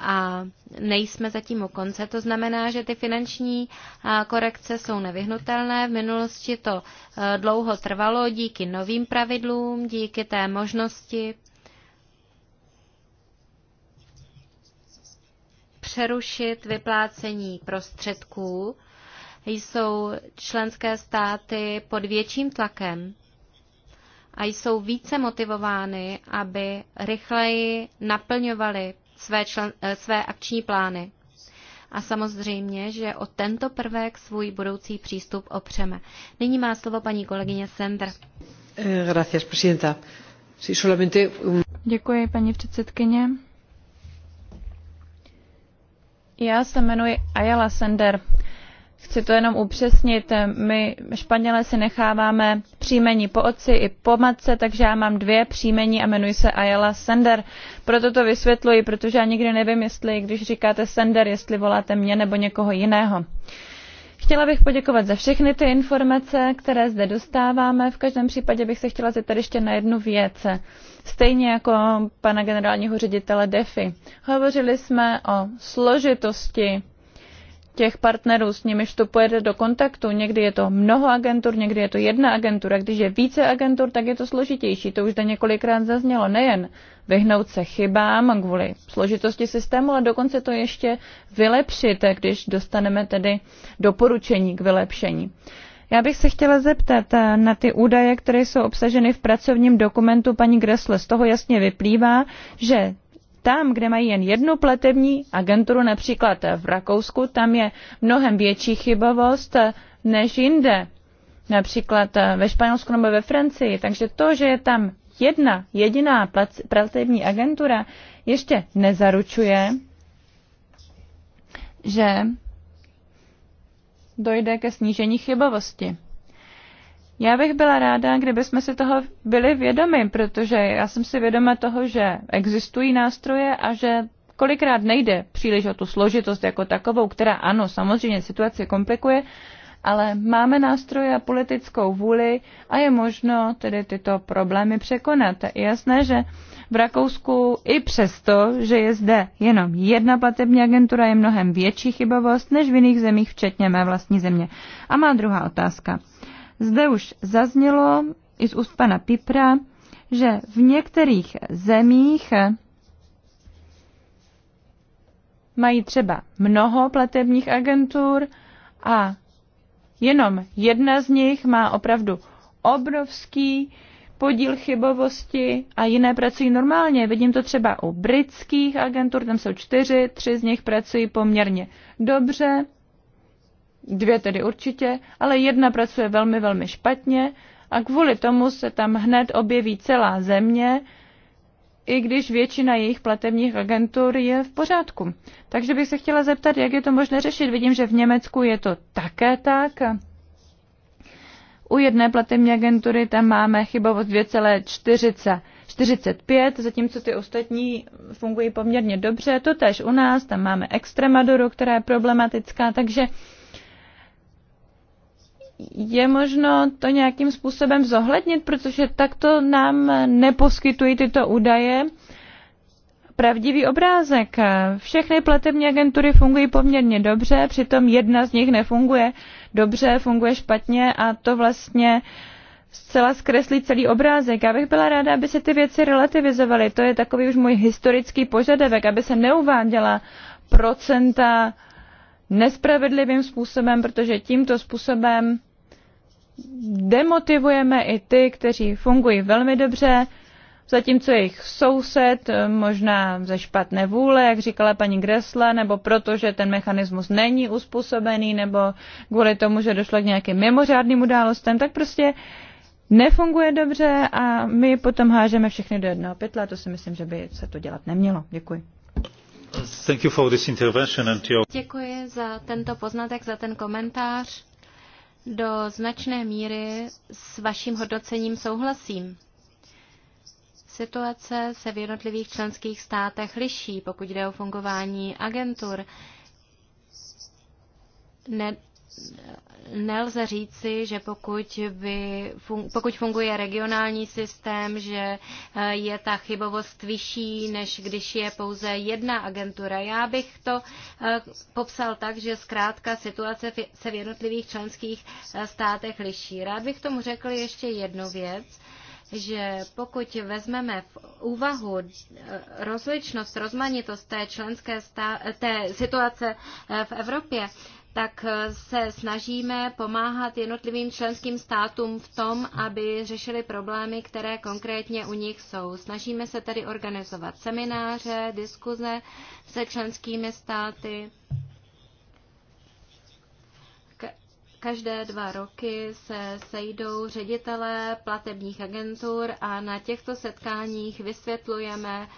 a nejsme zatím u konce. To znamená, že ty finanční eh, korekce jsou nevyhnutelné. V minulosti to dlouho trvalo díky novým pravidlům, díky té možnosti přerušit vyplácení prostředků jsou členské státy pod větším tlakem a jsou více motivovány, aby rychleji naplňovaly své, člen, eh, své akční plány. A samozřejmě, že o tento prvek svůj budoucí přístup opřeme. Nyní má slovo paní kolegyně Sender. Eh, Děkuji, paní předsedkyně. Já se jmenuji Ayala Sender. Chci to jenom upřesnit. Eh, my Španělé si necháváme příjmení po otci i po matce, takže já mám dvě příjmení a jmenuji se Ayala Sender. Proto to vysvětluji, protože já nikdy nevím, jestli když říkáte Sender, jestli voláte mě nebo někoho jiného. Chtěla bych poděkovat za všechny ty informace, které zde dostáváme. V každém případě bych se chtěla zeptat ještě na jednu věc. Stejně jako pana generálního ředitele DEFI. Hovořili jsme o složitosti těch partnerů, s nimiž pojede do kontaktu. Někdy je to mnoho agentur, někdy je to jedna agentura. Když je více agentur, tak je to složitější. To už zde několikrát zaznělo. Nejen vyhnout se chybám kvůli složitosti systému, ale dokonce to ještě vylepšit, když dostaneme tedy doporučení k vylepšení. Já bych se chtěla zeptat eh, na ty údaje, které jsou obsaženy v pracovním dokumentu paní Gressle. Z toho jasně vyplývá, že tam, kde mají jen jednu platební agenturu, například v Rakousku, tam je mnohem větší chybovost eh, než jinde, například eh, ve Španělsku nebo ve Francii. Takže to, že je tam jedna jediná platební agentura, ještě nezaručuje, že dojde ke snížení chybovosti. Já bych byla ráda, kdyby jsme si toho byli vědomi, protože já jsem si vědoma toho, že existují nástroje a že kolikrát nejde příliš o tu složitost jako takovou, která ano, samozřejmě situaci komplikuje, ale máme nástroje a politickou vůli a je možno tedy tyto problémy překonat. Je jasné, že v Rakousku i přesto, že je zde jenom jedna platební agentura, je mnohem větší chybovost než v jiných zemích, včetně mé vlastní země. A má druhá otázka. Zde už zaznělo i z úst pana Pipra, že v některých zemích mají třeba mnoho platebních agentur a jenom jedna z nich má opravdu obrovský podíl chybovosti a jiné pracují normálně. Vidím to třeba u britských agentur, tam jsou čtyři, tři z nich pracují poměrně dobře dvě tedy určitě, ale jedna pracuje velmi, velmi špatně a kvůli tomu se tam hned objeví celá země, i když většina jejich platebních agentur je v pořádku. Takže bych se chtěla zeptat, jak je to možné řešit. Vidím, že v Německu je to také tak. U jedné platební agentury tam máme chybovost 2,45, zatímco ty ostatní fungují poměrně dobře. To tež u nás, tam máme Extremaduru, která je problematická, takže je možno to nějakým způsobem zohlednit, protože takto nám neposkytují tyto údaje pravdivý obrázek. Všechny platební agentury fungují poměrně dobře, přitom jedna z nich nefunguje dobře, funguje špatně a to vlastně zcela zkreslí celý obrázek. Já bych byla ráda, aby se ty věci relativizovaly. To je takový už můj historický požadavek, aby se neuváděla procenta nespravedlivým způsobem, protože tímto způsobem demotivujeme i ty, kteří fungují velmi dobře, zatímco jejich soused, eh, možná ze špatné vůle, jak říkala paní Gresla, nebo protože ten mechanismus není uspůsobený, nebo kvůli tomu, že došlo k nějakým mimořádným událostem, tak prostě nefunguje dobře a my potom hážeme všechny do jednoho pytla. to si myslím, že by se to dělat nemělo. Děkuji. Děkuji za tento poznatek, za ten komentář. Do značné míry s vaším hodnocením souhlasím. Situace se v jednotlivých členských státech liší, pokud jde o fungování agentur. Ne, nelze říci, že pokud, by, pokud funguje regionální systém, že eh, je ta chybovost vyšší, než když je pouze jedna agentura. Já bych to eh, popsal tak, že zkrátka situace se v jednotlivých členských eh, státech liší. Rád bych tomu řekl ještě jednu věc že pokud vezmeme v úvahu rozličnost, rozmanitost té členské stá- té situace v Evropě, tak eh, se snažíme pomáhat jednotlivým členským státům v tom, aby řešili problémy, které konkrétně u nich jsou. Snažíme se tedy organizovat semináře, diskuze se členskými státy. každé dva roky se sejdou ředitelé platebních agentur a na těchto setkáních vysvětlujeme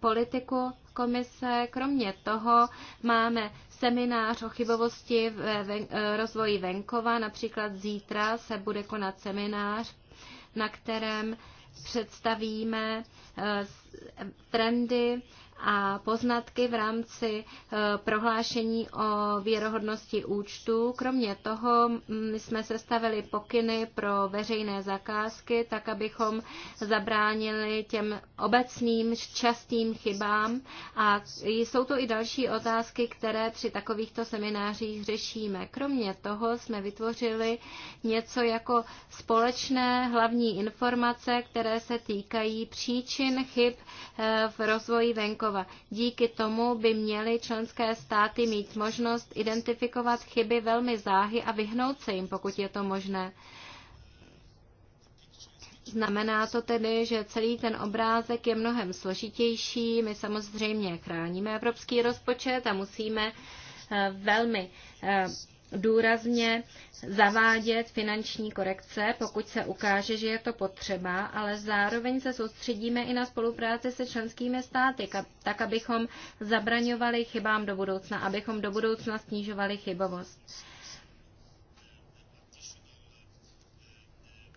politiku komise. Kromě toho máme seminář o chybovosti v e, rozvoji venkova. Například zítra se bude konat seminář, na kterém představíme e, e, trendy a poznatky v rámci e, prohlášení o věrohodnosti účtu. Kromě toho my jsme sestavili pokyny pro veřejné zakázky, tak abychom zabránili těm obecným častým chybám. A jsou to i další otázky, které při takovýchto seminářích řešíme. Kromě toho jsme vytvořili něco jako společné hlavní informace, které se týkají příčin chyb e, v rozvoji venkova slova. Díky tomu by měly členské státy mít možnost identifikovat chyby velmi záhy a vyhnout se jim, pokud je to možné. Znamená to tedy, že celý ten obrázek je mnohem složitější. My samozřejmě chráníme evropský rozpočet a musíme eh, velmi eh, důrazně zavádět finanční korekce, pokud se ukáže, že je to potřeba, ale zároveň se soustředíme i na spolupráci se členskými státy, tak abychom zabraňovali chybám do budoucna, abychom do budoucna snižovali chybovost.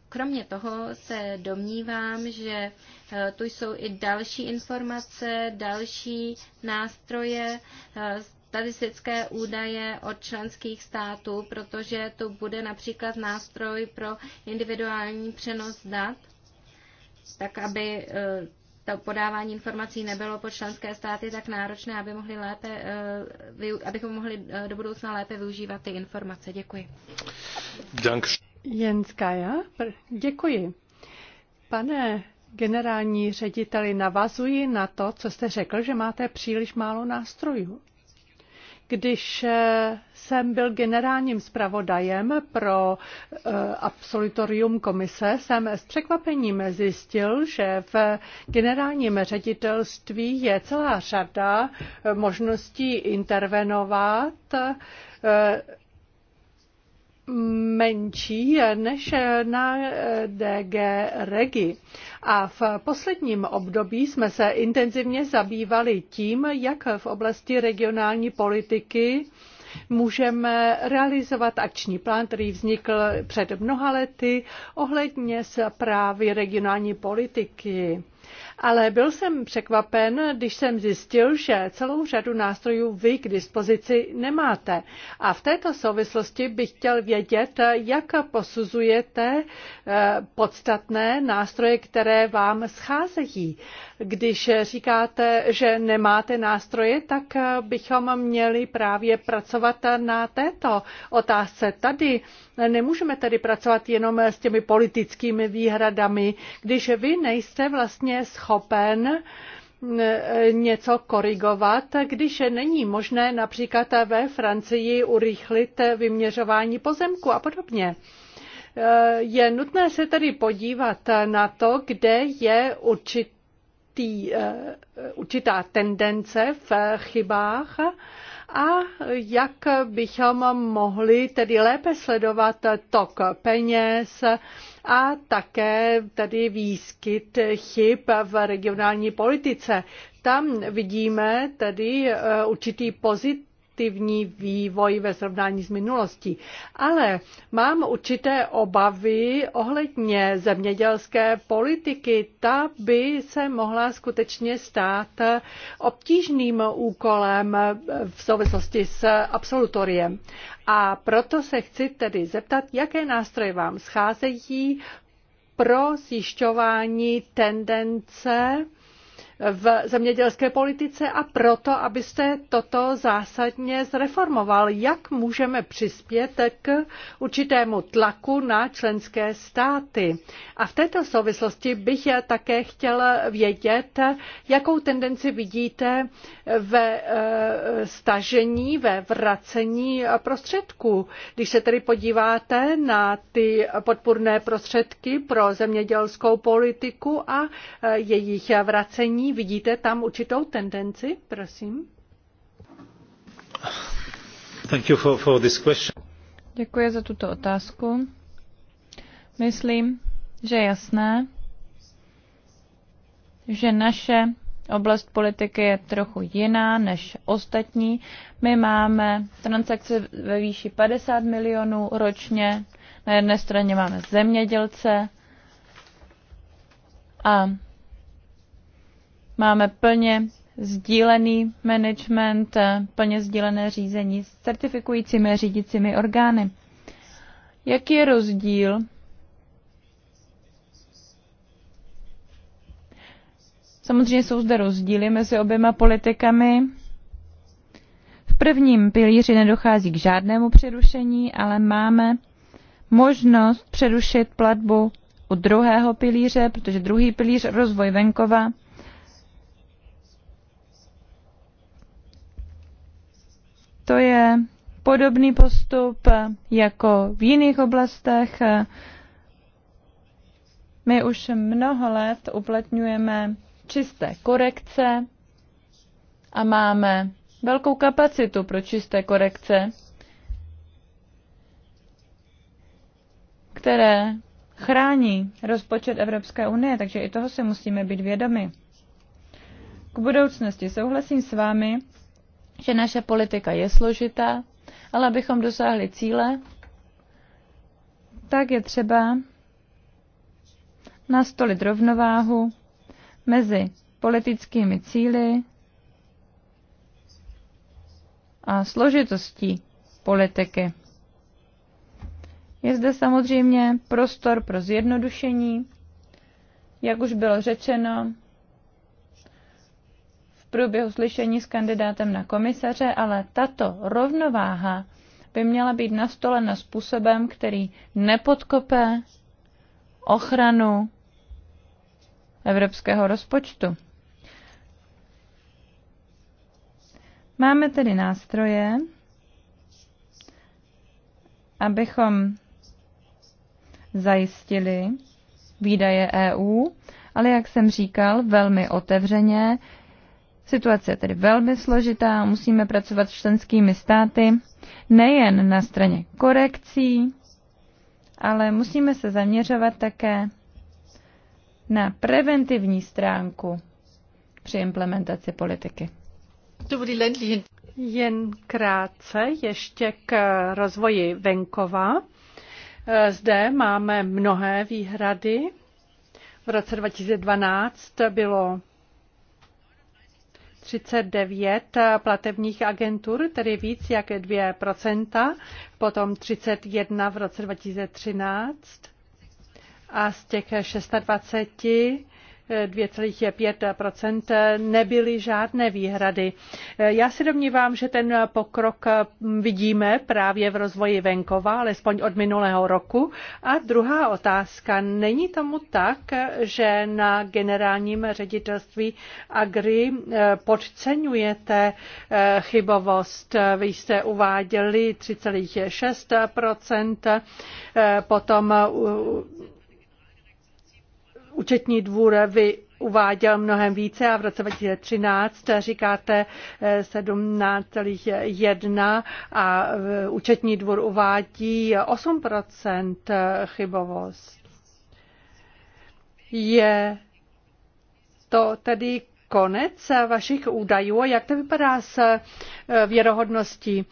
Kromě toho se domnívám, že e, tu jsou i další informace, další nástroje, e, statistické údaje od členských států, protože to bude například nástroj pro individuální přenos dat, tak aby e, to podávání informací nebylo po členské státy tak náročné, aby mohli lépe, e, abychom mohli e, do budoucna lépe využívat ty informace. Děkuji. Dank. děkuji. Pane generální řediteli, navazuji na to, co jste řekl, že máte příliš málo nástrojů. Když eh, jsem byl generálním zpravodajem pro eh, absolutorium komise, jsem s překvapením zjistil, že v generálním ředitelství je celá řada eh, možností intervenovat menší než na DG Regi. A v posledním období jsme se intenzivně zabývali tím, jak v oblasti regionální politiky můžeme realizovat akční plán, který vznikl před mnoha lety ohledně zprávy regionální politiky ale byl jsem překvapen, když jsem zjistil, že celou řadu nástrojů vy k dispozici nemáte. A v této souvislosti bych chtěl vědět, jak posuzujete eh, podstatné nástroje, které vám scházejí. Když říkáte, že nemáte nástroje, tak eh, bychom měli právě pracovat na této otázce tady. Eh, nemůžeme tedy pracovat jenom s těmi politickými výhradami, když vy nejste vlastně schopni schopen eh, něco korigovat, když není možné například ve Francii urychlit vyměřování pozemku a podobně. Eh, je nutné se tedy podívat na to, kde je určitý, eh, určitá tendence v chybách a jak bychom mohli tedy lépe sledovat tok peněz a také tedy výskyt chyb v regionální politice. Tam vidíme tedy eh, určitý pozit, pozitivní vývoj ve srovnání s minulostí. Ale mám určité obavy ohledně zemědělské politiky. Ta by se mohla skutečně stát obtížným úkolem v souvislosti s absolutoriem. A proto se chci tedy zeptat, jaké nástroje vám scházejí pro zjišťování tendence v zemědělské politice a proto, abyste toto zásadně zreformoval. Jak můžeme přispět k určitému tlaku na členské státy? A v této souvislosti bych já také chtěl vědět, jakou tendenci vidíte ve eh, stažení, ve vracení prostředků. Když se tedy podíváte na ty podpůrné prostředky pro zemědělskou politiku a eh, jejich vracení, zdanění. Vidíte tam určitou tendenci? Prosím. Thank you for, for this question. Děkuji za tuto otázku. Myslím, že je jasné, že naše oblast politiky je trochu jiná než ostatní. My máme transakce ve výši 50 milionů ročně. Na jedné straně máme zemědělce a Máme plně sdílený management, plně sdílené řízení s certifikujícími a řídícími orgány. Jaký je rozdíl Samozřejmě jsou zde rozdíly mezi oběma politikami. V prvním pilíři nedochází k žádnému přerušení, ale máme možnost přerušit platbu u druhého pilíře, protože druhý pilíř rozvoj venkova To je podobný postup jako v jiných oblastech. My už mnoho let uplatňujeme čisté korekce a máme velkou kapacitu pro čisté korekce, které chrání rozpočet Evropské unie, takže i toho si musíme být vědomi. K budoucnosti souhlasím s vámi, že naše politika je složitá, ale abychom dosáhli cíle, tak je třeba nastolit rovnováhu mezi politickými cíly a složitostí politiky. Je zde samozřejmě prostor pro zjednodušení, jak už bylo řečeno, průběhu slyšení s kandidátem na komisaře, ale tato rovnováha by měla být nastolena způsobem, který nepodkope ochranu evropského rozpočtu. Máme tedy nástroje, abychom zajistili výdaje EU, ale jak jsem říkal, velmi otevřeně Situace je tedy velmi složitá, musíme pracovat s členskými státy nejen na straně korekcí, ale musíme se zaměřovat také na preventivní stránku při implementaci politiky. Jen krátce ještě k rozvoji venkova. Zde máme mnohé výhrady. V roce 2012 bylo 39 platebních agentur, tedy víc jak 2%, potom 31 v roce 2013 a z těch 26 2,5 nebyly žádné výhrady. Já si domnívám, že ten pokrok vidíme právě v rozvoji venkova, alespoň od minulého roku. A druhá otázka. Není tomu tak, že na generálním ředitelství Agri eh, podceňujete eh, chybovost? Vy jste uváděli 3,6 eh, potom účetní dvůr vy uváděl mnohem více a v roce 2013 říkáte 17,1 eh, a eh, účetní dvůr uvádí 8 eh, chybovost. Je to tedy konec vašich údajů a jak to vypadá s věrohodností?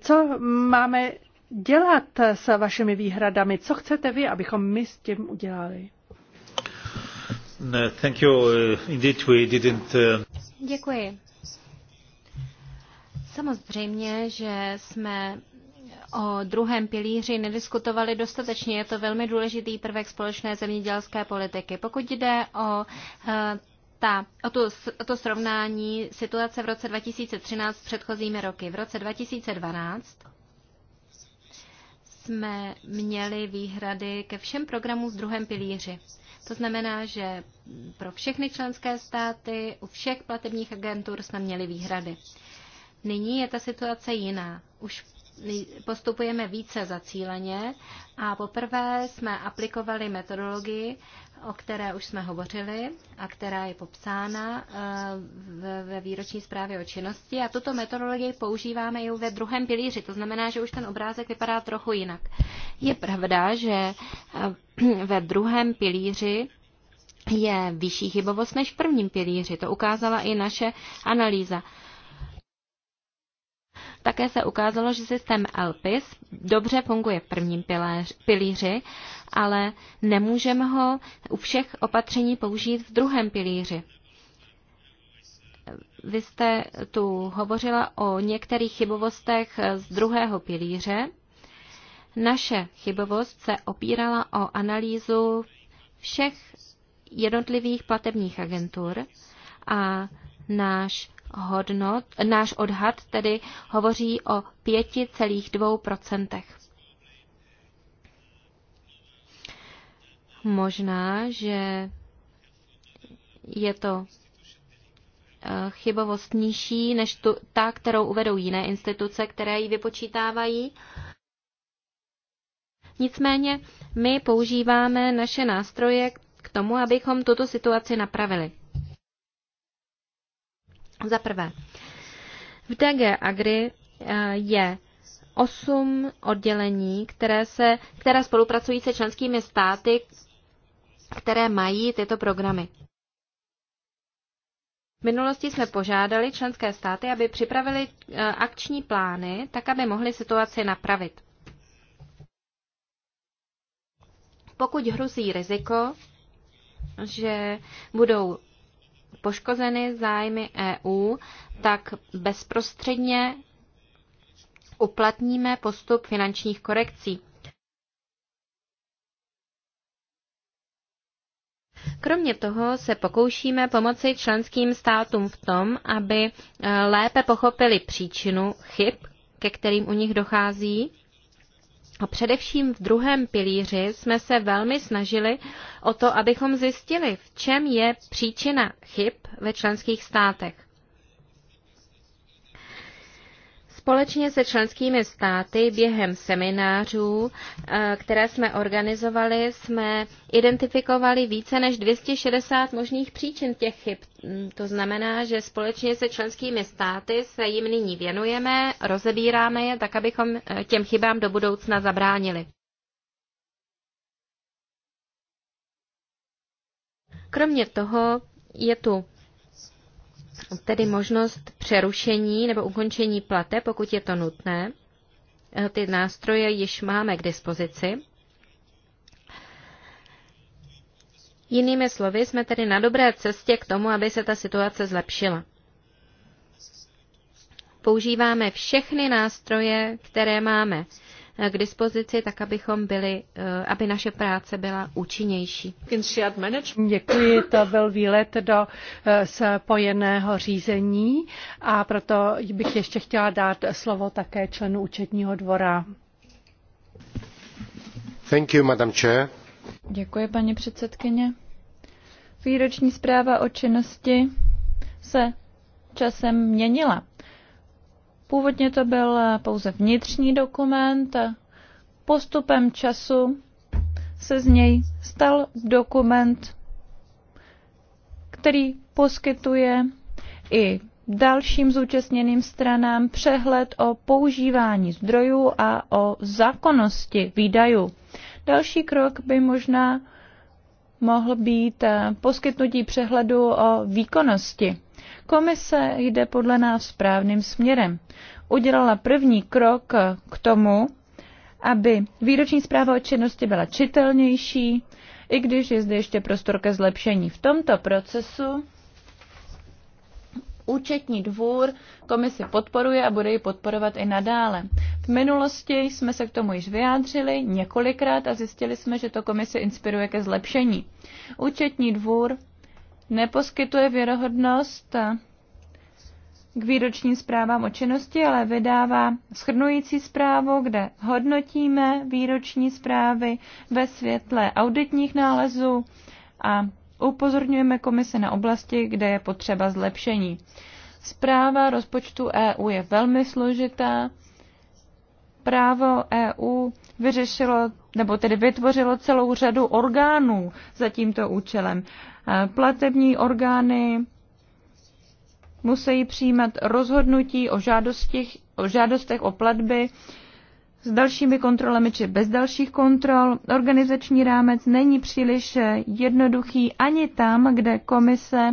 Co máme dělat s vašimi výhradami? Co chcete vy, abychom my s tím udělali? No, uh, uh, Děkuji. Samozřejmě, že jsme o druhém pilíři nediskutovali dostatečně. Je to velmi důležitý prvek společné zemědělské politiky. Pokud jde o eh, ta, o, tu, o to srovnání situace v roce 2013 s předchozími roky. V roce 2012 jsme měli výhrady ke všem programům v druhém pilíři. To znamená, že pro všechny členské státy, u všech platebních agentur jsme měli výhrady. Nyní je ta situace jiná. Už postupujeme více zacíleně a poprvé jsme aplikovali metodologii, o které už jsme hovořili a která je popsána eh, ve výroční zprávě o činnosti. A tuto metodologii používáme i ve druhém pilíři, to znamená, že už ten obrázek vypadá trochu jinak. Je pravda, že eh, [clears throat] ve druhém pilíři je vyšší chybovost než v prvním pilíři. To ukázala i naše analýza. Také se ukázalo, že systém LPIS dobře funguje v prvním pilíři, ale nemůžeme ho u všech opatření použít v druhém pilíři. Vy jste tu hovořila o některých chybovostech z druhého pilíře. Naše chybovost se opírala o analýzu všech jednotlivých platebních agentur a náš hodnot, náš odhad tedy hovoří o 5,2%. Možná, že je to eh, chybovost nižší než tu, ta, kterou uvedou jiné instituce, které ji vypočítávají. Nicméně my používáme naše nástroje k tomu, abychom tuto situaci napravili. Za prvé, v DG Agri eh, je osm oddělení, které, se, které spolupracují se členskými státy, které mají tyto programy. V minulosti jsme požádali členské státy, aby připravili eh, akční plány, tak aby mohli situaci napravit. Pokud hrozí riziko, že budou poškozeny zájmy EU, tak bezprostředně uplatníme postup finančních korekcí. Kromě toho se pokoušíme pomoci členským státům v tom, aby eh, lépe pochopili příčinu chyb, ke kterým u nich dochází a především v druhém pilíři jsme se velmi snažili o to, abychom zjistili, v čem je příčina chyb ve členských státech. Společně se členskými státy během seminářů, eh, které jsme organizovali, jsme identifikovali více než 260 možných příčin těch chyb. Mm, to znamená, že společně se členskými státy se jim nyní věnujeme, rozebíráme je tak, abychom eh, těm chybám do budoucna zabránili. Kromě toho je tu tedy možnost přerušení nebo ukončení plate, pokud je to nutné. Eh, ty nástroje již máme k dispozici. Jinými slovy, jsme tedy na dobré cestě k tomu, aby se ta situace zlepšila. Používáme všechny nástroje, které máme k dispozici, tak abychom byli, eh, aby naše práce byla účinnější. Děkuji, to byl výlet do eh, spojeného řízení a proto bych ještě chtěla dát slovo také členu účetního dvora. Thank you, Madam Chair. Děkuji, paní předsedkyně. Výroční zpráva o činnosti se časem měnila. Původně to byl pouze vnitřní dokument. Postupem času se z něj stal dokument, který poskytuje i dalším zúčastněným stranám přehled o používání zdrojů a o zákonnosti výdajů. Další krok by možná mohl být poskytnutí přehledu o výkonnosti. Komise jde podle nás správným směrem. Udělala první krok k tomu, aby výroční zpráva o činnosti byla čitelnější, i když je zde ještě prostor ke zlepšení. V tomto procesu účetní dvůr komisi podporuje a bude ji podporovat i nadále. V minulosti jsme se k tomu již vyjádřili několikrát a zjistili jsme, že to komise inspiruje ke zlepšení. Účetní dvůr neposkytuje věrohodnost k výročním zprávám o činnosti, ale vydává shrnující zprávu, kde hodnotíme výroční zprávy ve světle auditních nálezů a upozorňujeme komise na oblasti, kde je potřeba zlepšení. Zpráva rozpočtu EU je velmi složitá. Právo EU vyřešilo, nebo tedy vytvořilo celou řadu orgánů za tímto účelem platební orgány musí přijímat rozhodnutí o žádostech, o, žádostech o platby s dalšími kontrolemi, či bez dalších kontrol. Organizační rámec není příliš jednoduchý ani tam, kde komise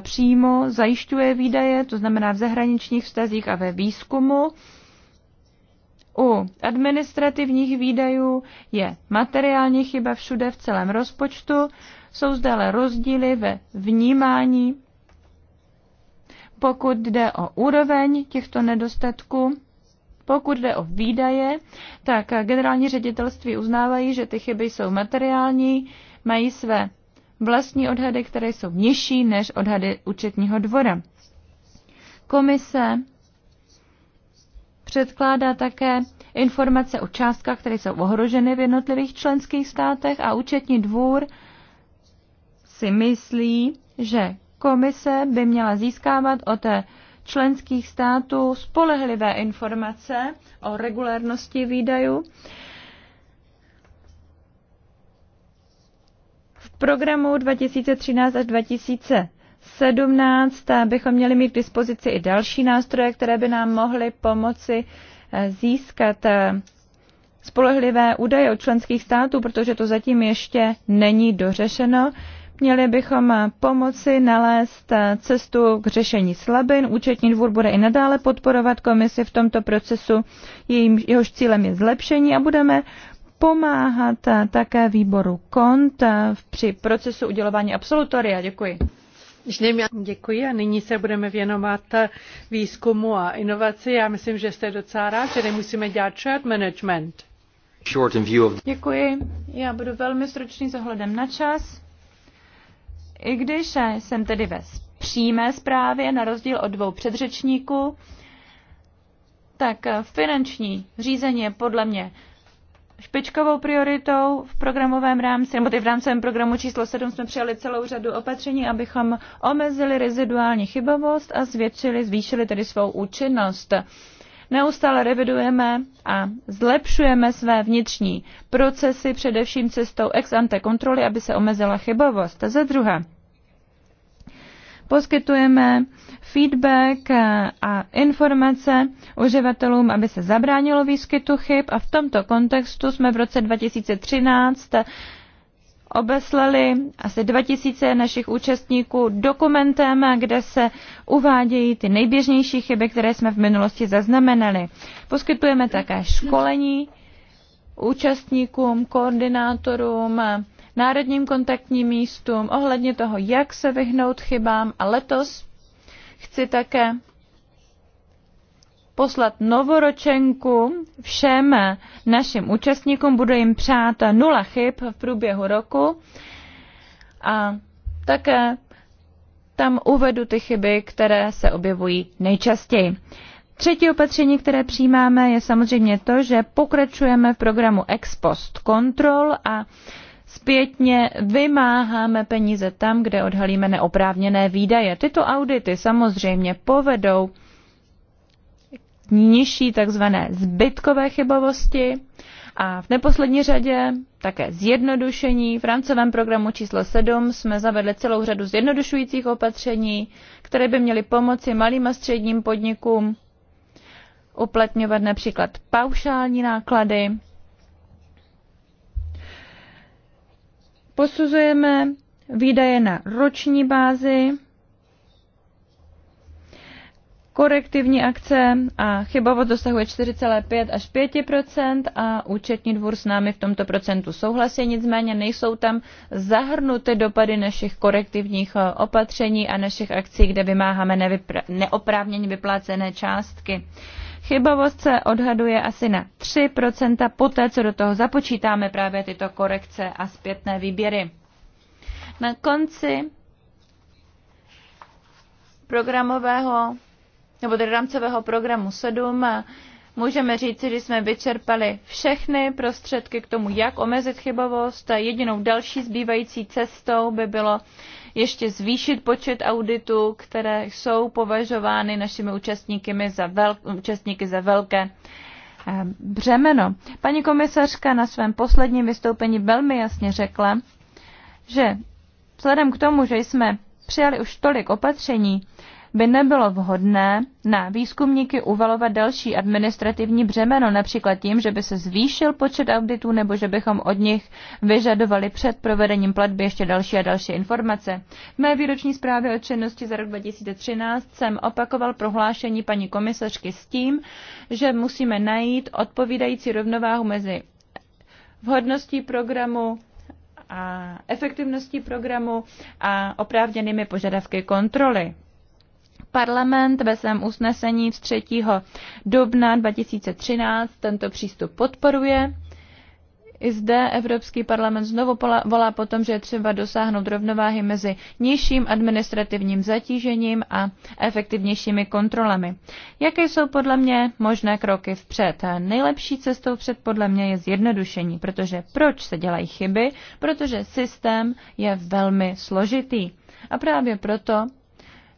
přímo zajišťuje výdaje, to znamená v zahraničních vztazích a ve výzkumu. U administrativních výdajů je materiální chyba všude v celém rozpočtu. Jsou zde ale rozdíly ve vnímání, pokud jde o úroveň těchto nedostatků. Pokud jde o výdaje, tak generální ředitelství uznávají, že ty chyby jsou materiální, mají své vlastní odhady, které jsou nižší než odhady účetního dvora. Komise předkládá také informace o částkách, které jsou ohroženy v jednotlivých členských státech a účetní dvůr si myslí, že komise by měla získávat od členských států spolehlivé informace o regulérnosti výdajů. V programu 2013 až 2017 bychom měli mít k dispozici i další nástroje, které by nám mohly pomoci eh, získat eh, spolehlivé údaje od členských států, protože to zatím ještě není dořešeno. Měli bychom pomoci nalézt eh, cestu k řešení slabin. Účetní dvůr bude i nadále podporovat komisi v tomto procesu. Jejím, jehož cílem je zlepšení a budeme pomáhat eh, také výboru KONT eh, při procesu udělování absolutoria. Děkuji. Děkuji a nyní se budeme věnovat výzkumu a inovaci. Já myslím, že jste docela rád, že nemusíme dělat shared management. Děkuji. Já budu velmi stručný s ohledem na čas. I když jsem tedy ve přímé zprávě, na rozdíl od dvou předřečníků, tak finanční řízení je podle mě špičkovou prioritou v programovém rámci, nebo v rámcovém programu číslo 7 jsme přijali celou řadu opatření, abychom omezili reziduální chybovost a zvětšili, zvýšili tedy svou účinnost. Neustále revidujeme a zlepšujeme své vnitřní procesy, především cestou ex ante kontroly, aby se omezila chybovost. A za druhé, poskytujeme feedback a informace uživatelům, aby se zabránilo výskytu chyb a v tomto kontextu jsme v roce 2013 obeslali asi 2000 našich účastníků dokumentem, kde se uvádějí ty nejběžnější chyby, které jsme v minulosti zaznamenali. Poskytujeme také školení účastníkům, koordinátorům, národním kontaktním místům ohledně toho, jak se vyhnout chybám a letos chci také poslat novoročenku všem našim účastníkům, budu jim přát nula chyb v průběhu roku a také tam uvedu ty chyby, které se objevují nejčastěji. Třetí opatření, které přijímáme, je samozřejmě to, že pokračujeme v programu ex post kontrol a zpětně vymáháme peníze tam, kde odhalíme neoprávněné výdaje. Tyto audity samozřejmě povedou nižší takzvané zbytkové chybovosti a v neposlední řadě také zjednodušení. V rámcovém programu číslo 7 jsme zavedli celou řadu zjednodušujících opatření, které by měly pomoci malým a středním podnikům uplatňovat například paušální náklady. Posuzujeme výdaje na roční bázi korektivní akce a chybovost dosahuje 4,5 až 5 a účetní dvůr s námi v tomto procentu souhlasí, nicméně nejsou tam zahrnuty dopady našich korektivních eh, opatření a našich akcí, kde vymáháme neoprávněně vyplácené částky. Chybovost se odhaduje asi na 3 poté, co do toho započítáme právě tyto korekce a zpětné výběry. Na konci programového nebo tedy rámcového programu 7 můžeme říci, že jsme vyčerpali všechny prostředky k tomu, jak omezit chybovost. Jedinou další zbývající cestou by bylo ještě zvýšit počet auditů, které jsou považovány našimi účastníky za, velk- účastníky za velké eh, břemeno. Paní komisařka na svém posledním vystoupení velmi jasně řekla, že vzhledem k tomu, že jsme přijali už tolik opatření, by nebylo vhodné na výzkumníky uvalovat další administrativní břemeno, například tím, že by se zvýšil počet auditů nebo že bychom od nich vyžadovali před provedením platby ještě další a další informace. V mé výroční zprávě o činnosti za rok 2013 jsem opakoval prohlášení paní komisařky s tím, že musíme najít odpovídající rovnováhu mezi vhodností programu, a efektivností programu a oprávněnými požadavky kontroly. Parlament ve svém usnesení z 3. dubna 2013 tento přístup podporuje. I zde Evropský parlament znovu volá po tom, že je třeba dosáhnout rovnováhy mezi nižším administrativním zatížením a efektivnějšími kontrolami. Jaké jsou podle mě možné kroky vpřed? A nejlepší cestou vpřed podle mě je zjednodušení, protože proč se dělají chyby? Protože systém je velmi složitý. A právě proto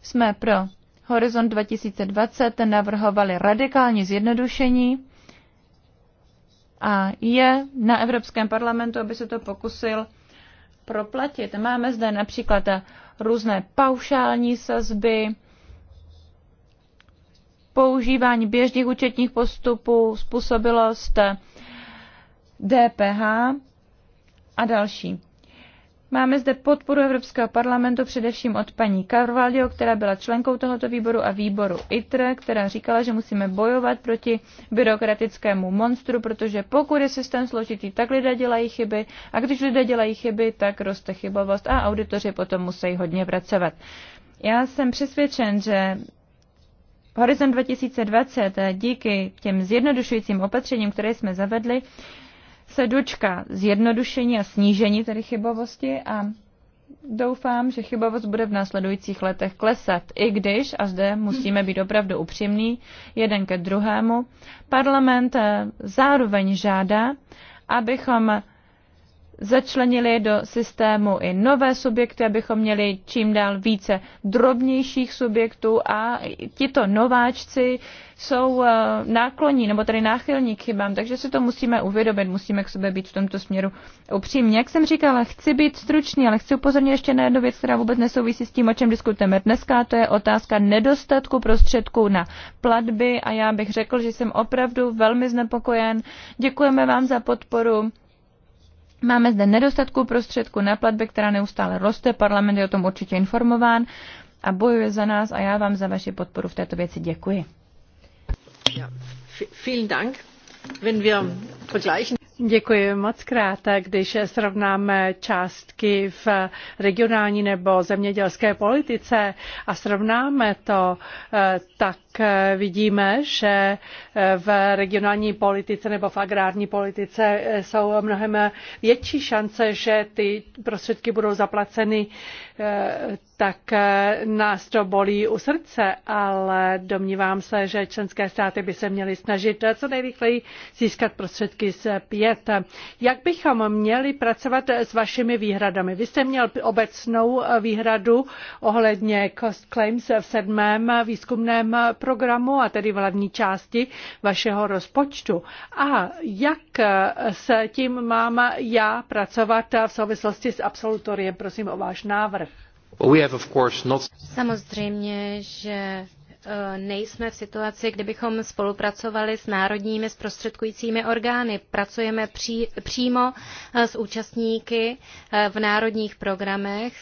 jsme pro Horizont 2020 navrhovali radikální zjednodušení a je na Evropském parlamentu, aby se to pokusil proplatit. Máme zde například různé paušální sazby, používání běžných účetních postupů, způsobilost DPH a další. Máme zde podporu Evropského parlamentu především od paní Carvalho, která byla členkou tohoto výboru a výboru ITRE, která říkala, že musíme bojovat proti byrokratickému monstru, protože pokud je systém složitý, tak lidé dělají chyby a když lidé dělají chyby, tak roste chybovost a auditoři potom musí hodně pracovat. Já jsem přesvědčen, že Horizont 2020 díky těm zjednodušujícím opatřením, které jsme zavedli, se dočká zjednodušení a snížení tedy chybovosti a doufám, že chybovost bude v následujících letech klesat, i když, a zde musíme být opravdu upřímní, jeden ke druhému, parlament eh, zároveň žádá, abychom začlenili do systému i nové subjekty, abychom měli čím dál více drobnějších subjektů a tito nováčci jsou eh, nákloní nebo tady náchylní k chybám, takže si to musíme uvědomit, musíme k sobě být v tomto směru upřímní. Jak jsem říkala, chci být stručný, ale chci upozornit ještě na jednu věc, která vůbec nesouvisí s tím, o čem diskutujeme dneska, to je otázka nedostatku prostředků na platby a já bych řekl, že jsem opravdu velmi znepokojen. Děkujeme vám za podporu Máme zde nedostatku prostředku na platby, která neustále roste, parlament je o tom určitě informován a bojuje za nás a já vám za vaši podporu v této věci děkuji. Ja, vielen Dank. Wenn wir vergleichen... Děkuji moc krát. Když srovnáme částky v regionální nebo zemědělské politice a srovnáme to, tak vidíme, že v regionální politice nebo v agrární politice jsou mnohem větší šance, že ty prostředky budou zaplaceny, tak nás to bolí u srdce, ale domnívám se, že členské státy by se měly snažit co nejrychleji získat prostředky z pět jak bychom měli pracovat s vašimi výhradami? Vy jste měl obecnou výhradu ohledně cost claims v sedmém výzkumném programu a tedy v hlavní části vašeho rozpočtu. A jak s tím mám já pracovat v souvislosti s absolutoriem? Prosím o váš návrh. Samozřejmě, že E, nejsme v situaci, kdybychom spolupracovali s národními zprostředkujícími orgány. Pracujeme pří, přímo e, s účastníky e, v národních programech.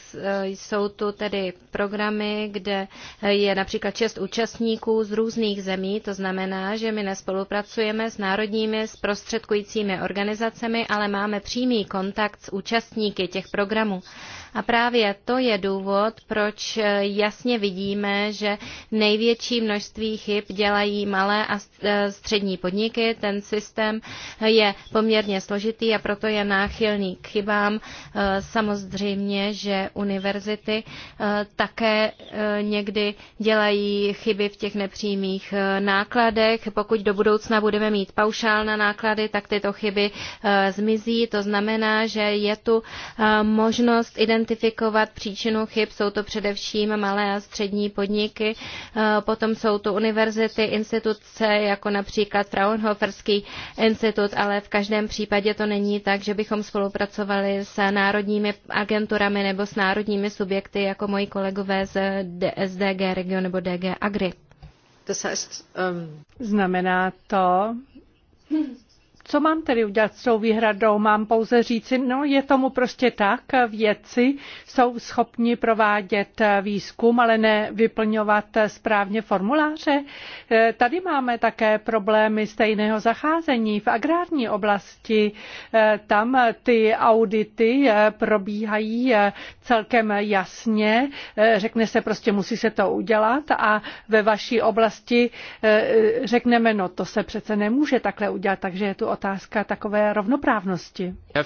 Jsou tu tedy programy, kde je například čest účastníků z různých zemí. To znamená, že my nespolupracujeme s národními zprostředkujícími organizacemi, ale máme přímý kontakt s účastníky těch programů. A právě to je důvod, proč eh, jasně vidíme, že největší množství chyb dělají malé a eh, střední podniky. Ten systém eh, je poměrně složitý a proto je náchylný k chybám. Samozřejmě, že univerzity také někdy dělají chyby v těch nepřímých nákladech. Pokud do budoucna budeme mít paušál na náklady, tak tyto chyby zmizí. To znamená, že je tu možnost identifikovat identifikovat příčinu chyb. Jsou to především malé a střední podniky, eh, potom jsou to univerzity, instituce, jako například Fraunhoferský institut, ale v každém případě to není tak, že bychom spolupracovali s národními agenturami nebo s národními subjekty, jako moji kolegové z SDG Region nebo DG Agri. Znamená to, co mám tedy udělat s tou výhradou? Mám pouze říci, no je tomu prostě tak, vědci jsou schopni provádět eh, výzkum, ale ne vyplňovat eh, správně formuláře. Eh, tady máme také problémy stejného zacházení v agrární oblasti. Tam ty audity probíhají celkem jasně. Řekne se prostě, musí se to udělat a ve vaší oblasti řekneme, no to se přece nemůže takhle udělat, takže je tu otázka takové rovnoprávnosti. E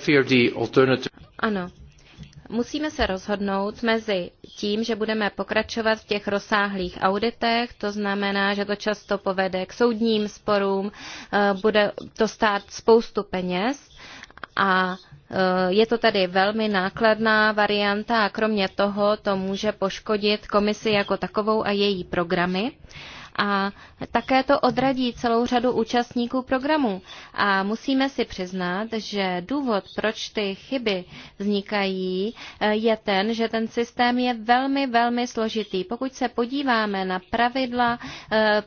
ano. Musíme se rozhodnout mezi tím, že budeme pokračovat v těch rozsáhlých auditech, to znamená, že to často povede k soudním sporům, eh, bude to stát spoustu peněz a eh, je to tedy velmi nákladná varianta a kromě toho to může poškodit komisi jako takovou a její programy a také to odradí celou řadu účastníků programu. A musíme si přiznat, že důvod, proč ty chyby vznikají, eh, je ten, že ten systém je velmi, velmi složitý. Pokud se podíváme na pravidla eh,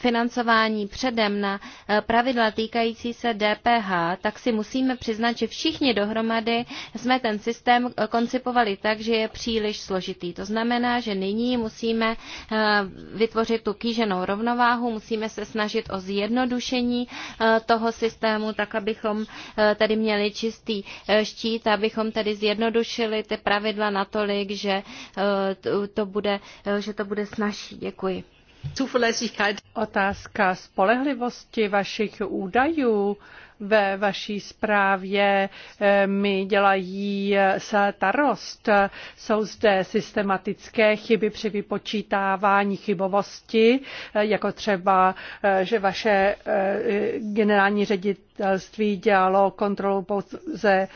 financování předem na eh, pravidla týkající se DPH, tak si musíme přiznat, že všichni dohromady jsme ten systém eh, koncipovali tak, že je příliš složitý. To znamená, že nyní musíme eh, vytvořit tu kýženou rovnováhu, musíme se snažit o zjednodušení toho systému, tak abychom tady měli čistý štít, abychom tedy zjednodušili ty pravidla natolik, že to bude, že to bude snažší. Děkuji. Otázka spolehlivosti vašich údajů ve vaší zprávě eh, mi dělají eh, starost. Jsou zde systematické chyby při vypočítávání chybovosti, eh, jako třeba, že vaše generální ředitel ředitelství dělalo kontrolu pouze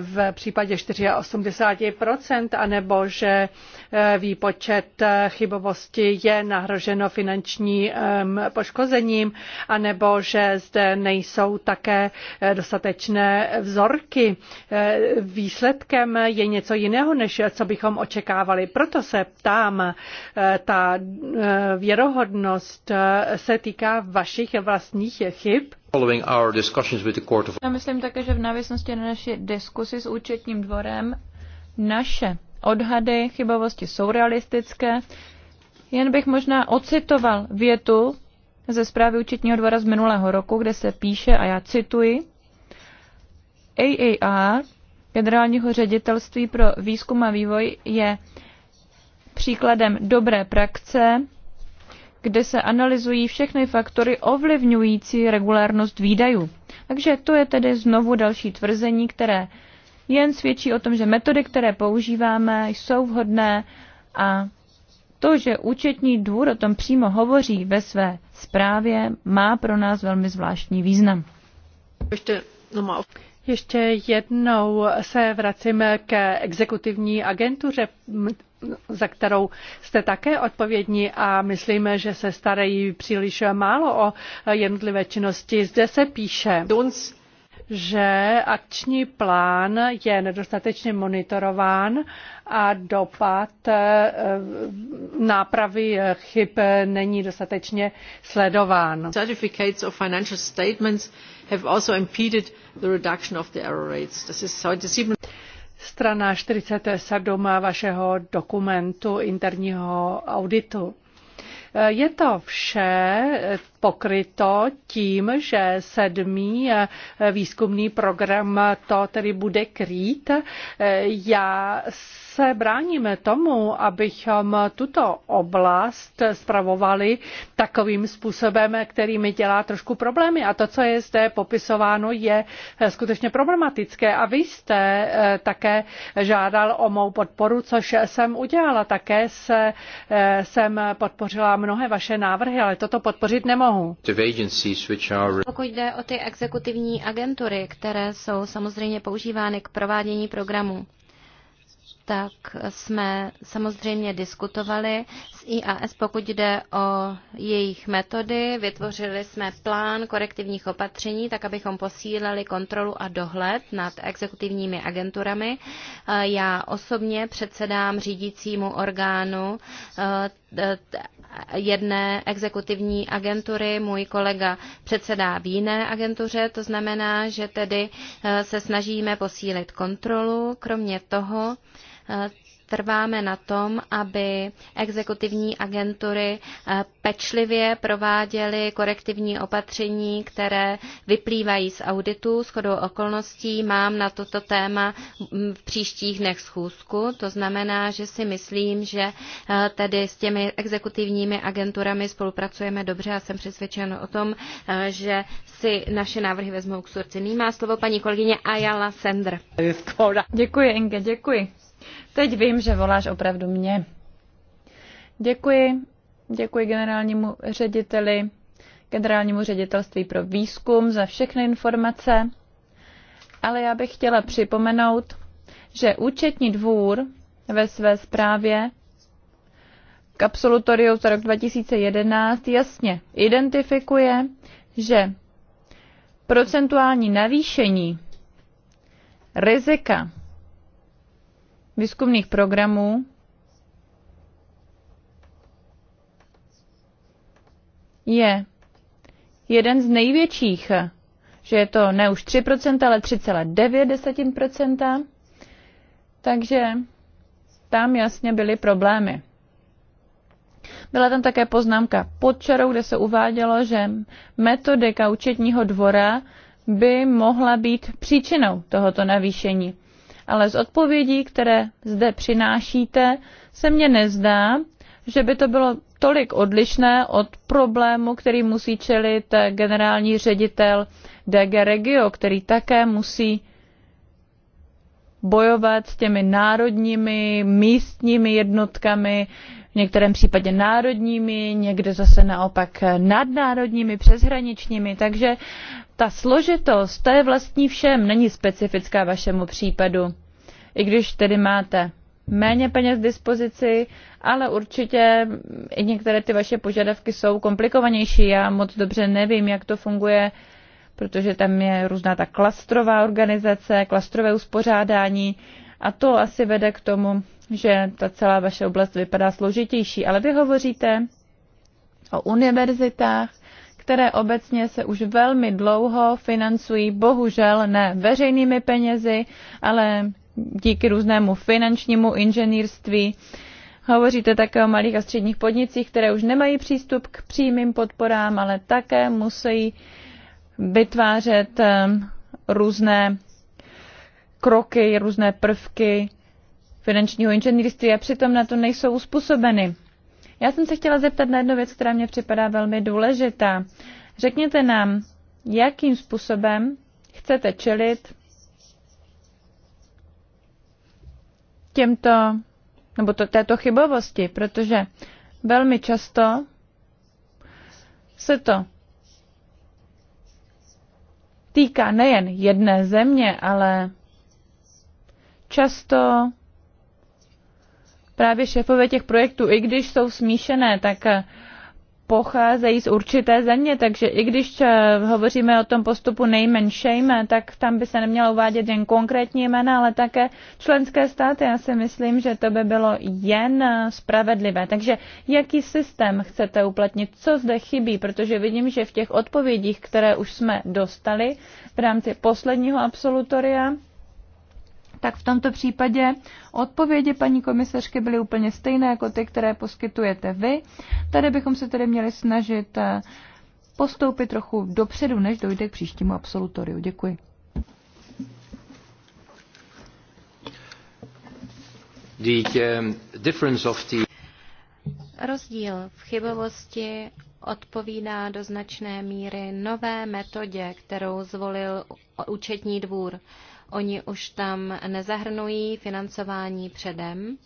v případě 84% anebo že eh, výpočet eh, chybovosti je nahroženo finančním poškozením anebo že zde nejsou také eh, dostatečné vzorky. Výsledkem je něco jiného, než co bychom očekávali. Proto se ptám, ta věrohodnost se týká vašich vlastních chyb? Já myslím také, že v návislosti na naši diskusi s účetním dvorem naše odhady chybovosti jsou realistické. Jen bych možná ocitoval větu ze zprávy účetního dvora z minulého roku, kde se píše, a já cituji, AAR, generálního ředitelství pro výzkum a vývoj, je příkladem dobré praxe kde se analyzují všechny faktory ovlivňující regulárnost výdajů. Takže to je tedy znovu další tvrzení, které jen svědčí o tom, že metody, které používáme, jsou vhodné a to, že účetní dvůr o tom přímo hovoří ve své zprávě, má pro nás velmi zvláštní význam. Ještě jednou se vracíme k exekutivní agentuře, za kterou jste také odpovědní a myslíme, že se starají příliš málo o jednotlivé činnosti. Zde se píše že akční plán je nedostatečně monitorován a dopad eh, nápravy chyb není dostatečně sledován. Certificates of financial statements have also impeded the reduction of the error rates. Das ist heute 7 Strana 47 vašeho dokumentu interního auditu. Je to vše, pokryto tím, že sedmý eh, výzkumný program to tedy bude krýt. Eh, já se bráníme tomu, abychom tuto oblast spravovali takovým způsobem, který mi dělá trošku problémy. A to, co je zde popisováno, je eh, skutečně problematické. A vy jste také žádal o mou podporu, což jsem udělala. Také se, jsem podpořila mnohé vaše návrhy, ale toto podpořit nemohu úlohu. Pokud jde o ty exekutivní agentury, které jsou samozřejmě používány k provádění programu, tak jsme samozřejmě diskutovali s IAS, pokud jde o jejich metody. Vytvořili jsme plán korektivních opatření, tak abychom posílali kontrolu a dohled nad exekutivními agenturami. Eh, já osobně předsedám řídícímu orgánu eh, jedné exekutivní agentury, můj kolega předsedá v jiné agentuře, to znamená, že tedy eh, se snažíme posílit kontrolu. Kromě toho eh, trváme na tom, aby exekutivní agentury eh, pečlivě prováděly korektivní opatření, které vyplývají z auditu. S chodou okolností mám na toto téma v příštích dnech schůzku. To znamená, že si myslím, že eh, tedy s těmi exekutivními agenturami spolupracujeme dobře a jsem přesvědčen o tom, eh, že si naše návrhy vezmou k srdci. má slovo paní kolegyně Ayala Sender. Děkuji, Inge, děkuji. Teď vím, že voláš opravdu mě. Děkuji. Děkuji generálnímu řediteli, generálnímu ředitelství pro výzkum za všechny informace. Ale já bych chtěla připomenout, že účetní dvůr ve své zprávě k absolutoriu za rok 2011 jasně identifikuje, že procentuální navýšení rizika výzkumných programů je jeden z největších, že je to ne už 3%, ale 3,9%. Takže tam jasně byly problémy. Byla tam také poznámka pod čarou, kde se uvádělo, že metodika účetního dvora by mohla být příčinou tohoto navýšení ale z odpovědí, které zde přinášíte, se mně nezdá, že by to bylo tolik odlišné od problému, který musí čelit generální ředitel DG Regio, který také musí bojovat s těmi národními, místními jednotkami, v některém případě národními, někde zase naopak nadnárodními, přeshraničními. Takže ta složitost, to je vlastní všem, není specifická vašemu případu. I když tedy máte méně peněz k dispozici, ale určitě i některé ty vaše požadavky jsou komplikovanější. Já moc dobře nevím, jak to funguje, protože tam je různá ta klastrová organizace, klastrové uspořádání a to asi vede k tomu, že ta celá vaše oblast vypadá složitější. Ale vy hovoříte o univerzitách, které obecně se už velmi dlouho financují, bohužel ne veřejnými penězi, ale díky různému finančnímu inženýrství. Hovoříte také o malých a středních podnicích, které už nemají přístup k přímým podporám, ale také musí vytvářet ehm, různé kroky, různé prvky finančního inženýrství a přitom na to nejsou uspůsobeny. Já jsem se chtěla zeptat na jednu věc, která mě připadá velmi důležitá. Řekněte nám, jakým způsobem chcete čelit těmto, nebo to, této chybovosti, protože velmi často se to týká nejen jedné země, ale často právě šéfové těch projektů, i když jsou smíšené, tak eh, pocházejí z určité země, takže i když eh, hovoříme o tom postupu shame, eh, tak tam by se nemělo uvádět jen konkrétní jména, ale také členské státy. Já si myslím, že to by bylo jen spravedlivé. Takže jaký systém chcete uplatnit? Co zde chybí? Protože vidím, že v těch odpovědích, které už jsme dostali v rámci posledního absolutoria, tak v tomto případě odpovědi paní komisařky byly úplně stejné jako ty, které poskytujete vy. Tady bychom se tedy měli snažit eh, postoupit trochu dopředu, než dojde k příštímu absolutoriu. Děkuji. The um, of the... Rozdíl v chybovosti odpovídá do značné míry nové metodě, kterou zvolil účetní dvůr. Oni už tam nezahrnují financování předem.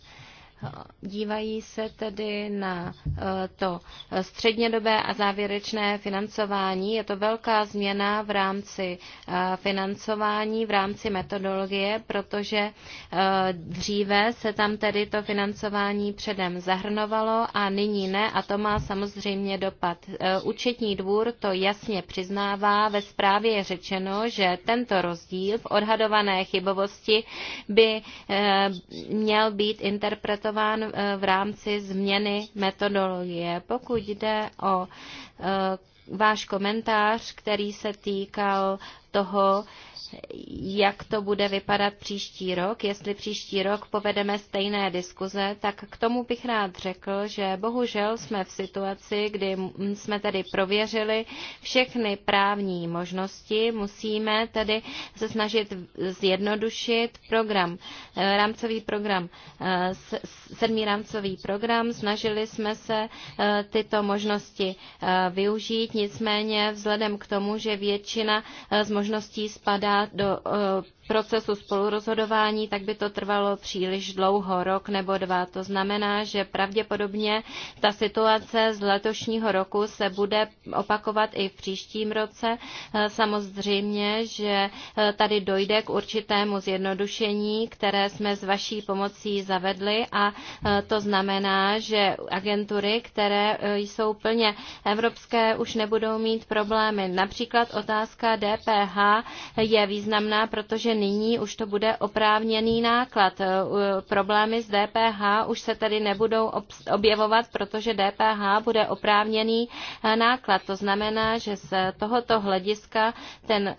Dívají se tedy na eh, to střednědobé a závěrečné financování. Je to velká změna v rámci eh, financování, v rámci metodologie, protože eh, dříve se tam tedy to financování předem zahrnovalo a nyní ne a to má samozřejmě dopad. Účetní dvůr to jasně přiznává. Ve zprávě je řečeno, že tento rozdíl v odhadované chybovosti by měl být interpretován implementován eh, v rámci změny metodologie. Pokud jde o eh, váš komentář, který se týkal toho, jak to bude vypadat příští rok. Jestli příští rok povedeme stejné diskuze, tak k tomu bych rád řekl, že bohužel jsme v situaci, kdy jsme tedy prověřili všechny právní možnosti. Musíme tedy se snažit zjednodušit program, eh, rámcový program, eh, sedmý rámcový program. Snažili jsme se eh, tyto možnosti využít, nicméně vzhledem k tomu, že většina z možností spadá do eh, procesu spolurozhodování, tak by to trvalo příliš dlouho, rok nebo dva. To znamená, že pravděpodobně ta situace z letošního roku se bude opakovat i v příštím roce. Eh, samozřejmě, že eh, tady dojde k určitému zjednodušení, které jsme s vaší pomocí zavedli a to znamená, že agentury, které jsou plně evropské, už nebudou mít problémy. Například otázka DPH je významná, protože nyní už to bude oprávněný náklad. E, problémy s DPH už se tady nebudou objevovat, protože DPH bude oprávněný e, náklad. To znamená, že z tohoto hlediska ten e,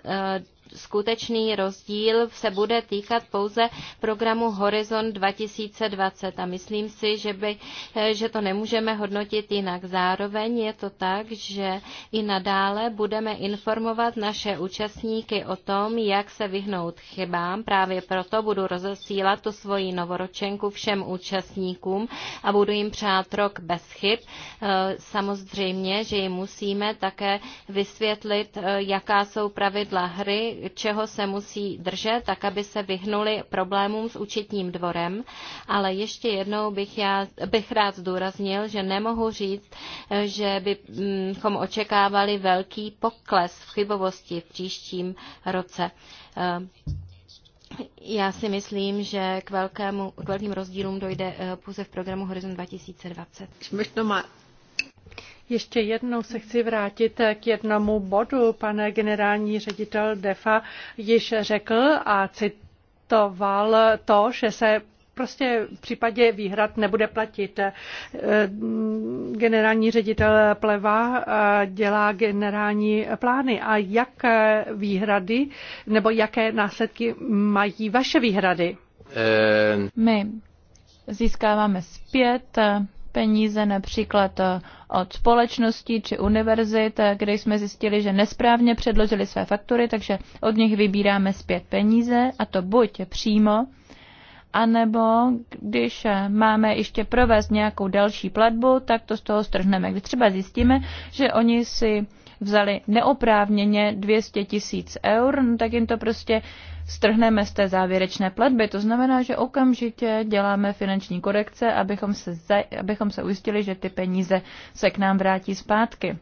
skutečný rozdíl se bude týkat pouze programu Horizon 2020 a myslím si, že, by, eh, že to nemůžeme hodnotit jinak. Zároveň je to tak, že i nadále budeme informovat naše účastníky o tom, jak se vyhnout chybám. Právě proto budu rozesílat tu svoji novoročenku všem účastníkům a budu jim přát rok bez chyb. Eh, samozřejmě, že jim musíme také vysvětlit, eh, jaká jsou pravidla hry, čeho se musí držet, tak aby se vyhnuli problémům s účetním dvorem. Ale ještě jednou bych, já, bych rád zdůraznil, že nemohu říct, že bychom očekávali velký pokles v chybovosti v příštím roce. Eh, já si myslím, že k, velkému, k velkým rozdílům dojde eh, pouze v programu Horizon 2020. Ještě jednou se chci vrátit k jednomu bodu. Pan generální ředitel DEFA již řekl a citoval to, že se prostě v případě výhrad nebude platit. E, generální ředitel Pleva e, dělá generální plány. A jak výhrady nebo jaké následky mají vaše výhrady? E, My získáváme zpět peníze například eh, od společností či univerzit, eh, kde jsme zjistili, že nesprávně předložili své faktury, takže od nich vybíráme zpět peníze a to buď přímo, anebo když eh, máme ještě provést nějakou další platbu, tak to z toho strhneme. Když třeba zjistíme, že oni si vzali neoprávněně 200 tisíc eur, no tak jim to prostě strhneme z té závěrečné platby. To znamená, že okamžitě děláme finanční korekce, abychom se, abychom se ujistili, že ty peníze se k nám vrátí zpátky.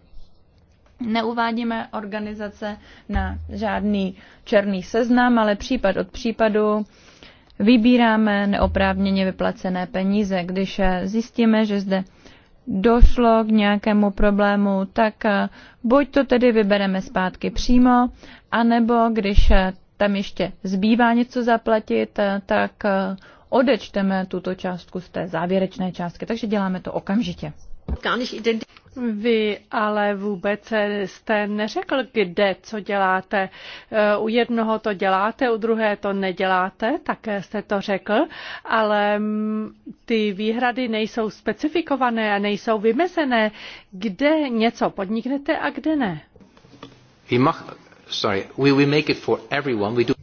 Neuvádíme organizace na žádný černý seznam, ale případ od případu vybíráme neoprávněně vyplacené peníze. Když zjistíme, že zde došlo k nějakému problému, tak buď to tedy vybereme zpátky přímo, anebo když tam ještě zbývá něco zaplatit, eh, tak eh, odečteme tuto částku z té závěrečné částky. Takže děláme to okamžitě. Vy ale vůbec jste neřekl, kde co děláte. Eh, u jednoho to děláte, u druhé to neděláte, také jste to řekl, ale mm, ty výhrady nejsou specifikované a nejsou vymezené, kde něco podniknete a kde ne sorry, we, we make it for everyone. We do...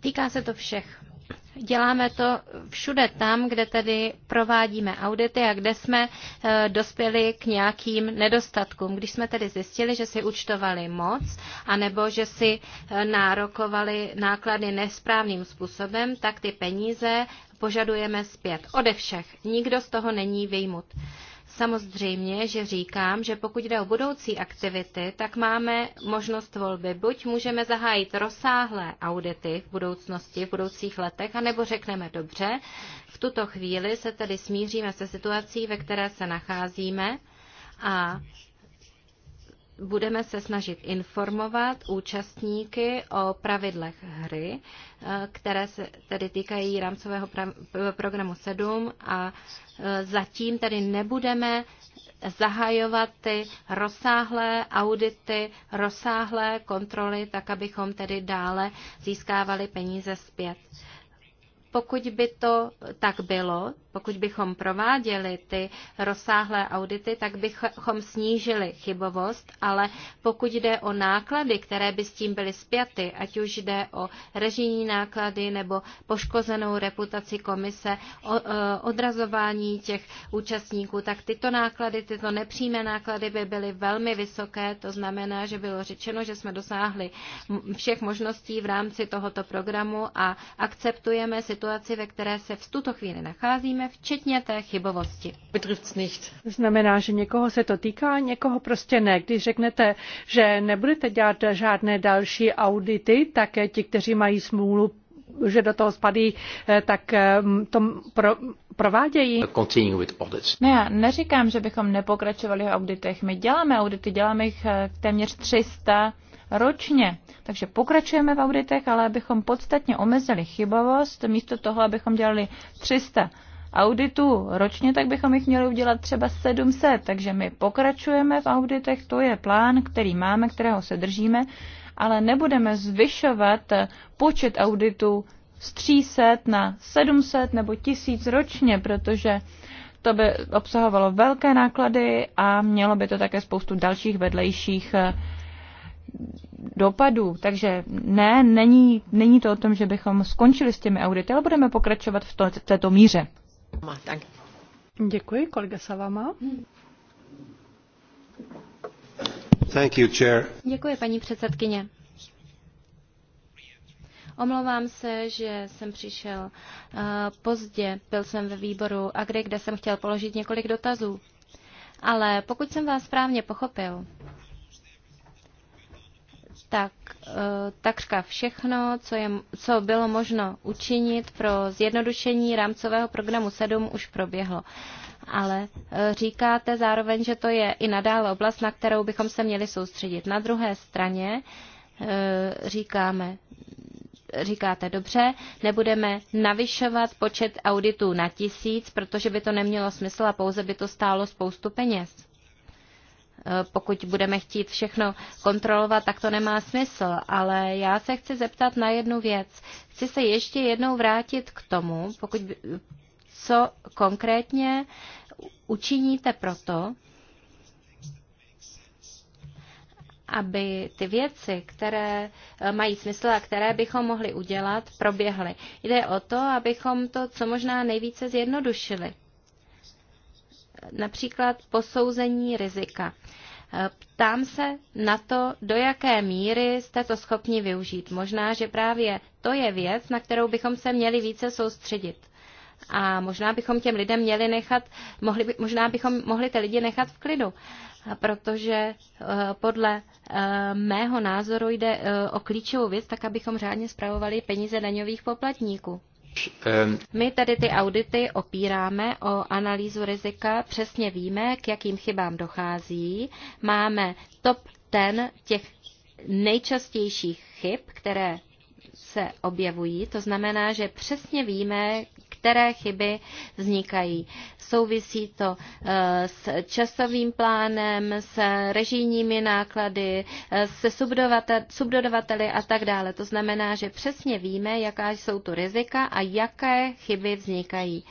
Týká se to všech. Děláme to všude tam, kde tedy provádíme audity a kde jsme eh, dospěli k nějakým nedostatkům. Když jsme tedy zjistili, že si účtovali moc, anebo že si eh, nárokovali náklady nesprávným způsobem, tak ty peníze požadujeme zpět. Ode všech. Nikdo z toho není vyjmut. Samozřejmě, že říkám, že pokud jde o budoucí aktivity, tak máme možnost volby. Buď můžeme zahájit rozsáhlé audity v budoucnosti, v budoucích letech, anebo řekneme dobře, v tuto chvíli se tedy smíříme se situací, ve které se nacházíme a budeme se snažit informovat účastníky o pravidlech hry, eh, které se tedy týkají rámcového programu 7 a eh, zatím tedy nebudeme zahajovat ty rozsáhlé audity, rozsáhlé kontroly, tak abychom tedy dále získávali peníze zpět. Pokud by to tak bylo, pokud bychom prováděli ty rozsáhlé audity, tak bychom snížili chybovost, ale pokud jde o náklady, které by s tím byly spjaty, ať už jde o režijní náklady nebo poškozenou reputaci komise, e, odrazování těch účastníků, tak tyto náklady, tyto nepřímé náklady by byly velmi vysoké. To znamená, že bylo řečeno, že jsme dosáhli všech možností v rámci tohoto programu a akceptujeme situaci, situaci, ve které se v tuto chvíli nacházíme, včetně té chybovosti. To znamená, že někoho se to týká, někoho prostě ne. Když řeknete, že nebudete dělat žádné další audity, tak eh, ti, kteří mají smůlu, že do toho spadí, eh, tak eh, to pro, provádějí. Ne, no já neříkám, že bychom nepokračovali v auditech. My děláme audity, děláme jich téměř 300 ročně. Takže pokračujeme v auditech, ale abychom podstatně omezili chybovost, místo toho, abychom dělali 300 auditů ročně, tak bychom jich měli udělat třeba 700. Takže my pokračujeme v auditech, to je plán, který máme, kterého se držíme, ale nebudeme zvyšovat počet auditů z 300 na 700 nebo 1000 ročně, protože to by obsahovalo velké náklady a mělo by to také spoustu dalších vedlejších dopadů. Takže ne, není, není to o tom, že bychom skončili s těmi audity, ale budeme pokračovat v, to, v této míře. Děkuji, kolega Savama. Thank you, chair. Děkuji, paní předsedkyně. Omlouvám se, že jsem přišel uh, pozdě. Byl jsem ve výboru Agri, kde jsem chtěl položit několik dotazů. Ale pokud jsem vás správně pochopil, tak eh, takřka všechno, co, je, co bylo možno učinit pro zjednodušení rámcového programu 7, už proběhlo. Ale eh, říkáte zároveň, že to je i nadále oblast, na kterou bychom se měli soustředit. Na druhé straně eh, říkáme, říkáte dobře, nebudeme navyšovat počet auditů na tisíc, protože by to nemělo smysl a pouze by to stálo spoustu peněz. Eh, pokud budeme chtít všechno kontrolovat, tak to nemá smysl. Ale já se chci zeptat na jednu věc. Chci se ještě jednou vrátit k tomu, pokud, co konkrétně učiníte proto, aby ty věci, které eh, mají smysl a které bychom mohli udělat, proběhly. Jde o to, abychom to co možná nejvíce zjednodušili například posouzení rizika. Ptám se na to, do jaké míry jste to schopni využít. Možná, že právě to je věc, na kterou bychom se měli více soustředit. A možná bychom těm lidem měli nechat, mohli, by, možná bychom mohli ty lidi nechat v klidu, protože eh, podle eh, mého názoru jde eh, o klíčovou věc, tak abychom řádně zpravovali peníze daňových poplatníků. My tady ty audity opíráme o analýzu rizika, přesně víme, k jakým chybám dochází. Máme top ten těch nejčastějších chyb, které se objevují. To znamená, že přesně víme, které chyby vznikají. Souvisí to eh, s časovým plánem, s režijními náklady, eh, se subdodavateli a tak dále. To znamená, že přesně víme, jaká jsou tu rizika a jaké chyby vznikají.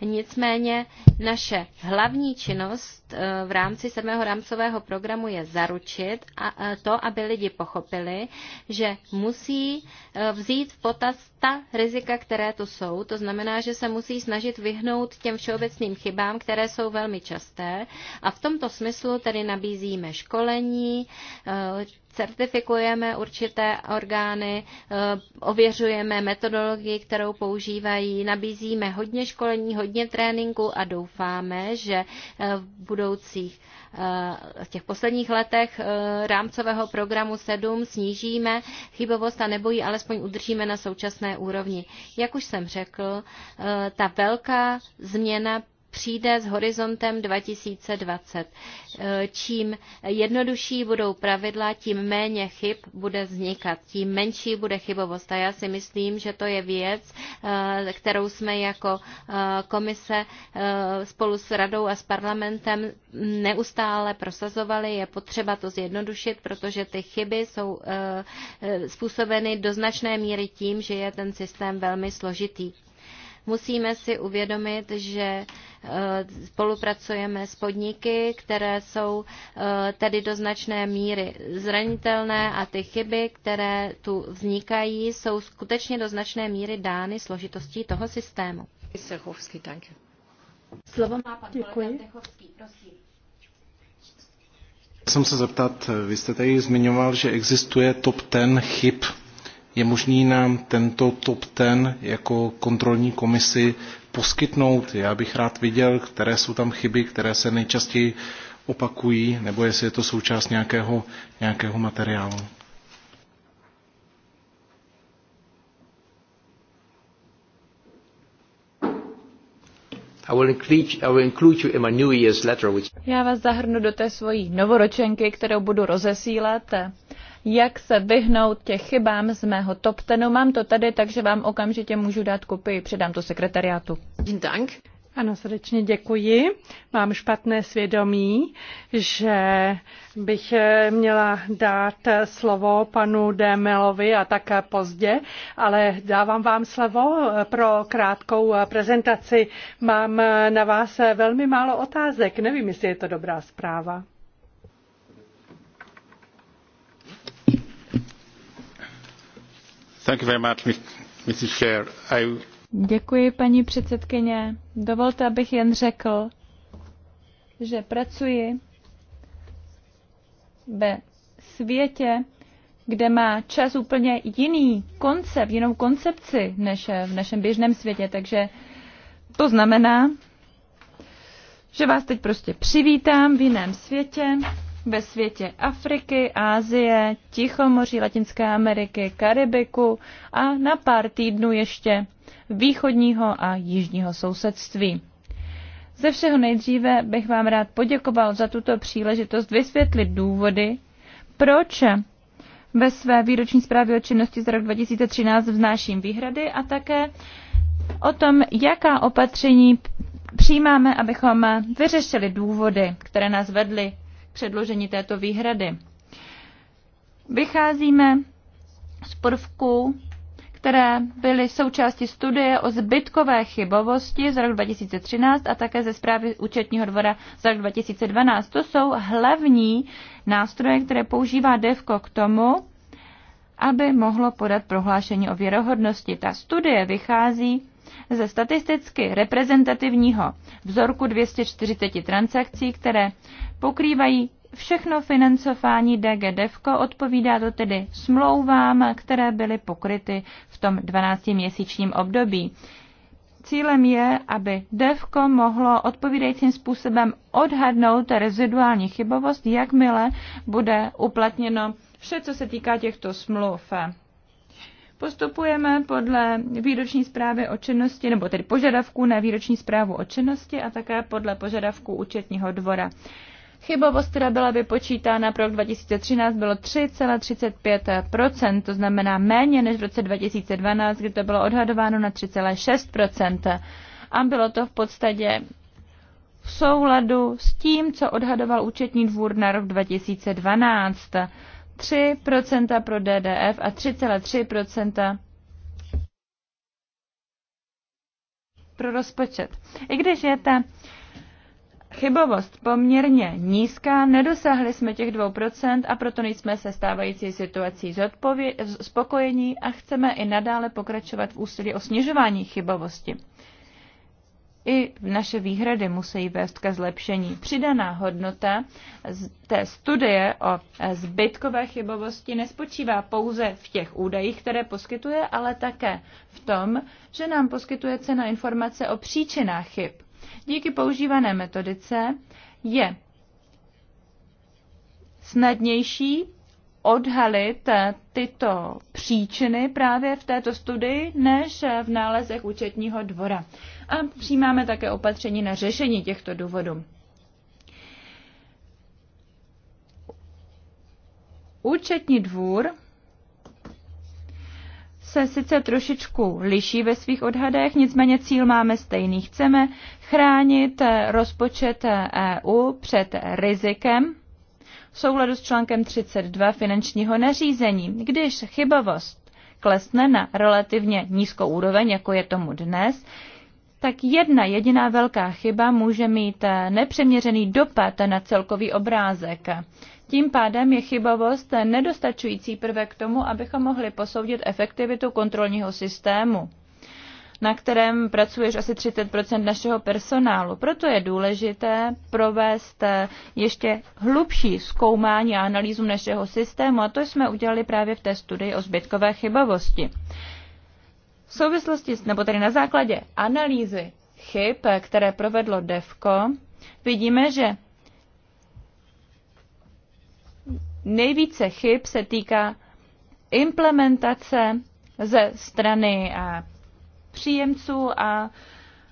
Nicméně naše hlavní činnost eh, v rámci sedmého rámcového programu je zaručit a to, aby lidi pochopili, že musí vzít v potaz ta rizika, které tu jsou. To znamená, že se musí snažit vyhnout těm všeobecným chybám, které jsou velmi časté. A v tomto smyslu tedy nabízíme školení, eh, certifikujeme určité orgány, eh, ověřujeme metodologii, kterou používají, nabízíme hodně školení, hodně tréninku a doufáme, že eh, v budoucích eh, v těch posledních letech rámcového programu 7 snížíme chybovost a nebo ji alespoň udržíme na současné úrovni. Jak už jsem řekl, ta velká změna přijde s horizontem 2020. Eh, čím jednodušší budou pravidla, tím méně chyb bude vznikat, tím menší bude chybovost. A já si myslím, že to je věc, eh, kterou jsme jako eh, komise spolu s radou a s parlamentem neustále prosazovali. Je potřeba to zjednodušit, protože ty chyby jsou způsobeny do značné míry tím, že je ten systém velmi složitý. Musíme si uvědomit, že eh, spolupracujeme s podniky, které jsou eh, tedy do značné míry zranitelné a ty chyby, které tu vznikají, jsou skutečně do značné míry dány složitostí toho systému. Sechovský, danke. Slovo má pan Děkuji. Techovský, prosím. Jsem se zeptat, eh, vy jste tady zmiňoval, že existuje top ten chyb je možný nám tento top ten jako kontrolní komisi poskytnout? Já bych rád viděl, které jsou tam chyby, které se nejčastěji opakují, nebo jestli je to součást nějakého, nějakého materiálu. Já vás zahrnu do té svojí novoročenky, kterou budu rozesílat jak se vyhnout těch chybám z mého top tenu. Mám to tady, takže vám okamžitě můžu dát kopii, předám to sekretariátu. Dank. Ano, srdečně děkuji. Mám špatné svědomí, že bych měla dát slovo panu Demelovi a také pozdě, ale dávám vám slovo pro krátkou prezentaci. Mám na vás velmi málo otázek. Nevím, jestli je to dobrá zpráva. Děkuji, paní předsedkyně. Dovolte, abych jen řekl, že pracuji ve světě, kde má čas úplně jiný koncept, jinou koncepci než v našem běžném světě. Takže to znamená, že vás teď prostě přivítám v jiném světě ve světě Afriky, Ázie, Tichomoří, Latinské Ameriky, Karibiku a na pár týdnů ještě východního a jižního sousedství. Ze všeho nejdříve bych vám rád poděkoval za tuto příležitost vysvětlit důvody, proč ve své výroční zprávě o činnosti za rok 2013 vznáším výhrady a také o tom, jaká opatření přijímáme, abychom vyřešili důvody, které nás vedly předložení této výhrady. Vycházíme z prvků, které byly součástí studie o zbytkové chybovosti z roku 2013 a také ze zprávy účetního dvora z roku 2012. To jsou hlavní nástroje, které používá DEVKO k tomu, aby mohlo podat prohlášení o věrohodnosti. Ta studie vychází ze statisticky reprezentativního vzorku 240 transakcí, které pokrývají všechno financování Devco, odpovídá to tedy smlouvám, které byly pokryty v tom 12-měsíčním období. Cílem je, aby DEVKO mohlo odpovídajícím způsobem odhadnout reziduální chybovost, jakmile bude uplatněno vše, co se týká těchto smluv. Postupujeme podle výroční zprávy o činnosti, nebo tedy požadavků na výroční zprávu o činnosti a také podle požadavků účetního dvora. Chybovost, která byla vypočítána pro rok 2013, bylo 3,35%, to znamená méně než v roce 2012, kdy to bylo odhadováno na 3,6%. A bylo to v podstatě v souladu s tím, co odhadoval účetní dvůr na rok 2012. 3% pro DDF a 3,3% pro rozpočet. I když je ta chybovost poměrně nízká, nedosáhli jsme těch 2% a proto nejsme se stávající situací spokojení a chceme i nadále pokračovat v úsilí o snižování chybovosti i v naše výhrady musí vést ke zlepšení. Přidaná hodnota z té studie o e, zbytkové chybovosti nespočívá pouze v těch údajích, které poskytuje, ale také v tom, že nám poskytuje cena informace o příčinách chyb. Díky používané metodice je snadnější odhalit e, tyto příčiny právě v této studii než e, v nálezech účetního dvora a přijímáme také opatření na řešení těchto důvodů. Účetní dvůr se sice trošičku liší ve svých odhadech, nicméně cíl máme stejný. Chceme chránit rozpočet EU před rizikem v souladu s článkem 32 finančního nařízení. Když chybovost klesne na relativně nízkou úroveň, jako je tomu dnes, tak jedna jediná velká chyba může mít eh, nepřeměřený dopad na celkový obrázek. Tím pádem je chybovost nedostačující prvek k tomu, abychom mohli posoudit efektivitu kontrolního systému na kterém pracuješ asi 30 našeho personálu. Proto je důležité provést eh, ještě hlubší zkoumání a analýzu našeho systému a to jsme udělali právě v té studii o zbytkové chybovosti. V souvislosti, nebo tedy na základě analýzy chyb, které provedlo DEVKO, vidíme, že nejvíce chyb se týká implementace ze strany eh, příjemců a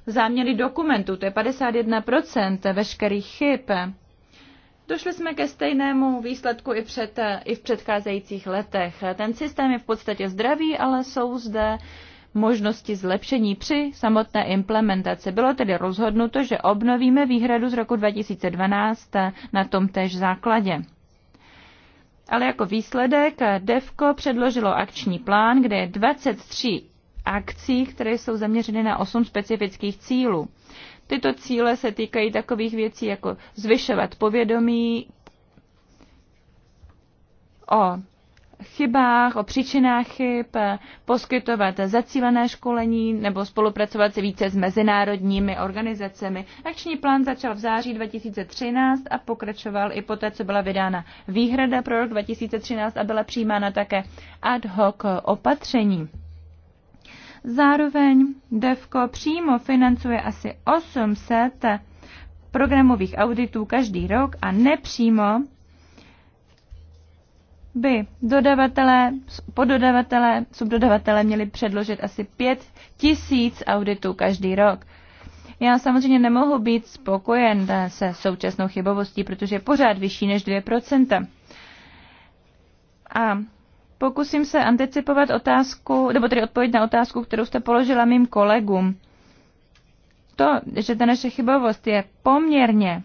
záměry dokumentů, to je 51% veškerých chyb. Došli jsme ke stejnému výsledku i, před, eh, i v předcházejících letech. Ten systém je v podstatě zdravý, ale jsou zde uh, možnosti zlepšení při samotné implementaci. Bylo tedy rozhodnuto, že obnovíme výhradu z roku 2012 na tom též základě. Ale jako výsledek DEVKO předložilo akční plán, kde je 23 akcí, které jsou zaměřeny na 8 specifických cílů. Tyto cíle se týkají takových věcí jako zvyšovat povědomí o chybách, o příčinách chyb, poskytovat zacílené školení nebo spolupracovat se více s mezinárodními organizacemi. Akční plán začal v září 2013 a pokračoval i poté, co byla vydána výhrada pro rok 2013 a byla přijímána také ad hoc opatření. Zároveň DEVKO přímo financuje asi 800 programových auditů každý rok a nepřímo by dodavatelé, pododavatelé, subdodavatelé měli předložit asi 5 tisíc auditů každý rok. Já samozřejmě nemohu být spokojen se současnou chybovostí, protože je pořád vyšší než 2%. A pokusím se anticipovat otázku, nebo tedy odpověď na otázku, kterou jste položila mým kolegům. To, že ta naše chybovost je poměrně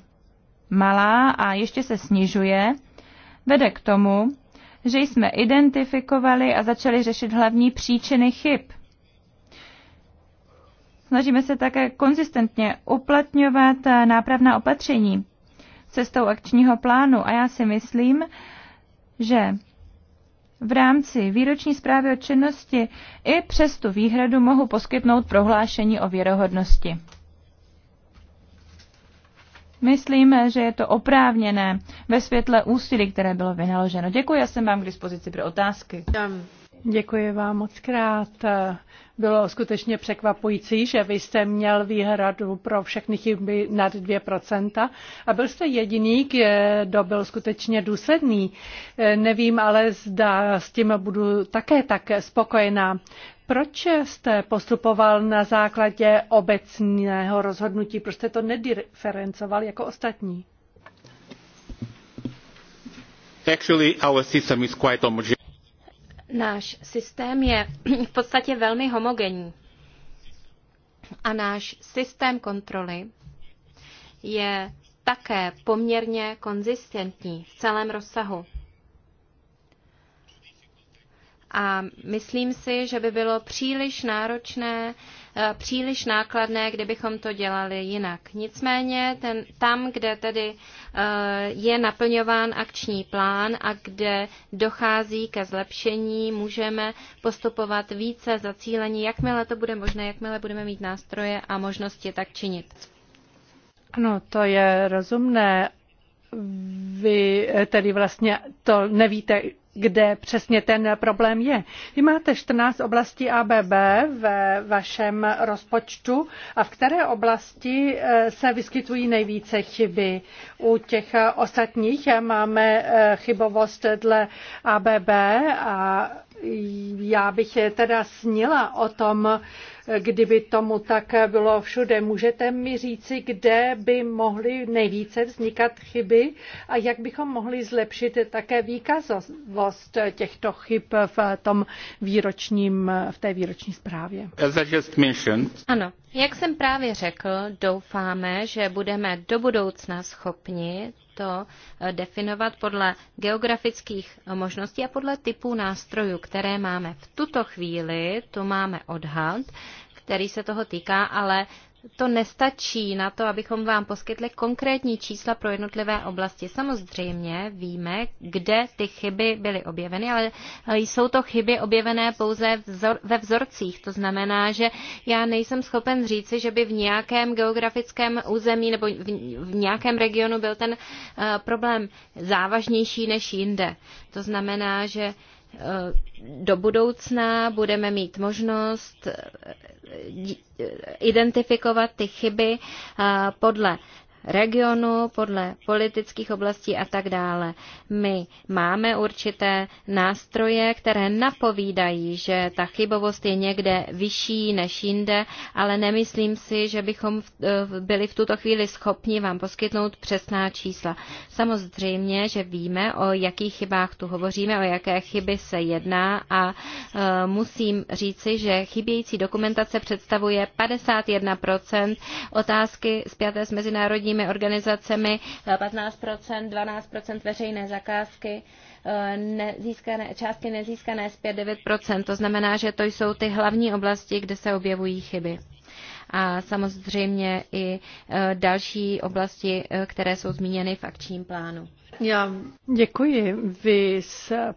malá a ještě se snižuje, vede k tomu, že jsme identifikovali a začali řešit hlavní příčiny chyb. Snažíme se také konzistentně uplatňovat eh, nápravná opatření cestou akčního plánu a já si myslím, že v rámci výroční zprávy o činnosti i přes tu výhradu mohu poskytnout prohlášení o věrohodnosti. Myslím, že je to oprávněné ve světle úsilí, které bylo vynaloženo. Děkuji, já jsem vám k dispozici pro otázky. Děkuji vám moc krát. Bylo skutečně překvapující, že vy jste měl výhradu pro všechny chyby nad 2% a byl jste jediný, kdo byl skutečně důsledný. Nevím ale, zda s tím budu také tak spokojená. Proč jste postupoval na základě obecného rozhodnutí? Proč jste to nediferencoval jako ostatní? Actually, our system is quite Náš systém je [clears throat] v podstatě velmi homogenní. A náš systém kontroly je také poměrně konzistentní v celém rozsahu a myslím si, že by bylo příliš náročné, eh, příliš nákladné, kdybychom to dělali jinak. Nicméně ten, tam, kde tedy eh, je naplňován akční plán a kde dochází ke zlepšení, můžeme postupovat více zacílení, jakmile to bude možné, jakmile budeme mít nástroje a možnosti tak činit. Ano, to je rozumné. Vy tedy vlastně to nevíte kde přesně ten problém je. Vy máte 14 oblastí ABB ve vašem rozpočtu a v které oblasti eh, se vyskytují nejvíce chyby? U těch eh, ostatních eh, máme chybovost dle ABB a já bych teda snila o tom, kdyby tomu tak bylo všude. Můžete mi říci, kde by mohly nejvíce vznikat chyby a jak bychom mohli zlepšit také výkazovost těchto chyb v, tom výročním, v té výroční zprávě? Ano, jak jsem právě řekl, doufáme, že budeme do budoucna schopni to eh, definovat podle geografických eh, možností a podle typů nástrojů, které máme. V tuto chvíli tu máme odhad, který se toho týká, ale to nestačí na to, abychom vám poskytli konkrétní čísla pro jednotlivé oblasti. Samozřejmě víme, kde ty chyby byly objeveny, ale jsou to chyby objevené pouze vzor, ve vzorcích. To znamená, že já nejsem schopen říci, že by v nějakém geografickém území nebo v, v nějakém regionu byl ten uh, problém závažnější než jinde. To znamená, že uh, do budoucna budeme mít možnost eh, eh, identifikovat ty chyby eh, podle regionu, podle politických oblastí a tak dále. My máme určité nástroje, které napovídají, že ta chybovost je někde vyšší než jinde, ale nemyslím si, že bychom eh, byli v tuto chvíli schopni vám poskytnout přesná čísla. Samozřejmě, že víme, o jakých chybách tu hovoříme, o jaké chyby se jedná a eh, musím říci, že chybějící dokumentace představuje 51 otázky zpěté s mezinárodní nevládními organizacemi 15%, eh, 12% veřejné zakázky, eh, nezískané, částky nezískané zpět 9%. To znamená, že to jsou ty hlavní oblasti, kde se objevují chyby. A samozřejmě i eh, další oblasti, které jsou zmíněny v akčním plánu. Já děkuji. Vy se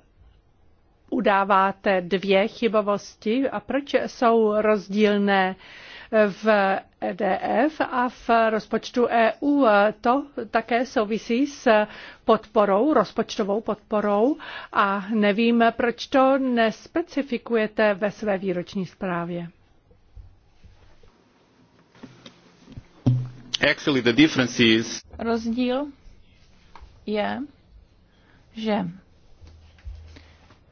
udáváte dvě chybovosti a proč jsou rozdílné v EDF a v rozpočtu EU. E, to také souvisí s podporou, rozpočtovou podporou a nevím, proč to nespecifikujete ve své výroční zprávě. Actually, the difference is... Rozdíl je, že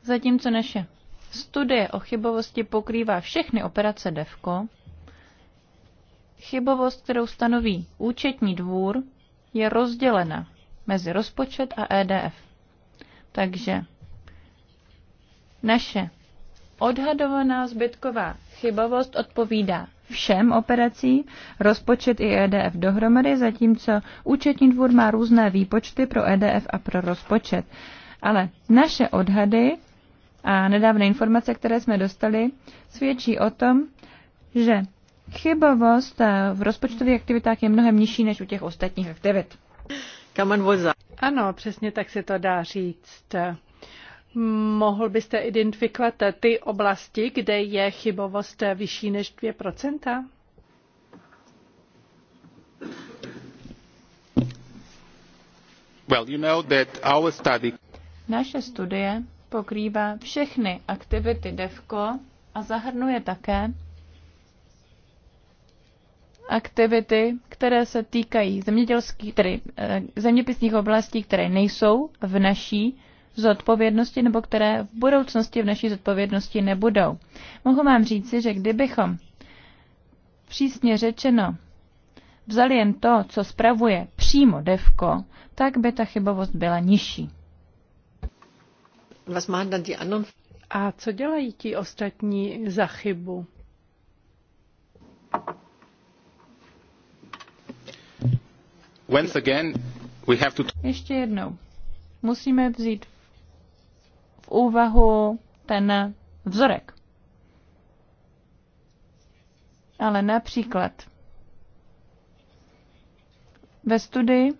zatímco naše studie o chybovosti pokrývá všechny operace DEVCO, Chybovost, kterou stanoví účetní dvůr, je rozdělena mezi rozpočet a EDF. Takže naše odhadovaná zbytková chybovost odpovídá všem operacím, rozpočet i EDF dohromady, zatímco účetní dvůr má různé výpočty pro EDF a pro rozpočet. Ale naše odhady a nedávné informace, které jsme dostali, svědčí o tom, že chybovost eh, v rozpočtových aktivitách je mnohem nižší než u těch ostatních aktivit. Ano, přesně tak se to dá říct. Mohl byste identifikovat ty oblasti, kde je chybovost vyšší než 2%? Well, you know that our study... Naše studie pokrývá všechny aktivity DEVCO a zahrnuje také aktivity, které se týkají zemědělských, tedy eh, zeměpisných oblastí, které nejsou v naší zodpovědnosti nebo které v budoucnosti v naší zodpovědnosti nebudou. Mohu vám říci, že kdybychom přísně řečeno vzali jen to, co spravuje přímo devko, tak by ta chybovost byla nižší. A co dělají ti ostatní za chybu? Once again, we have to... Ještě jednou. Musíme vzít v úvahu ten vzorek. Ale například ve studii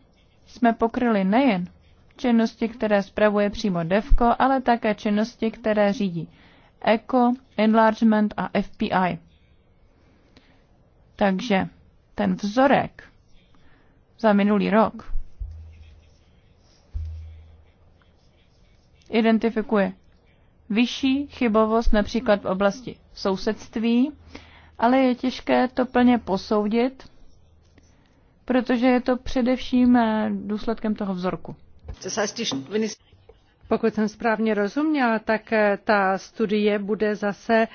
jsme pokryli nejen činnosti, které spravuje přímo DEVCO, ale také činnosti, které řídí ECO, Enlargement a FPI. Takže ten vzorek za minulý rok identifikuje vyšší chybovost například v oblasti sousedství, ale je těžké to plně posoudit, protože je to především eh, důsledkem toho vzorku. Pokud jsem správně rozuměla, tak eh, ta studie bude zase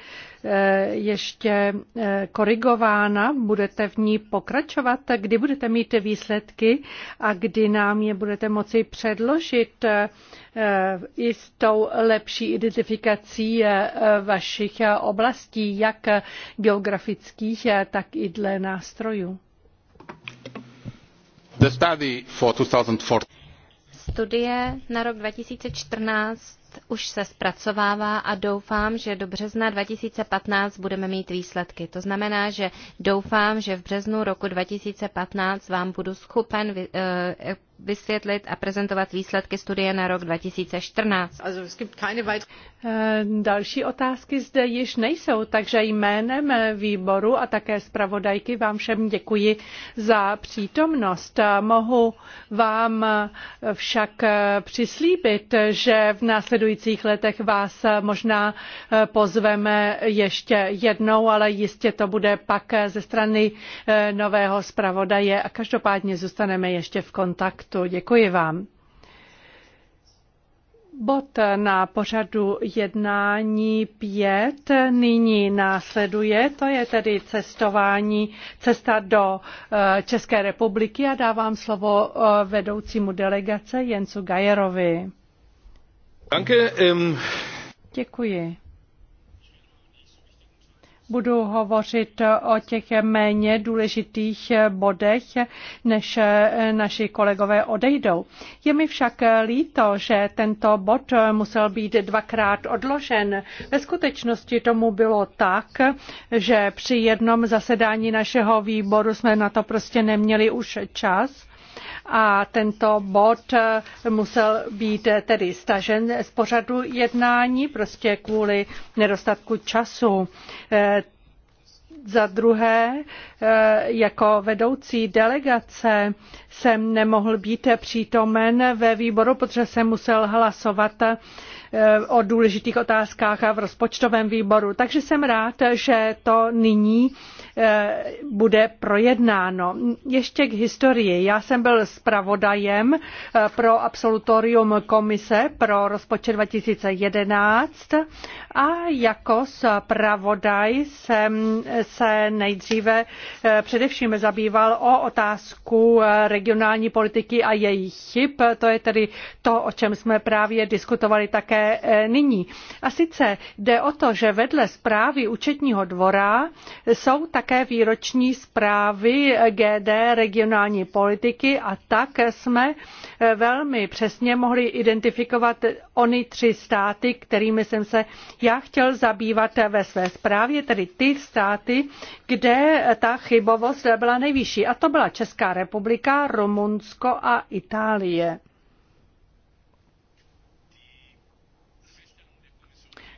eh, ještě eh, korigována, budete v ní pokračovat, kdy budete mít výsledky a kdy nám je budete moci předložit i s tou lepší identifikací vašich oblastí, jak geografických, tak i dle nástrojů. The study for 2014 studie na rok 2014 už se zpracovává a doufám, že do března 2015 budeme mít výsledky. To znamená, že doufám, že v březnu roku 2015 vám budu schopen eh, vysvětlit a prezentovat výsledky studie na rok 2014. Eh, další otázky zde již nejsou, takže jménem výboru a také zpravodajky vám všem děkuji za přítomnost. Eh, mohu vám eh, však přislíbit, že v následujících letech vás možná pozveme ještě jednou, ale jistě to bude pak ze strany nového zpravodaje a každopádně zůstaneme ještě v kontaktu projektu. Děkuji vám. Bod na pořadu jednání 5 nyní následuje, to je tedy cestování, cesta do eh, České republiky a dávám slovo eh, vedoucímu delegace Jencu Gajerovi. Danke, um... Děkuji. Budu hovořit o těch méně důležitých bodech, než naši kolegové odejdou. Je mi však líto, že tento bod musel být dvakrát odložen. Ve skutečnosti tomu bylo tak, že při jednom zasedání našeho výboru jsme na to prostě neměli už čas a tento bod eh, musel být eh, tedy stažen z pořadu jednání prostě kvůli nedostatku času. Eh, za druhé, jako vedoucí delegace jsem nemohl být přítomen ve výboru, protože jsem musel hlasovat o důležitých otázkách v rozpočtovém výboru. Takže jsem rád, že to nyní Eh, bude projednáno. Ještě k historii. Já jsem byl zpravodajem eh, pro absolutorium komise pro rozpočet 2011 a jako zpravodaj jsem se nejdříve eh, především zabýval o otázku regionální politiky a jejich chyb. To je tedy to, o čem jsme právě diskutovali také nyní. A sice jde o to, že vedle zprávy účetního dvora jsou tak také výroční zprávy GD regionální politiky a tak jsme eh, velmi přesně mohli identifikovat ony tři státy, kterými jsem se já chtěl zabývat ve své zprávě, tedy ty státy, kde ta chybovost byla nejvyšší. A to byla Česká republika, Rumunsko a Itálie.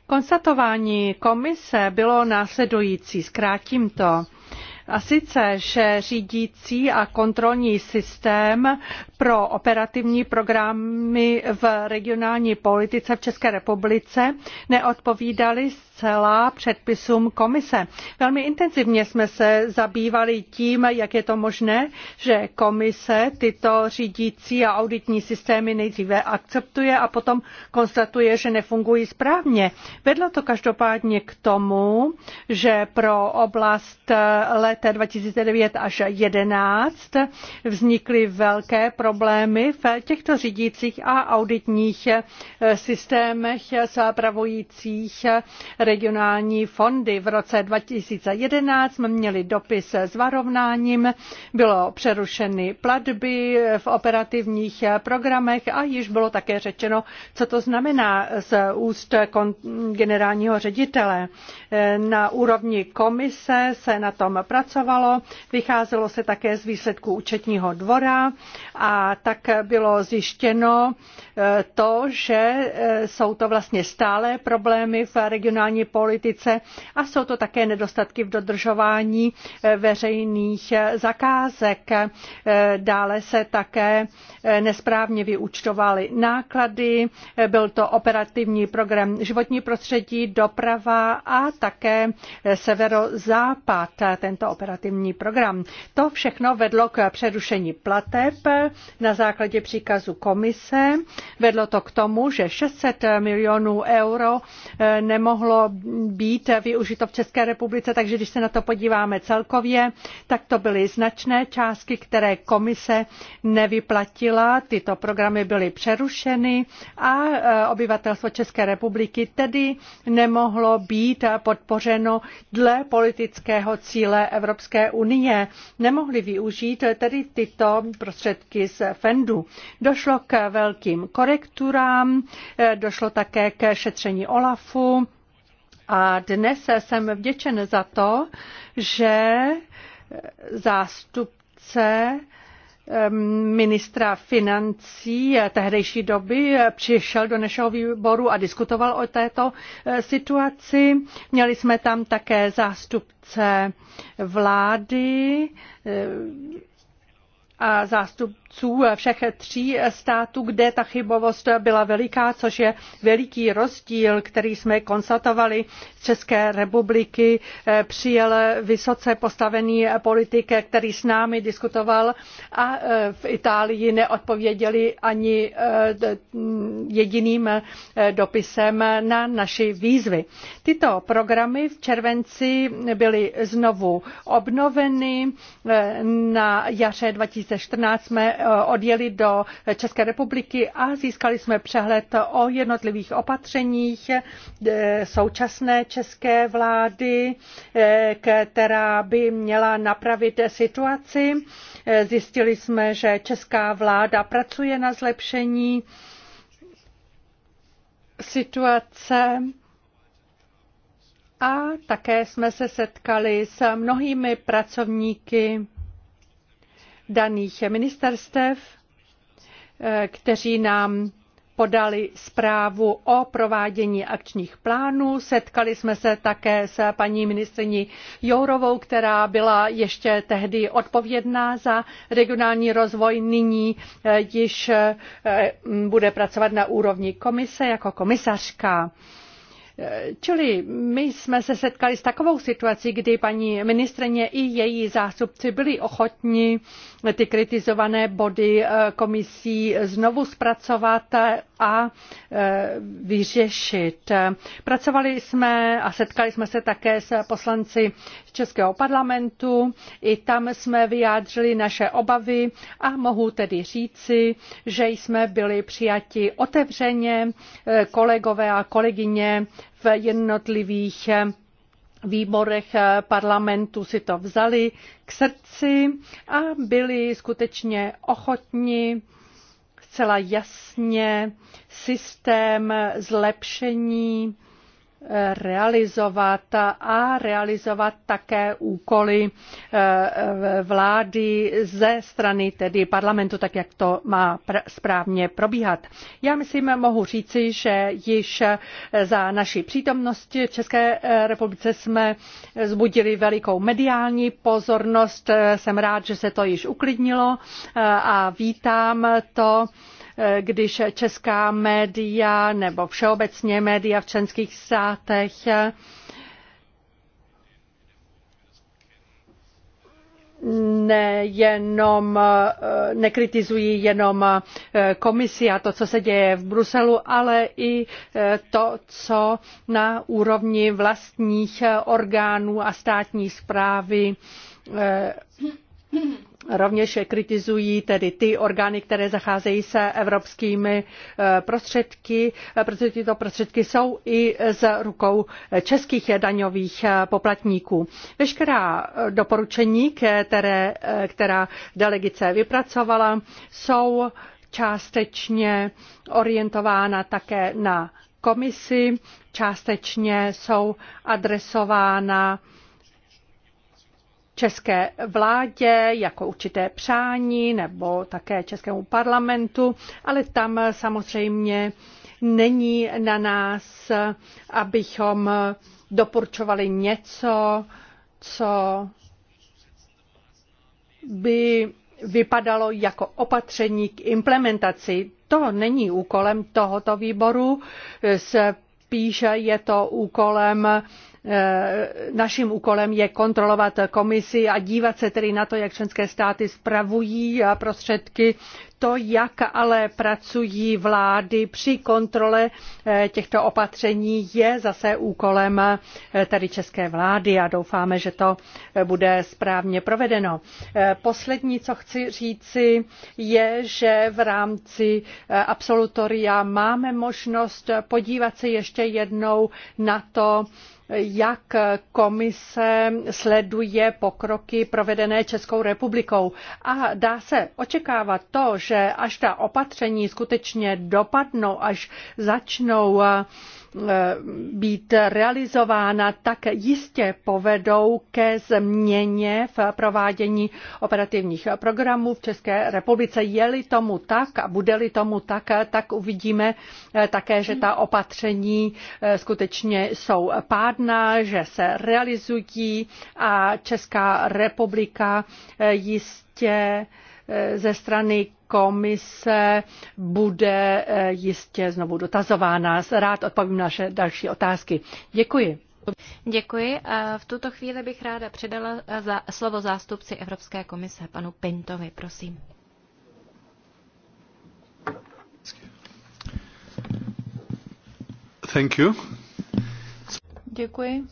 Konstatování komise bylo následující, zkrátím to. A sice, že řídící a kontrolní systém pro operativní programy v regionální politice v České republice neodpovídaly zcela předpisům komise. Velmi intenzivně jsme se zabývali tím, jak je to možné, že komise tyto řídící a auditní systémy nejdříve akceptuje a potom konstatuje, že nefungují správně. Vedlo to každopádně k tomu, že pro oblast let 2009 až 2011 vznikly velké problémy v těchto řídících a auditních systémech zapravujících regionální fondy. V roce 2011 jsme měli dopis s varovnáním, bylo přerušeny platby v operativních programech a již bylo také řečeno, co to znamená z úst generálního ředitele. Na úrovni komise se na tom pracovalo, vycházelo se také z výsledků účetního dvora a tak bylo zjištěno eh, to, že eh, jsou to vlastně stále problémy v regionální sociální politice a jsou to také nedostatky v dodržování eh, veřejných eh, zakázek. Eh, dále se také nesprávně vyučtovaly náklady, byl to operativní program životní prostředí, doprava a také severozápad, tento operativní program. To všechno vedlo k přerušení plateb na základě příkazu komise. Vedlo to k tomu, že 600 milionů euro nemohlo být využito v České republice, takže když se na to podíváme celkově, tak to byly značné částky, které komise nevyplatila. Tyto programy byly přerušeny a eh, obyvatelstvo České republiky tedy nemohlo být podpořeno dle politického cíle Evropské unie. Nemohli využít tedy tyto prostředky z Fendu. Došlo k velkým korekturám, eh, došlo také ke šetření OLAFu, a dnes jsem vděčen za to, že zástupce ministra financí tehdejší doby přišel do našeho výboru a diskutoval o této e, situaci. Měli jsme tam také zástupce vlády e, a zástup soudců všech tří států, kde ta chybovost byla veliká, což je veliký rozdíl, který jsme konstatovali z České republiky. Eh, přijel vysoce postavený politik, který s námi diskutoval a eh, v Itálii neodpověděli ani eh, jediným dopisem na naši výzvy. Tyto programy v červenci byly znovu obnoveny. Na jaře 2014 jsme Eh, odjeli do České republiky a získali jsme přehled o jednotlivých opatřeních eh, současné české vlády, eh, která by měla napravit situaci. Zjistili jsme, že česká vláda pracuje na zlepšení situace a také jsme se setkali s mnohými pracovníky daných ministerstev, eh, kteří nám podali zprávu o provádění akčních plánů. Setkali jsme se také s paní ministriní Jourovou, která byla ještě tehdy odpovědná za regionální rozvoj. Nyní eh, již eh, bude pracovat na úrovni komise jako komisařka. Čili my jsme se setkali s takovou situací, kdy paní ministrině i její zástupci byli ochotni ty kritizované body eh, komisí znovu zpracovat a eh, vyřešit. Pracovali jsme a setkali jsme se také s poslanci z Českého parlamentu. I tam jsme vyjádřili naše obavy a mohu tedy říci, že jsme byli přijati otevřeně. Eh, kolegové a kolegyně v jednotlivých eh, výborech eh, parlamentu si to vzali k srdci a byli skutečně ochotni zcela jasně systém zlepšení realizovat a realizovat také úkoly eh, vlády ze strany tedy parlamentu, tak jak to má správně probíhat. Já myslím, mohu říci, že již eh, za naší přítomnosti v České eh, republice jsme zbudili velikou mediální pozornost. Jsem rád, že se to již uklidnilo a vítám to když česká média nebo všeobecně média v členských státech nejenom, nekritizují jenom komisi a to, co se děje v Bruselu, ale i to, co na úrovni vlastních orgánů a státní správy rovněž kritizují tedy ty orgány které zacházejí s evropskými eh, prostředky eh, protože tyto prostředky jsou i z rukou českých daňových eh, poplatníků. veškerá doporučení které, která delegace vypracovala jsou částečně orientována také na komisi částečně jsou adresována české vládě jako určité přání nebo také českému parlamentu, ale tam samozřejmě není na nás, abychom doporučovali něco, co by vypadalo jako opatření k implementaci. To není úkolem tohoto výboru, spíše je to úkolem Eh, naším úkolem je kontrolovat komisi a dívat se tedy na to jak členské státy spravují prostředky to jak ale pracují vlády při kontrole eh, těchto opatření je zase úkolem eh, tedy české vlády a doufáme že to bude správně provedeno. poslední co chci říci je že v rámci absolutoria máme možnost podívat se ještě jednou na to jak komise sleduje pokroky provedené Českou republikou. A dá se očekávat to, že až ta opatření skutečně dopadnou, až začnou Eh, být realizována, tak jistě povedou ke změně v provádění operativních programů v České republice. Je-li tomu tak a bude-li tomu tak, tak uvidíme eh, také, že ta opatření eh, skutečně jsou pádná, že se realizují a Česká republika jistě Eh, ze strany komise bude eh, jistě znovu dotazována. Rád odpovím na naše další otázky. Děkuji. Děkuji. A v tuto chvíli bych ráda předala eh, za slovo zástupci Evropské komise, panu Pintovi, prosím. Thank you. Děkuji.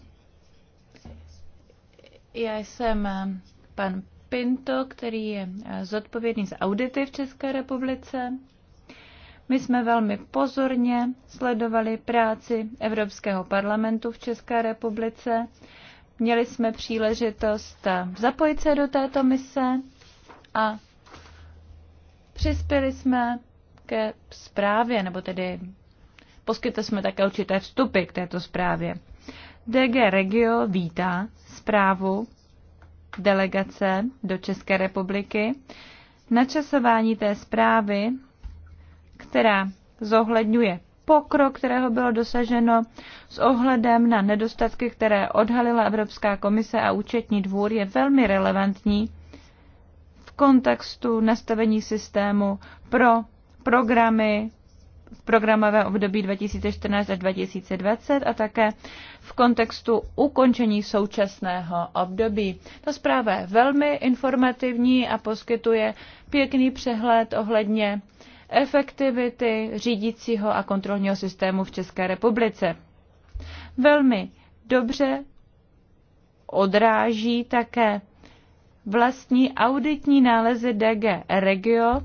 Já jsem pan Pinto, který je eh, zodpovědný za audity v České republice. My jsme velmi pozorně sledovali práci Evropského parlamentu v České republice. Měli jsme příležitost eh, zapojit se do této mise a přispěli jsme ke zprávě, nebo tedy poskytli jsme také určité vstupy k této zprávě. DG Regio vítá zprávu delegace do České republiky, načasování té zprávy, která zohledňuje pokrok, kterého bylo dosaženo s ohledem na nedostatky, které odhalila Evropská komise a účetní dvůr, je velmi relevantní v kontextu nastavení systému pro programy v programovém období 2014 až 2020 a také v kontextu ukončení současného období. Ta zpráva je velmi informativní a poskytuje pěkný přehled ohledně efektivity řídícího a kontrolního systému v České republice. Velmi dobře odráží také vlastní auditní nálezy DG Regio,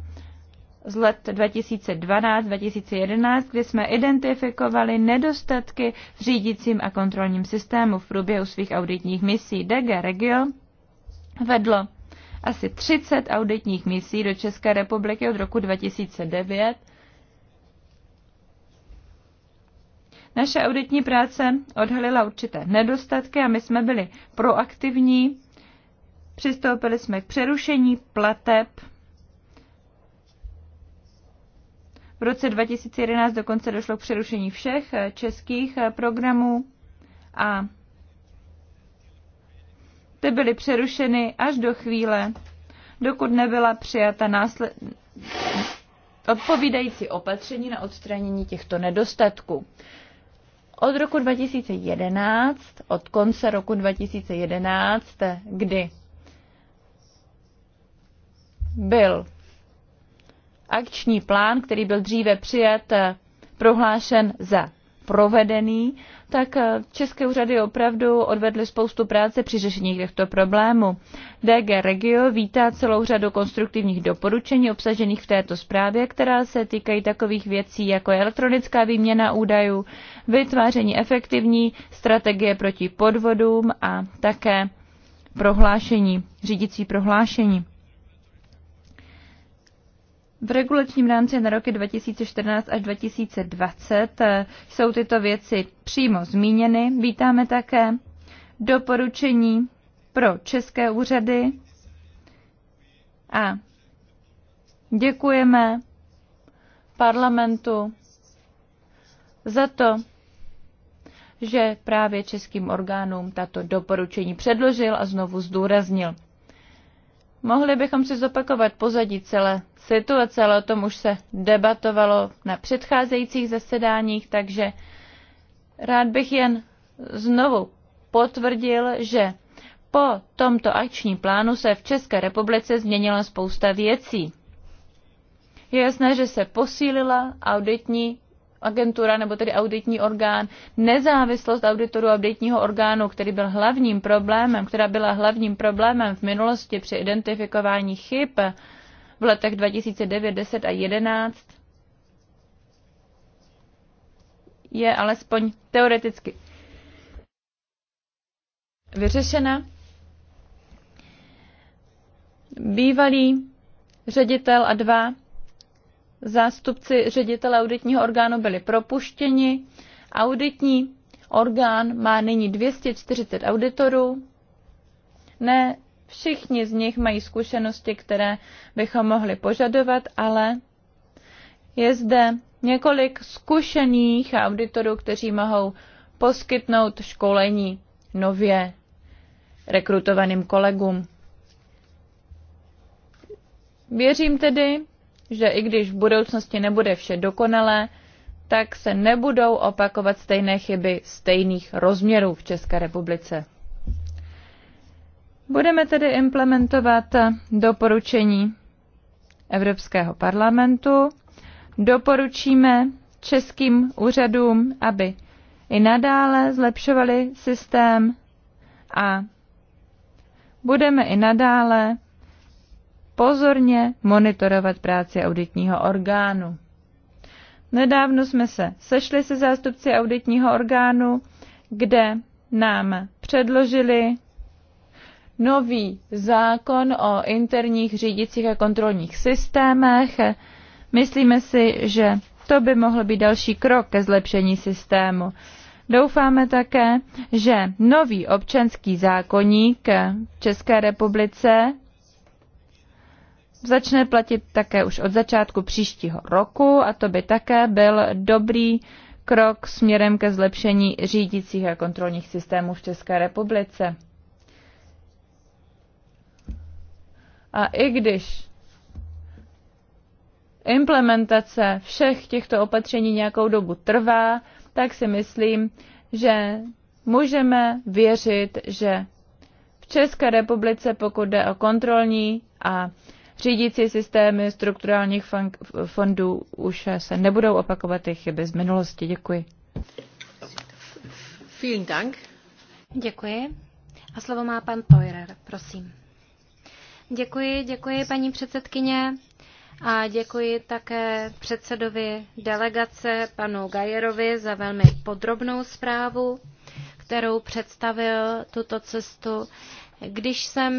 z let 2012-2011, kdy jsme identifikovali nedostatky v řídícím a kontrolním systému v průběhu svých auditních misí. DG Regio vedlo asi 30 auditních misí do České republiky od roku 2009. Naše auditní práce odhalila určité nedostatky a my jsme byli proaktivní. Přistoupili jsme k přerušení plateb V roce 2011 dokonce došlo k přerušení všech eh, českých eh, programů a ty byly přerušeny až do chvíle, dokud nebyla přijata násled... odpovídající opatření na odstranění těchto nedostatků. Od roku 2011, od konce roku 2011, kdy byl akční plán, který byl dříve přijat, eh, prohlášen za provedený, tak eh, české úřady opravdu odvedly spoustu práce při řešení těchto problémů. DG Regio vítá celou řadu konstruktivních doporučení obsažených v této zprávě, která se týkají takových věcí, jako je elektronická výměna údajů, vytváření efektivní strategie proti podvodům a také prohlášení, řídící prohlášení. V regulačním rámci na roky 2014 až 2020 eh, jsou tyto věci přímo zmíněny. Vítáme také doporučení pro české úřady a děkujeme parlamentu za to, že právě českým orgánům tato doporučení předložil a znovu zdůraznil. Mohli bychom si zopakovat pozadí celé situace, ale o tom už se debatovalo na předcházejících zasedáních, takže rád bych jen znovu potvrdil, že po tomto akčním plánu se v České republice změnila spousta věcí. Je jasné, že se posílila auditní agentura nebo tedy auditní orgán, nezávislost auditoru auditního orgánu, který byl hlavním problémem, která byla hlavním problémem v minulosti při identifikování chyb v letech 2009, 10 a 11, je alespoň teoreticky vyřešena. Bývalý ředitel a dva zástupci ředitele auditního orgánu byli propuštěni. Auditní orgán má nyní 240 auditorů. Ne všichni z nich mají zkušenosti, které bychom mohli požadovat, ale je zde několik zkušených auditorů, kteří mohou poskytnout školení nově rekrutovaným kolegům. Věřím tedy, že i když v budoucnosti nebude vše dokonalé, tak se nebudou opakovat stejné chyby stejných rozměrů v České republice. Budeme tedy implementovat doporučení Evropského parlamentu. Doporučíme českým úřadům, aby i nadále zlepšovali systém a budeme i nadále pozorně monitorovat práci auditního orgánu. Nedávno jsme se sešli se zástupci auditního orgánu, kde nám předložili nový zákon o interních řídicích a kontrolních systémech. Myslíme si, že to by mohl být další krok ke zlepšení systému. Doufáme také, že nový občanský zákoník České republice začne platit také už od začátku příštího roku a to by také byl dobrý krok směrem ke zlepšení řídících a kontrolních systémů v České republice. A i když implementace všech těchto opatření nějakou dobu trvá, tak si myslím, že můžeme věřit, že v České republice, pokud jde o kontrolní a řídící systémy strukturálních fondů už se nebudou opakovat ty chyby z minulosti. Děkuji. Vielen Dank. Děkuji. A slovo má pan Teurer, prosím. Děkuji, děkuji paní předsedkyně a děkuji také předsedovi delegace panu Gajerovi za velmi podrobnou zprávu, kterou představil tuto cestu. Když jsem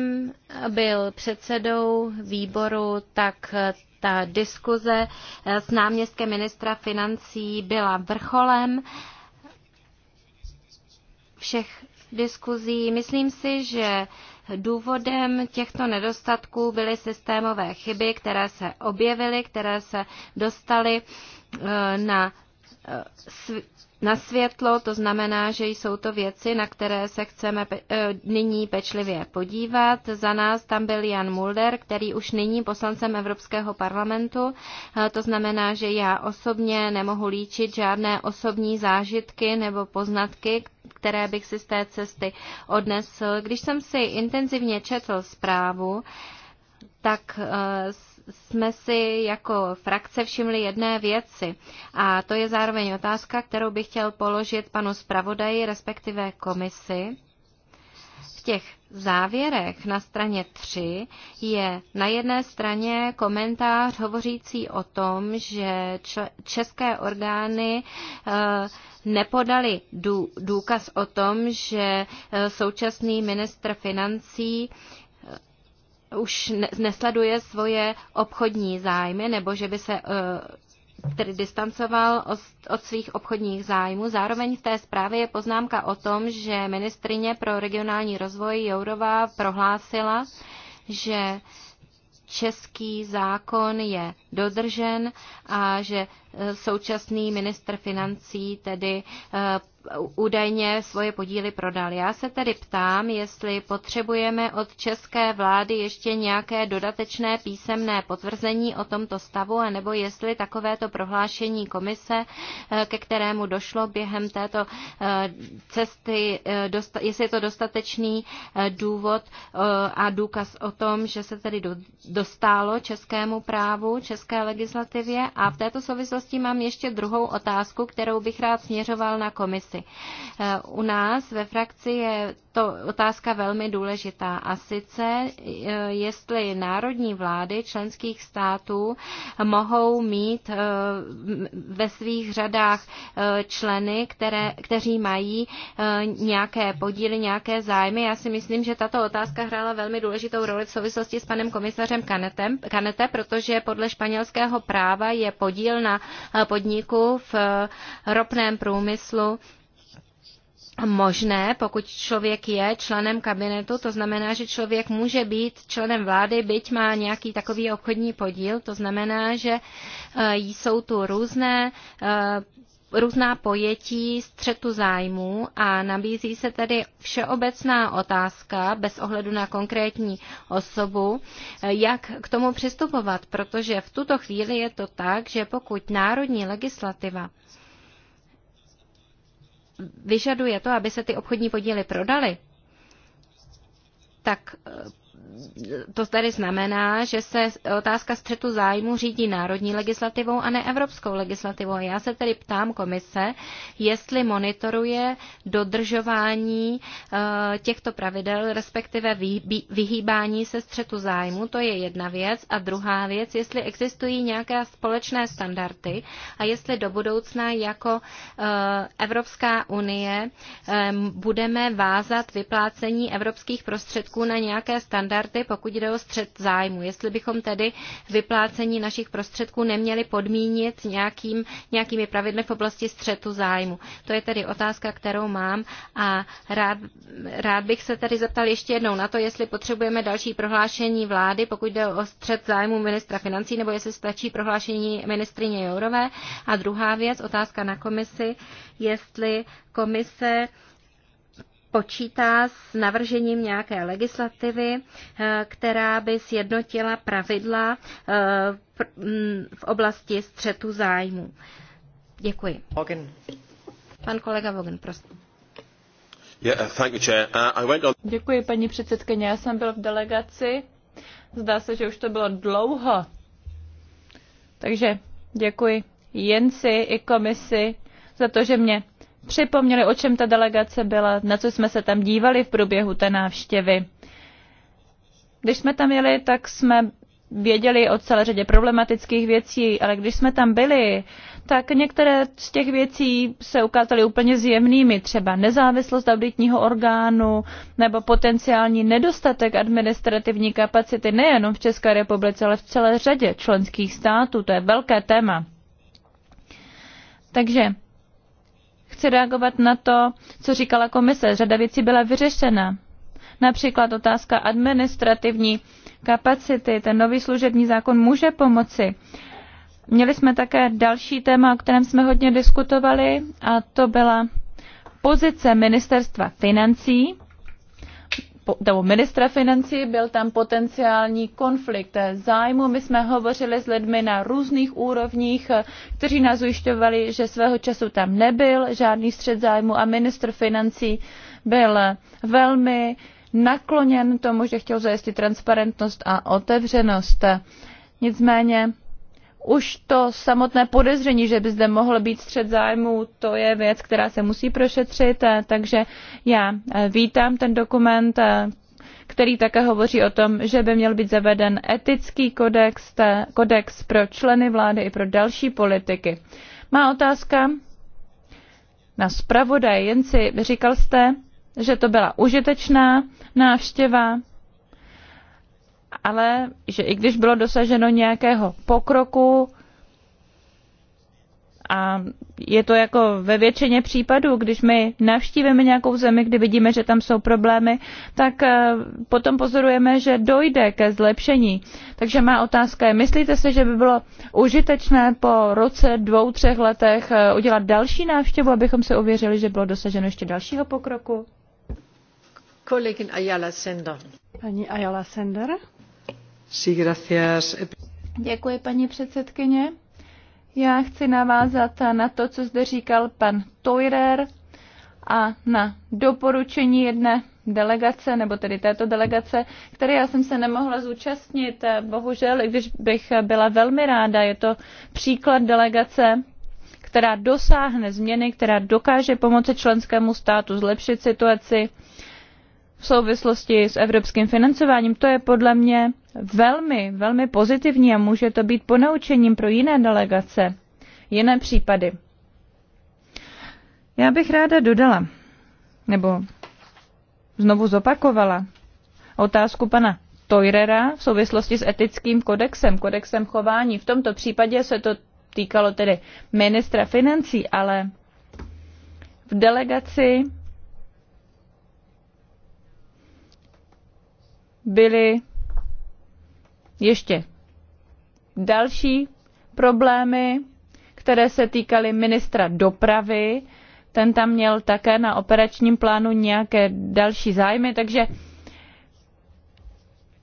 byl předsedou výboru, tak ta diskuze s náměstkem ministra financí byla vrcholem všech diskuzí. Myslím si, že Důvodem těchto nedostatků byly systémové chyby, které se objevily, které se dostaly eh, na eh, na světlo, to znamená, že jsou to věci, na které se chceme pe- eh, nyní pečlivě podívat. Za nás tam byl Jan Mulder, který už nyní poslancem Evropského parlamentu. Eh, to znamená, že já osobně nemohu líčit žádné osobní zážitky nebo poznatky, které bych si z té cesty odnesl. Když jsem si intenzivně četl zprávu, tak uh, jsme si jako frakce všimli jedné věci a to je zároveň otázka, kterou bych chtěl položit panu zpravodaji, respektive komisi. V těch závěrech na straně 3 je na jedné straně komentář hovořící o tom, že české orgány eh, nepodali důkaz o tom, že eh, současný ministr financí už nesleduje svoje obchodní zájmy nebo že by se eh, tedy distancoval od svých obchodních zájmů. Zároveň v té zprávě je poznámka o tom, že ministrině pro regionální rozvoj Jourová prohlásila, že český zákon je dodržen a že eh, současný ministr financí tedy eh, údajně svoje podíly prodal. Já se tedy ptám, jestli potřebujeme od české vlády ještě nějaké dodatečné písemné potvrzení o tomto stavu, anebo jestli takovéto prohlášení komise, eh, ke kterému došlo během této eh, cesty, eh, jestli je to dostatečný důvod a důkaz o tom, že se tedy dostálo českému právu, české legislativě. A v této souvislosti mám ještě druhou otázku, kterou bych rád směřoval na komisi práci. Eh, u nás ve frakci je to otázka velmi důležitá a sice, eh, jestli národní vlády členských států mohou mít eh, ve svých řadách členy, které, kteří mají nějaké podíly, nějaké zájmy. Já si myslím, že tato otázka hrála velmi důležitou roli v souvislosti s panem komisařem Kanetem, Kanete, protože podle španělského práva je podíl na podniku v ropném průmyslu možné, pokud člověk je členem kabinetu, to znamená, že člověk může být členem vlády, byť má nějaký takový obchodní podíl, to znamená, že e, jsou tu různé e, různá pojetí střetu zájmů a nabízí se tedy všeobecná otázka bez ohledu na konkrétní osobu, e, jak k tomu přistupovat, protože v tuto chvíli je to tak, že pokud národní legislativa vyžaduje to, aby se ty obchodní podíly prodaly, tak eh, to tady znamená, že se otázka střetu zájmu řídí národní legislativou a ne evropskou legislativou. Já se tedy ptám komise, jestli monitoruje dodržování eh, těchto pravidel, respektive vyhýbání se střetu zájmu. To je jedna věc. A druhá věc, jestli existují nějaké společné standardy a jestli do budoucna jako eh, Evropská unie eh, budeme vázat vyplácení evropských prostředků na nějaké standardy, standardy, pokud jde o střed zájmu. Jestli bychom tedy vyplácení našich prostředků neměli podmínit nějakým, nějakými pravidly v oblasti střetu zájmu. To je tedy otázka, kterou mám a rád, rád bych se tedy zeptal ještě jednou na to, jestli potřebujeme další prohlášení vlády, pokud jde o střed zájmu ministra financí, nebo jestli stačí prohlášení ministrině Jourové. A druhá věc, otázka na komisi, jestli komise počítá s navržením nějaké legislativy, eh, která by sjednotila pravidla eh, mm, v oblasti střetu zájmů. Děkuji. Hogan. Pan kolega Vogen, prosím. Uh, uh, děkuji, paní předsedkyně. Já jsem byl v delegaci. Zdá se, že už to bylo dlouho. Takže děkuji Jenci i komisi za to, že mě připomněli, o čem ta delegace byla, na co jsme se tam dívali v průběhu té návštěvy. Když jsme tam jeli, tak jsme věděli o celé řadě problematických věcí, ale když jsme tam byli, tak některé z těch věcí se ukázaly úplně zjemnými, třeba nezávislost auditního orgánu nebo potenciální nedostatek administrativní kapacity nejenom v České republice, ale v celé řadě členských států. To je velké téma. Takže Chci reagovat na to, co říkala komise. Řada věcí byla vyřešena. Například otázka administrativní kapacity. Ten nový služební zákon může pomoci. Měli jsme také další téma, o kterém jsme hodně diskutovali, a to byla pozice ministerstva financí nebo ministra financí, byl tam potenciální konflikt zájmu. My jsme hovořili s lidmi na různých úrovních, eh, kteří nás ujišťovali, že svého času tam nebyl žádný střed zájmu a ministr financí byl velmi nakloněn tomu, že chtěl zajistit transparentnost a otevřenost. Nicméně už to samotné podezření, že by zde mohl být střed zájmu, to je věc, která se musí prošetřit, eh, takže já eh, vítám ten dokument, eh, který také hovoří o tom, že by měl být zaveden etický kodex, kodex pro členy vlády i pro další politiky. Má otázka na zpravodaj. Jen si říkal jste, že to byla užitečná návštěva ale že i když bylo dosaženo nějakého pokroku, a je to jako ve většině případů, když my navštívíme nějakou zemi, kdy vidíme, že tam jsou problémy, tak eh, potom pozorujeme, že dojde ke zlepšení. Takže má otázka je, myslíte si, že by bylo užitečné po roce, dvou, třech letech eh, udělat další návštěvu, abychom se ověřili, že bylo dosaženo ještě dalšího pokroku? Kolegin Ayala Sender. Paní Ayala Sender. Děkuji, paní předsedkyně. Já chci navázat na to, co zde říkal pan Toirer a na doporučení jedné delegace, nebo tedy této delegace, které já jsem se nemohla zúčastnit, bohužel, i když bych byla velmi ráda. Je to příklad delegace, která dosáhne změny, která dokáže pomoci členskému státu zlepšit situaci v souvislosti s evropským financováním. To je podle mě velmi, velmi pozitivní a může to být ponaučením pro jiné delegace, jiné případy. Já bych ráda dodala, nebo znovu zopakovala otázku pana Toirera v souvislosti s etickým kodexem, kodexem chování. V tomto případě se to týkalo tedy ministra financí, ale v delegaci byli ještě další problémy, které se týkaly ministra dopravy. Ten tam měl také na operačním plánu nějaké další zájmy, takže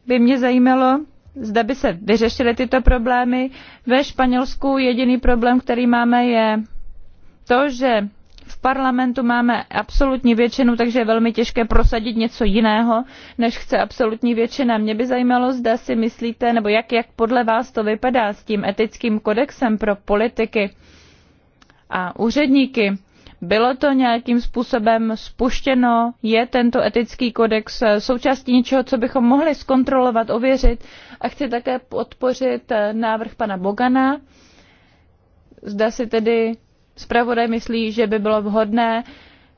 by mě zajímalo, zda by se vyřešily tyto problémy. Ve Španělsku jediný problém, který máme, je to, že parlamentu máme absolutní většinu, takže je velmi těžké prosadit něco jiného, než chce absolutní většina. Mě by zajímalo, zda si myslíte, nebo jak, jak podle vás to vypadá s tím etickým kodexem pro politiky a úředníky. Bylo to nějakým způsobem spuštěno? Je tento etický kodex eh, součástí něčeho, co bychom mohli zkontrolovat, ověřit? A chci také podpořit eh, návrh pana Bogana. Zda si tedy zpravodaj myslí, že by bylo vhodné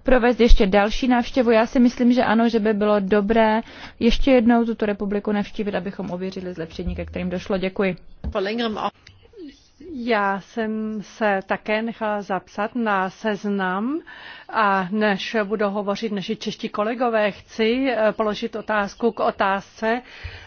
provést ještě další návštěvu. Já si myslím, že ano, že by bylo dobré ještě jednou tuto republiku navštívit, abychom ověřili zlepšení, ke kterým došlo. Děkuji. Já jsem se také nechala zapsat na seznam a než budou hovořit naši čeští kolegové, chci eh, položit otázku k otázce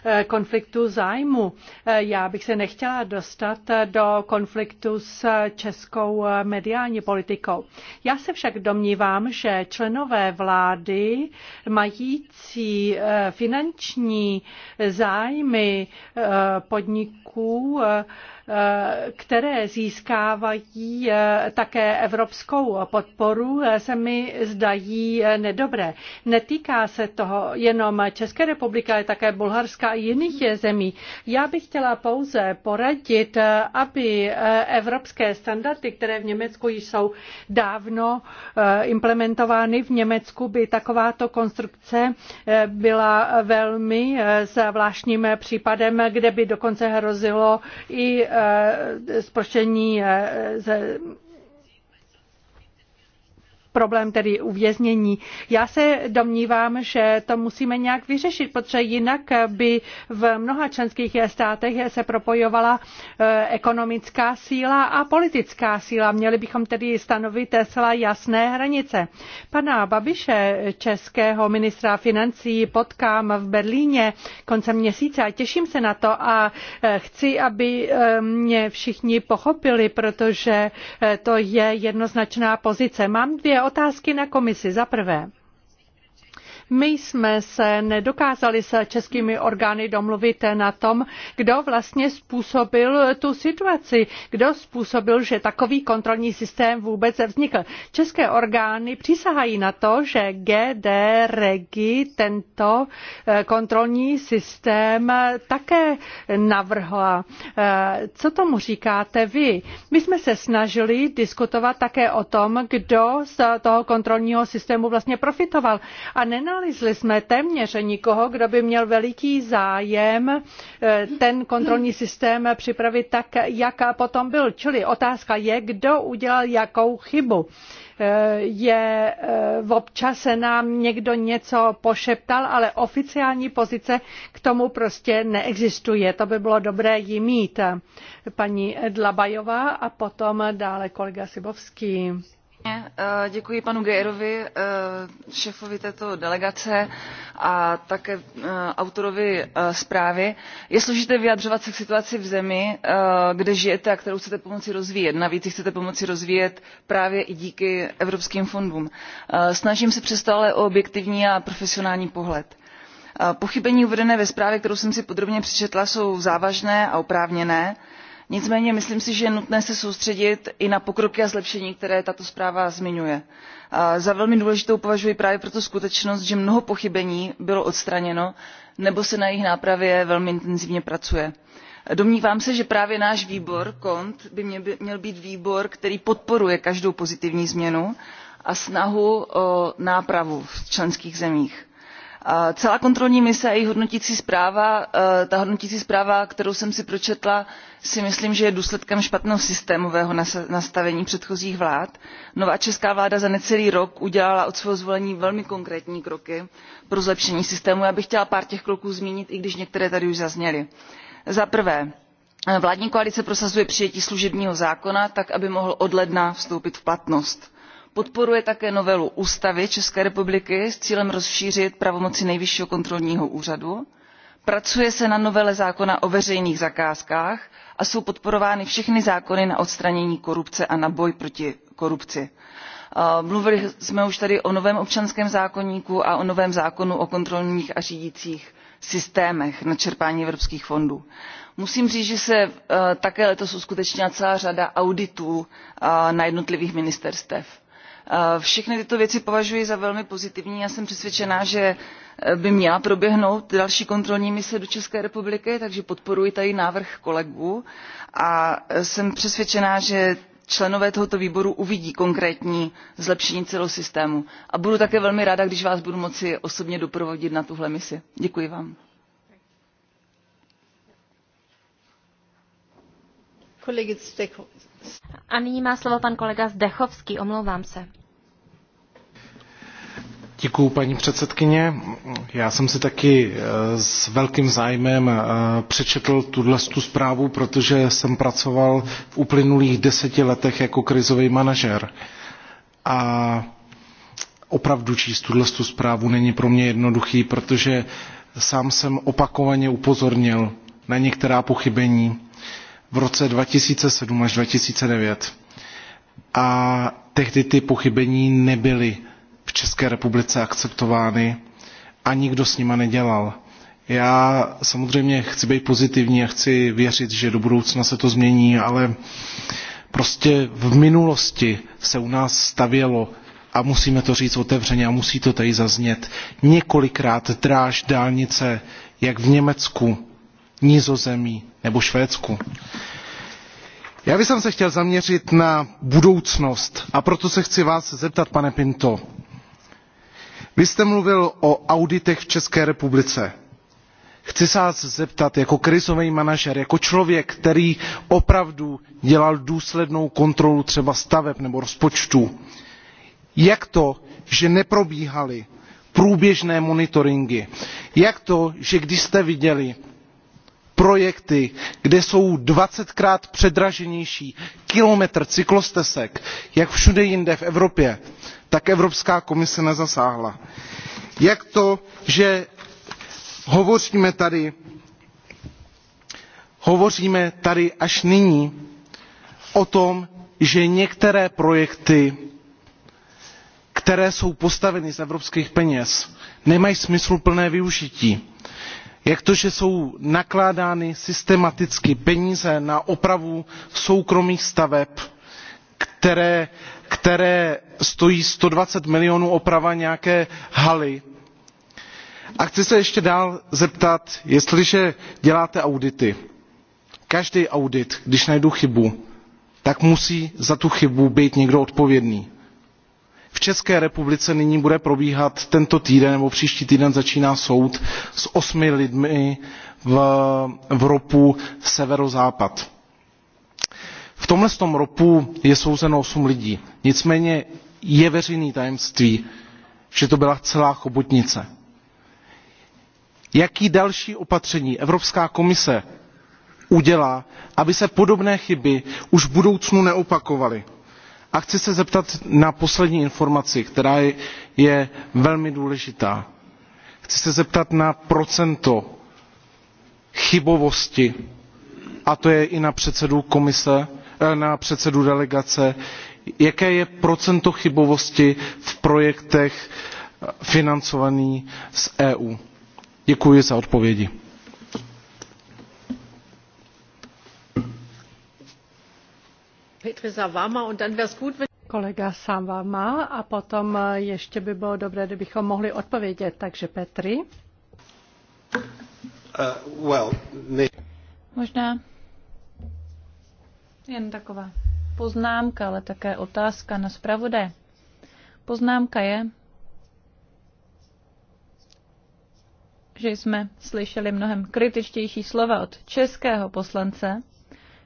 eh, konfliktu zájmu. Eh, já bych se nechtěla dostat do konfliktu s českou mediální politikou. Já se však domnívám, že členové vlády mající finanční zájmy podniků které získávají eh, také evropskou podporu, eh, se mi zdají eh, nedobré. Netýká se toho jenom České republiky, ale také Bulharska a jiných zemí. Já bych chtěla pouze poradit, aby evropské standardy, které v Německu již jsou dávno implementovány, v Německu by takováto konstrukce byla velmi zvláštním případem, kde by dokonce hrozilo i Eh, zproštění eh, ze problém tedy uvěznění. Já se domnívám, že to musíme nějak vyřešit, protože jinak by v mnoha členských státech se propojovala eh, ekonomická síla a politická síla. Měli bychom tedy stanovit celá jasné hranice. Pana Babiše, českého ministra financí, potkám v Berlíně koncem měsíce a těším se na to a eh, chci, aby eh, mě všichni pochopili, protože to je jednoznačná pozice. Mám dvě otázky na komisi. Za prvé, my jsme se nedokázali s českými orgány domluvit na tom, kdo vlastně způsobil tu situaci, kdo způsobil, že takový kontrolní systém vůbec vznikl. České orgány přísahají na to, že GD Regi tento eh, kontrolní systém také navrhla. Eh, co tomu říkáte vy? My jsme se snažili diskutovat také o tom, kdo z toho kontrolního systému vlastně profitoval a nená. Nenalezli jsme téměř nikoho, kdo by měl veliký zájem eh, ten kontrolní systém připravit tak, jak potom byl. Čili otázka je, kdo udělal jakou chybu eh, je eh, občas nám někdo něco pošeptal, ale oficiální pozice k tomu prostě neexistuje. To by bylo dobré ji mít. Paní Dlabajová a potom dále kolega Sibovský. Eh, děkuji panu Gejrovi, eh, šéfovi této delegace a také eh, autorovi zprávy. Je složité vyjadřovat se k situaci v zemi, kde žijete a kterou chcete pomoci rozvíjet. Navíc ji chcete pomoci rozvíjet právě i díky evropským fondům. Snažím se přesto ale o objektivní a profesionální pohled pochybení uvedená ve zprávě kterou jsem si podrobně přečetla jsou závažná a oprávněná nicméně myslím si že je nutné se soustředit i na pokroky a zlepšení které tato zpráva zmiňuje. za velmi důležitou považuji právě proto skutečnost že mnoho pochybení bylo odstraněno nebo se na jejich nápravě velmi intenzivně pracuje. domnívám se že právě náš výbor cont by měl být výbor který podporuje každou pozitivní změnu a snahu o nápravu v členských zemích celá kontrolní mise a její hodnotící zpráva eh, ta hodnotící zpráva kterou jsem si pročetla si myslím že je důsledkem špatného systémového nastavení předchozích vlád. nová česká vláda za necelý rok udělala od svého zvolení velmi konkrétní kroky pro zlepšení systému. já bych chtěla pár těch kroků zmínit i když některé tady už zazněly. za prvé vládní koalice prosazuje přijetí služebního zákona tak aby mohl od ledna vstoupit v platnost podporuje také novelu ústavy české republiky s cílem rozšířit pravomoci nejvyššího kontrolního úřadu pracuje se na novele zákona o veřejných zakázkách a jsou podporovány všechny zákony na odstranění korupce a na boj proti korupci. Eh, mluvili jsme už tady o novém občanském zákoníku a o novém zákonu o kontrolních a řídících systémech na čerpání evropských fondů. musím říct že se eh, také letos uskutečnila celá řada auditů eh, na jednotlivých ministerstvech Eh, všechny tyto věci považuji za velmi pozitivní a jsem přesvědčena že eh, by měla proběhnout další kontrolní mise do české republiky takže podporuji tady návrh kolegů a eh, jsem přesvědčena že členové tohoto výboru uvidí konkrétní zlepšení celého systému a budu také velmi ráda když vás budu moci osobně doprovodit na tuhle misi. děkuji vám. A nyní má slovo pan kolega Zdechovský, omlouvám se. Děkuji, paní předsedkyně. Já jsem si taky eh, s velkým zájmem eh, přečetl tuhle tu zprávu, protože jsem pracoval v uplynulých deseti letech jako krizový manažer. A opravdu číst tuhle tu zprávu není pro mě jednoduchý, protože sám jsem opakovaně upozornil na některá pochybení v roce 2007 až 2009. A tehdy ty pochybení nebyly České republice akceptovány a nikdo s nima nedělal. Já samozřejmě chci být pozitivní a chci věřit, že do budoucna se to změní, ale prostě v minulosti se u nás stavělo a musíme to říct otevřeně a musí to tady zaznět, několikrát dráž dálnice, jak v Německu, Nízozemí nebo Švédsku. Já bych se chtěl zaměřit na budoucnost a proto se chci vás zeptat, pane Pinto, vy jste mluvil o auditech v české republice. chci se vás zeptat jako krizový manažer jako člověk který opravdu dělal důslednou kontrolu třeba staveb nebo rozpočtů jak to že neprobíhaly průběžné monitoringy jak to že když jste viděli projekty kde jsou dvacetkrát předraženější kilometr cyklostezek jak všude jinde v evropě tak evropská komise nezasáhla. jak to že hovoříme tady hovoříme tady až nyní o tom že některé projekty které jsou postaveny z evropských peněz nemají smysluplné využití jak to že jsou nakládány systematicky peníze na opravu soukromých staveb které které stojí one hundred and twenty milionů oprava nějaké haly. a chci se ještě dál zeptat jestliže děláte audity každý audit když najdu chybu tak musí za tu chybu být někdo odpovědný. v české republice nyní bude probíhat tento týden nebo příští týden začíná soud s osmi lidmi v, v ropu severozápad v tomhle tom ropu je souzeno osm lidí nicméně je veřejné tajemství že to byla celá chobotnice. jaká další opatření evropská komise udělá aby se podobné chyby už v budoucnu neopakovaly? a chci se zeptat na poslední informaci která je, je velmi důležitá. chci se zeptat na procento chybovosti a to je i na předsedu komise Eh, na předsedu delegace jaké je procento chybovosti v projektech eh, financovaných z eu? děkuji za odpovědi. kolega Savama a potom eh, ještě by bylo dobré, kdybychom mohli odpovědět. Takže Petri. Uh, well, Možná jen taková poznámka, ale také otázka na zpravodé. Poznámka je, že jsme slyšeli mnohem kritičtější slova od českého poslance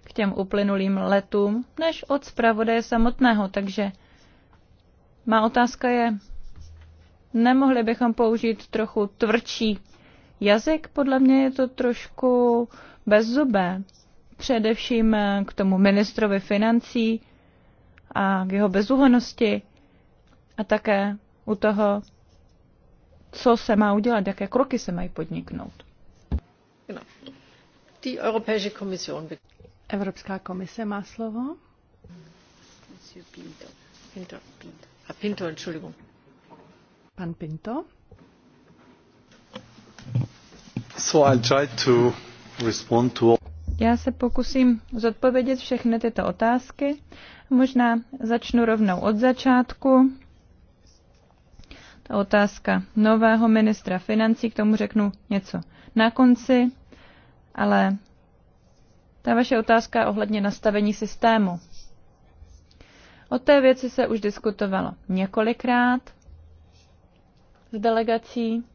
k těm uplynulým letům, než od zpravodaje samotného. Takže má otázka je, nemohli bychom použít trochu tvrdší jazyk? Podle mě je to trošku bezzubé především eh, k tomu ministrovi financí a k jeho bezúhonosti a také u toho, co se má udělat, jaké kroky se mají podniknout. Evropská komise má slovo. A Pinto, ah, Pan Pinto. So I'll try to respond to all já se pokusím zodpovědět všechny tyto otázky. Možná začnu rovnou od začátku. Ta otázka nového ministra financí, k tomu řeknu něco na konci, ale ta vaše otázka ohledně nastavení systému. O té věci se už diskutovalo několikrát s delegací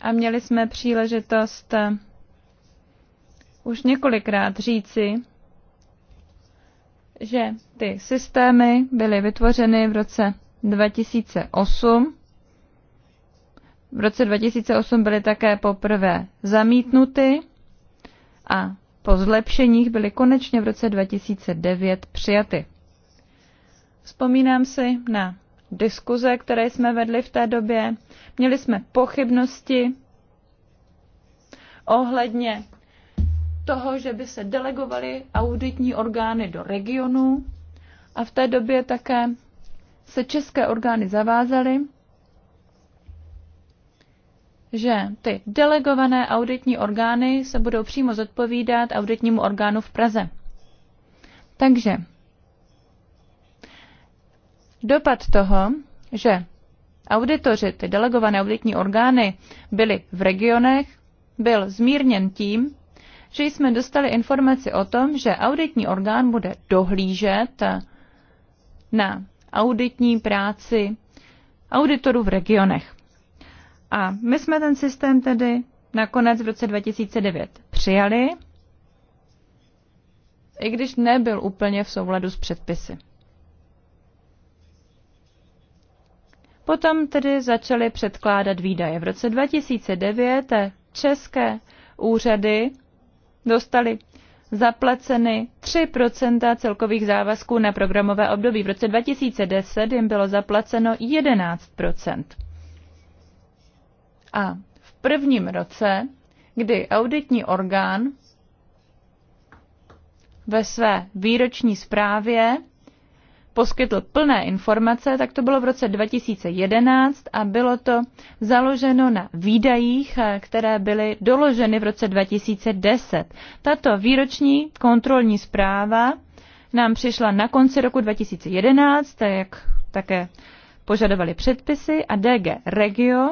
a měli jsme příležitost už několikrát říci, že ty systémy byly vytvořeny v roce 2008. V roce 2008 byly také poprvé zamítnuty a po zlepšeních byly konečně v roce 2009 přijaty. Vzpomínám si na diskuze, které jsme vedli v té době. Měli jsme pochybnosti ohledně toho, že by se delegovaly auditní orgány do regionu a v té době také se české orgány zavázaly, že ty delegované auditní orgány se budou přímo zodpovídat auditnímu orgánu v Praze. Takže dopad toho, že auditoři, ty delegované auditní orgány, byly v regionech, byl zmírněn tím, že jsme dostali informaci o tom, že auditní orgán bude dohlížet na auditní práci auditorů v regionech. A my jsme ten systém tedy nakonec v roce 2009 přijali, i když nebyl úplně v souladu s předpisy. Potom tedy začaly předkládat výdaje. V roce 2009 české úřady dostali zaplaceny 3 celkových závazků na programové období. V roce 2010 jim bylo zaplaceno 11 A v prvním roce, kdy auditní orgán ve své výroční zprávě poskytl plné informace, tak to bylo v roce 2011 a bylo to založeno na výdajích, eh, které byly doloženy v roce 2010. Tato výroční kontrolní zpráva nám přišla na konci roku 2011, tak eh, jak také požadovali předpisy a DG Regio.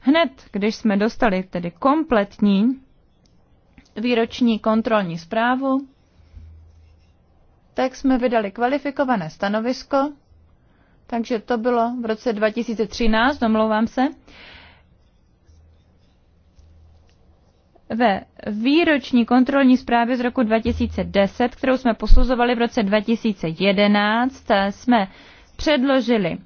Hned, když jsme dostali tedy kompletní výroční kontrolní zprávu, tak jsme vydali kvalifikované stanovisko, takže to bylo v roce 2013, domlouvám se. Ve výroční kontrolní zprávě z roku 2010, kterou jsme posluzovali v roce 2011, jsme předložili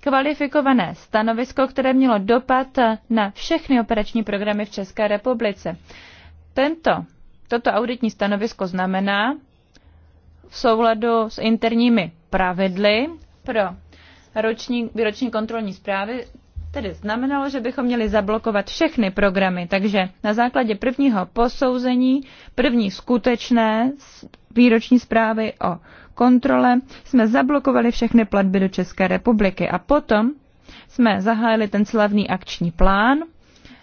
kvalifikované stanovisko, které mělo dopad na všechny operační programy v České republice. Tento, toto auditní stanovisko znamená, v souladu s interními pravidly pro roční, výroční kontrolní zprávy tedy znamenalo, že bychom měli zablokovat všechny programy, takže na základě prvního posouzení, první skutečné výroční zprávy o kontrole, jsme zablokovali všechny platby do České republiky a potom jsme zahájili ten slavný akční plán,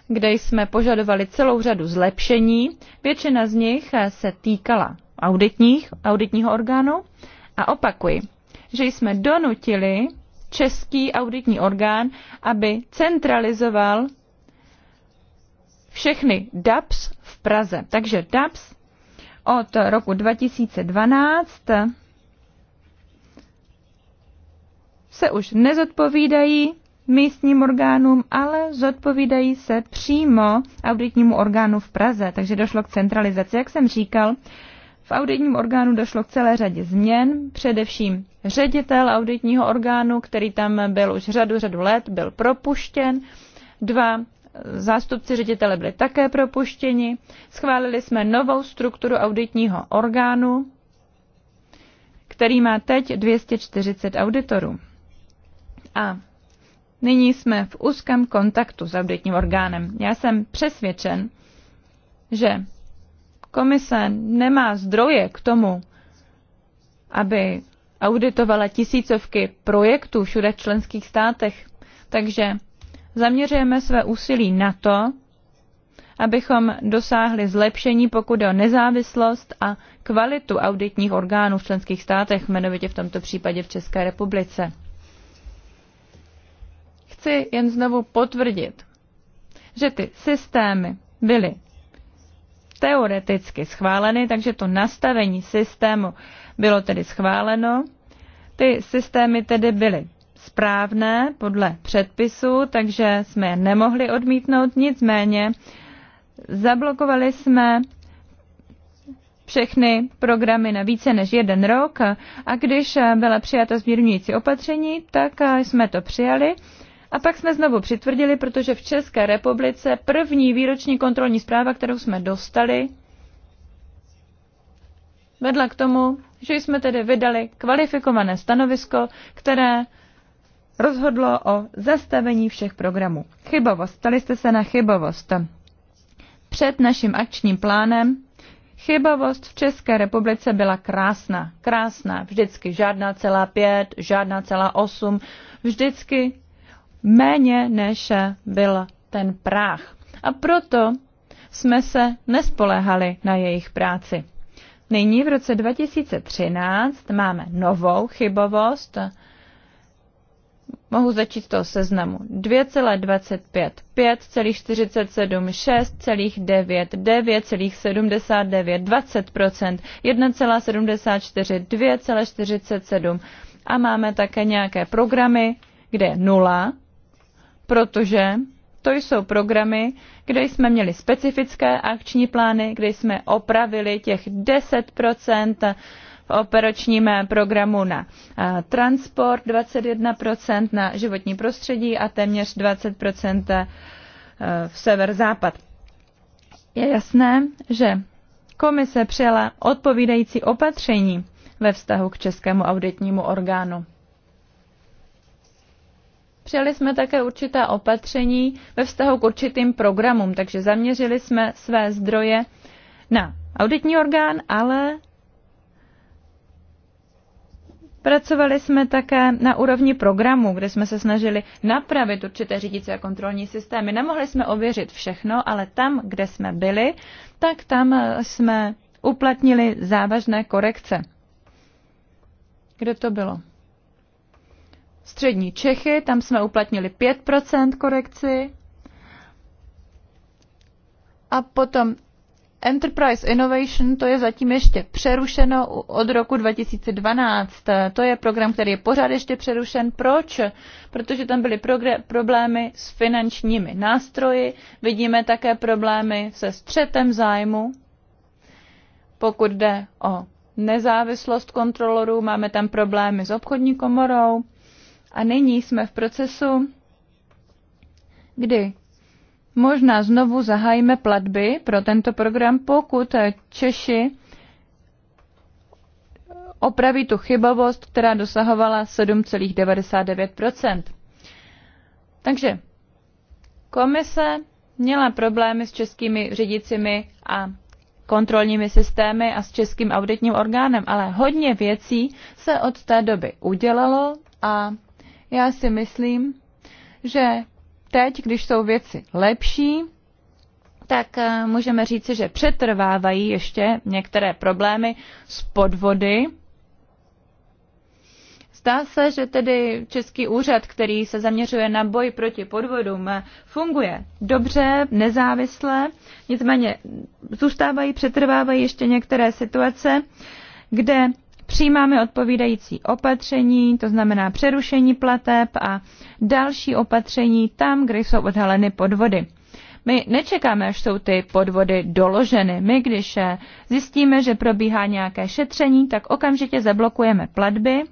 kde jsme požadovali celou řadu zlepšení. Většina z nich se týkala auditních, auditního orgánu. A opakuji, že jsme donutili český auditní orgán, aby centralizoval všechny DAPS v Praze. Takže DAPS od roku 2012 se už nezodpovídají místním orgánům, ale zodpovídají se přímo auditnímu orgánu v Praze, takže došlo k centralizaci. Jak jsem říkal, v auditním orgánu došlo k celé řadě změn, především ředitel auditního orgánu, který tam byl už řadu, řadu let, byl propuštěn, dva zástupci ředitele byli také propuštěni, schválili jsme novou strukturu auditního orgánu, který má teď 240 auditorů. A nyní jsme v úzkém kontaktu s auditním orgánem. Já jsem přesvědčen, že komise nemá zdroje k tomu, aby auditovala tisícovky projektů všude v členských státech. Takže zaměřujeme své úsilí na to, abychom dosáhli zlepšení, pokud o nezávislost a kvalitu auditních orgánů v členských státech, jmenovitě v tomto případě v České republice. Chci jen znovu potvrdit, že ty systémy byly teoreticky schváleny, takže to nastavení systému bylo tedy schváleno. Ty systémy tedy byly správné podle předpisu, takže jsme je nemohli odmítnout, nicméně zablokovali jsme všechny programy na více než jeden rok a když byla přijata zmírňující opatření, tak jsme to přijali a pak jsme znovu přitvrdili, protože v České republice první výroční kontrolní zpráva, kterou jsme dostali, vedla k tomu, že jsme tedy vydali kvalifikované stanovisko, které rozhodlo o zastavení všech programů. Chybovost. Stali jste se na chybovost. Před naším akčním plánem chybovost v České republice byla krásná. Krásná. Vždycky žádná celá pět, žádná celá osm. Vždycky méně, než byl ten práh. A proto jsme se nespoléhali na jejich práci. Nyní v roce 2013 máme novou chybovost. Mohu začít z toho seznamu. 2,25, 5,47, 6,9, 9,79, 20%, 1,74, 2,47. A máme také nějaké programy, kde je nula, protože to jsou programy, kde jsme měli specifické akční plány, kde jsme opravili těch 10 v operačním programu na eh, transport, 21 na životní prostředí a téměř 20 eh, v sever-západ. Je jasné, že komise přijala odpovídající opatření ve vztahu k českému auditnímu orgánu. Přijali jsme také určitá opatření ve vztahu k určitým programům, takže zaměřili jsme své zdroje na auditní orgán, ale Pracovali jsme také na úrovni programu, kde jsme se snažili napravit určité řídící a kontrolní systémy. Nemohli jsme ověřit všechno, ale tam, kde jsme byli, tak tam eh, jsme uplatnili závažné korekce. Kde to bylo? střední Čechy, tam jsme uplatnili 5% korekci. A potom Enterprise Innovation, to je zatím ještě přerušeno od roku 2012. To je program, který je pořád ještě přerušen. Proč? Protože tam byly problémy s finančními nástroji, vidíme také problémy se střetem zájmu, pokud jde o nezávislost kontrolorů, máme tam problémy s obchodní komorou a nyní jsme v procesu, kdy možná znovu zahájíme platby pro tento program, pokud Češi opraví tu chybovost, která dosahovala 7,99 Takže komise měla problémy s českými řídícími a kontrolními systémy a s českým auditním orgánem, ale hodně věcí se od té doby udělalo a já si myslím, že teď, když jsou věci lepší, tak eh, můžeme říci, že přetrvávají ještě některé problémy s podvody. Zdá se, že tedy Český úřad, který se zaměřuje na boj proti podvodům, funguje dobře, nezávisle, nicméně zůstávají, přetrvávají ještě některé situace, kde přijímáme odpovídající opatření, to znamená přerušení plateb a další opatření tam, kde jsou odhaleny podvody. My nečekáme, až jsou ty podvody doloženy. My, když eh, zjistíme, že probíhá nějaké šetření, tak okamžitě zablokujeme platby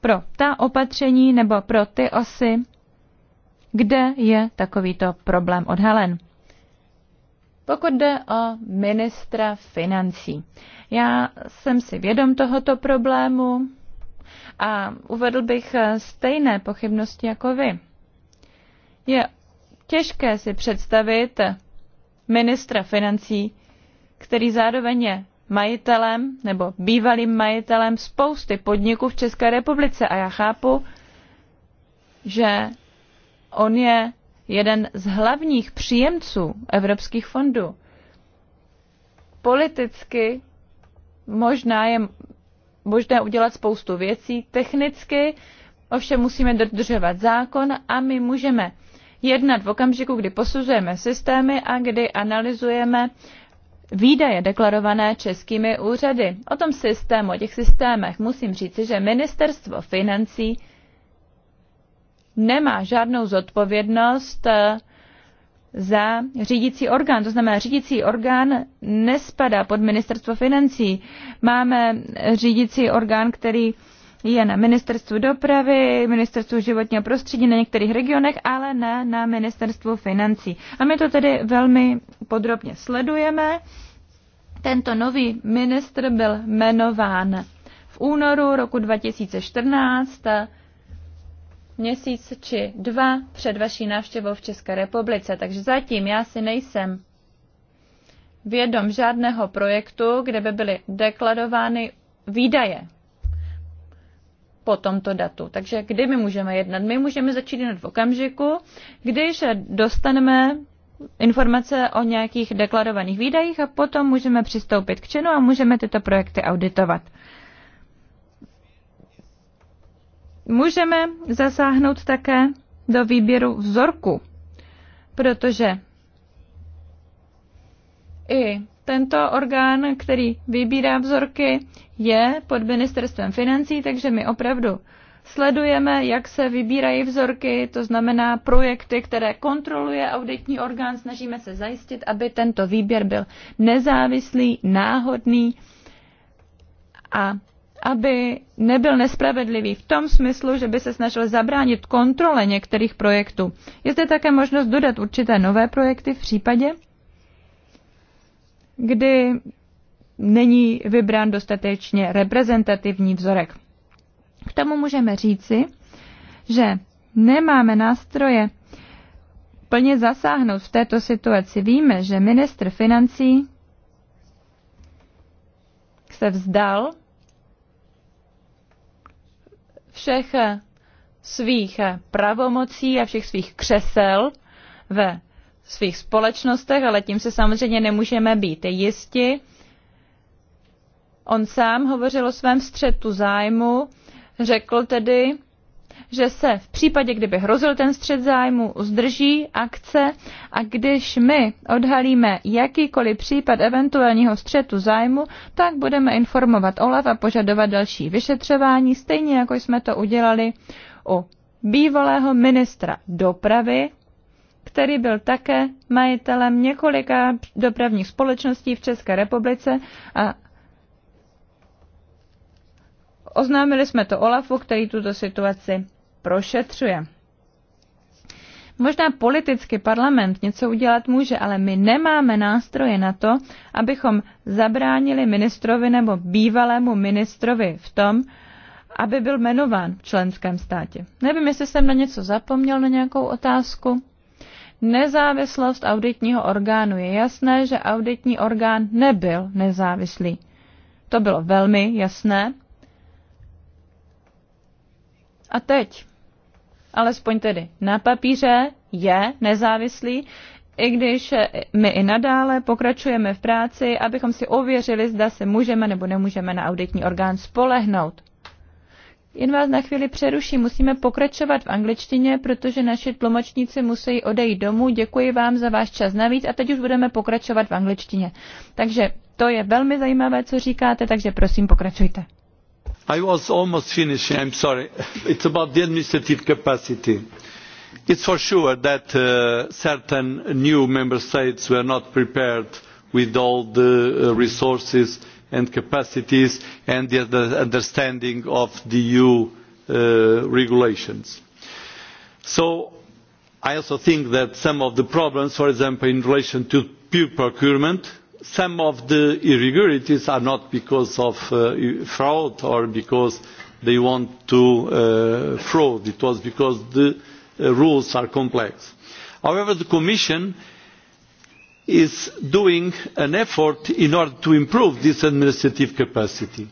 pro ta opatření nebo pro ty osy, kde je takovýto problém odhalen. Pokud jde o ministra financí, já jsem si vědom tohoto problému a uvedl bych stejné pochybnosti jako vy. Je těžké si představit ministra financí, který zároveň je majitelem nebo bývalým majitelem spousty podniků v České republice. A já chápu, že on je jeden z hlavních příjemců evropských fondů. Politicky možná je možné udělat spoustu věcí, technicky ovšem musíme dodržovat zákon a my můžeme jednat v okamžiku, kdy posuzujeme systémy a kdy analyzujeme výdaje deklarované českými úřady. O tom systému, o těch systémech musím říci, že ministerstvo financí nemá žádnou zodpovědnost eh, za řídící orgán. To znamená, řídící orgán nespadá pod ministerstvo financí. Máme řídící orgán, který je na ministerstvu dopravy, ministerstvu životního prostředí na některých regionech, ale ne na ministerstvu financí. A my to tedy velmi podrobně sledujeme. Tento nový ministr byl jmenován v únoru roku 2014 měsíc či dva před vaší návštěvou v České republice. Takže zatím já si nejsem vědom žádného projektu, kde by byly deklarovány výdaje po tomto datu. Takže kdy my můžeme jednat? My můžeme začít jednat v okamžiku, když dostaneme informace o nějakých deklarovaných výdajích a potom můžeme přistoupit k činu a můžeme tyto projekty auditovat. Můžeme zasáhnout také do výběru vzorku, protože i tento orgán, který vybírá vzorky, je pod ministerstvem financí, takže my opravdu sledujeme, jak se vybírají vzorky, to znamená projekty, které kontroluje auditní orgán, snažíme se zajistit, aby tento výběr byl nezávislý, náhodný a aby nebyl nespravedlivý v tom smyslu, že by se snažil zabránit kontrole některých projektů. Je zde také možnost dodat určité nové projekty v případě, kdy není vybrán dostatečně reprezentativní vzorek. K tomu můžeme říci, že nemáme nástroje plně zasáhnout v této situaci. Víme, že ministr financí se vzdal všech eh, svých eh, pravomocí a všech svých křesel ve svých společnostech, ale tím se samozřejmě nemůžeme být jisti. On sám hovořil o svém střetu zájmu, řekl tedy, že se v případě, kdyby hrozil ten střed zájmu, zdrží akce a když my odhalíme jakýkoliv případ eventuálního střetu zájmu, tak budeme informovat OLAF a požadovat další vyšetřování, stejně jako jsme to udělali u bývalého ministra dopravy, který byl také majitelem několika dopravních společností v České republice a Oznámili jsme to Olafu, který tuto situaci prošetřuje. Možná politicky parlament něco udělat může, ale my nemáme nástroje na to, abychom zabránili ministrovi nebo bývalému ministrovi v tom, aby byl jmenován v členském státě. Nevím, jestli jsem na něco zapomněl, na nějakou otázku. Nezávislost auditního orgánu. Je jasné, že auditní orgán nebyl nezávislý. To bylo velmi jasné. A teď, alespoň tedy na papíře, je nezávislý, i když my i nadále pokračujeme v práci, abychom si ověřili, zda se můžeme nebo nemůžeme na auditní orgán spolehnout. Jen vás na chvíli přeruším, musíme pokračovat v angličtině, protože naši tlumočníci musí odejít domů. Děkuji vám za váš čas navíc a teď už budeme pokračovat v angličtině. Takže to je velmi zajímavé, co říkáte, takže prosím pokračujte. I was almost finishing, I'm sorry. [laughs] It's about the administrative capacity. It's for sure that uh, certain new member states were not prepared with all the uh, resources and capacities and the understanding of the EU uh, regulations. So I also think that some of the problems, for example, in relation to pure procurement, some of the irregularities are not because of uh, fraud or because they want to uh, fraud. It was because the uh, rules are complex. However, the Commission is doing an effort in order to improve this administrative capacity.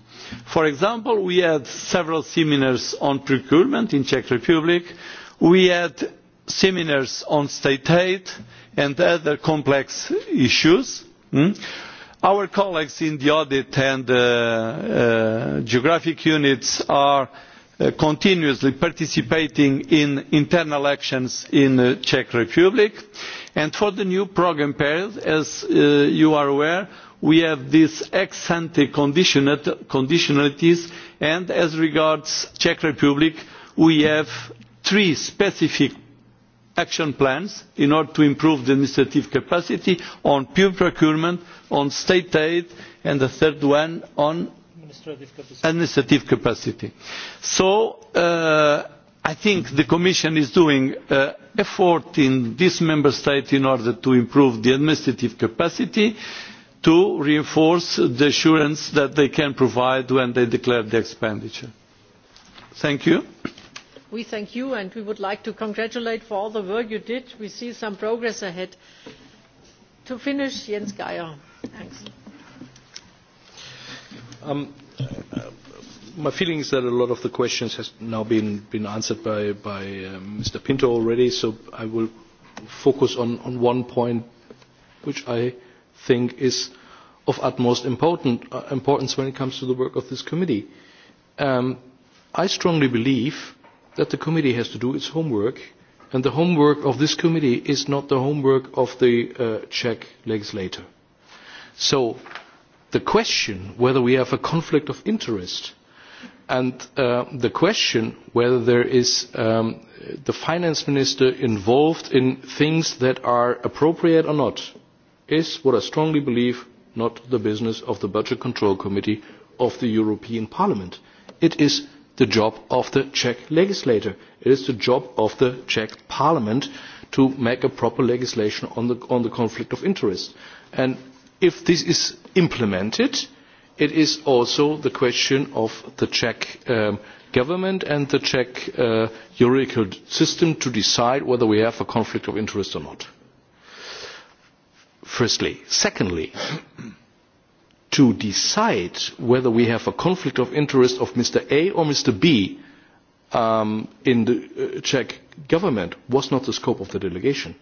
For example, we had several seminars on procurement in Czech Republic. We had seminars on state aid and other complex issues Hmm? Our colleagues in the audit and uh, uh, geographic units are uh, continuously participating in internal actions in the Czech Republic. And for the new program period, as uh, you are aware, we have these ex ante conditionalities and as regards the Czech Republic, we have three specific action plans in order to improve the administrative capacity on pure procurement on state aid and the third one on administrative capacity. so uh, i think the commission is making an uh, effort in this member state in order to improve the administrative capacity to reinforce the assurance that they can provide when they declare the expenditure. thank you we thank you and we would like to congratulate you for all the work you did. we see some progress ahead. to finish jens geier. Um, uh, my feeling is that a lot of the questions has now been, been answered by, by uh, um, Mr. Pinto already, so I will focus on, on one point which I think is of utmost important, uh, importance when it comes to the work of this committee. Um, I strongly believe that the committee has to do its homework, and the homework of this committee is not the homework of the uh, Czech legislator. So the question whether we have a conflict of interest and uh, the question whether there is um, the finance minister involved in things that are appropriate or not is what I strongly believe not the business of the budget control committee of the European Parliament. It is the job of the Czech legislator. It is the job of the Czech parliament to make a proper legislation on the, on the conflict of interest. And if this is implemented, it is also the question of the Czech um, government and the Czech uh, juridical system to decide whether we have a conflict of interest or not. Firstly. Secondly, to decide whether we have a conflict of interest of Mr. A or Mr. B um, in the uh, Czech government was not the scope of the delegation.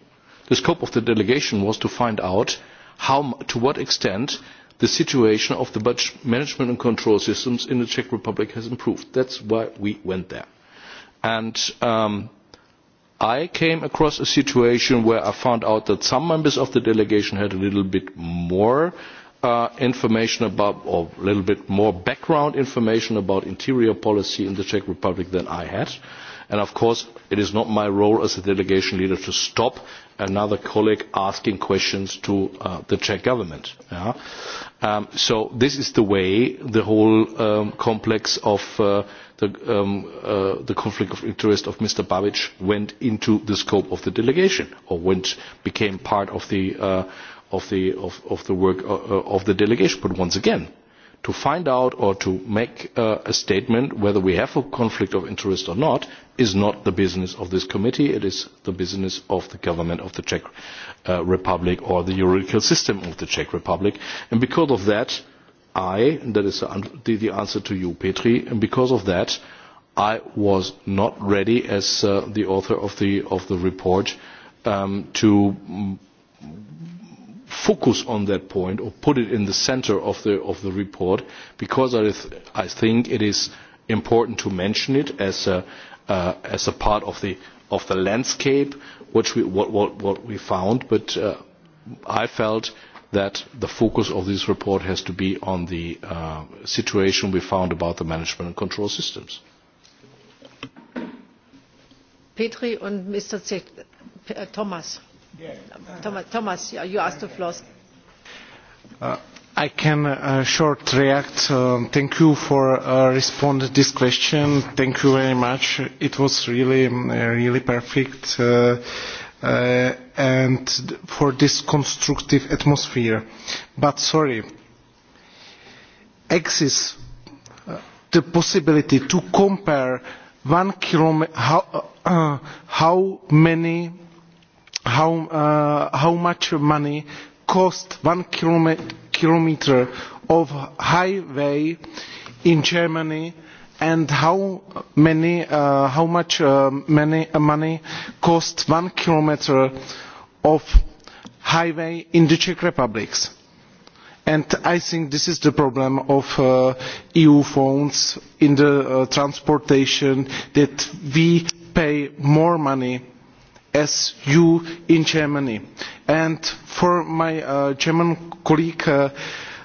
The scope of the delegation was to find out how, to what extent the situation of the budget management and control systems in the Czech Republic has improved. That's why we went there. And um, I came across a situation where I found out that some members of the delegation had a little bit more uh, Uh, information about, or a little bit more background information about interior policy in the Czech Republic than I had. And of course, it is not my role as a delegation leader to stop another colleague asking questions to uh, the Czech government. Um, so this is the way the whole um, complex of uh, um, the, conflict of interest of Mr. babi went into the scope of the delegation or became part of the, of the, of, of the work uh, uh, of the delegation. But once again, to find out or to make uh, a statement whether we have a conflict of interest or not is not the business of this committee. It is the business of the government of the Czech uh, Republic or the juridical system of the Czech Republic. And because of that, I, and that is the, the answer to you, Petri, and because of that, I was not ready as uh, the author of the, of the report um, to focus on that point or put it in the centre of the, of the report because I, th I think it is important to mention it as a, uh, as a part of the, of the landscape which we, what, what, what we found. But uh, I felt that the focus of this report has to be on the uh, situation we found about the management and control systems. Petri und Mr. Uh, Thomas. Thomas, you asked the floor. Uh, I can uh, short react. Uh, thank you for uh, respond to this question. Thank you very much. It was really, um, uh, really perfect. Uh, uh, and for this constructive atmosphere. But sorry, exists uh, the possibility to compare one kilometer, how, uh, uh, how many how, uh, how much money cost one kilometre of highway in Germany and how, many, uh, how much uh, many, uh, money cost one kilometre of highway in the Czech Republic. And I think this is the problem of uh, EU funds in the uh, transportation that we pay more money as you in Germany. And for my uh, German colleague, uh,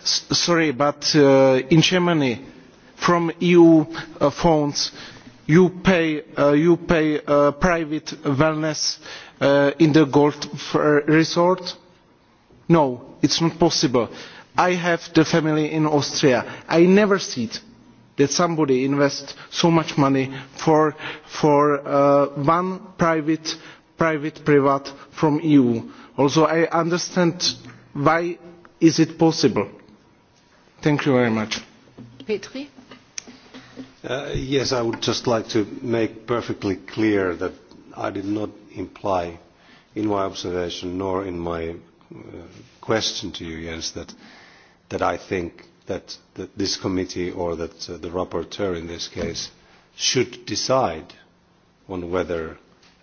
sorry, but uh, in Germany, from EU uh, phones you pay, uh, you pay uh, private wellness uh, in the gold resort? No, it's not possible. I have the family in Austria. I never see it that somebody invests so much money for, for uh, one private private privat from eu also i understand why is it possible thank you very much Petri? Uh, yes i would just like to make perfectly clear that i did not imply in my observation nor in my uh, question to you Jens that that i think that, that this committee or that uh, the rapporteur in this case should decide on whether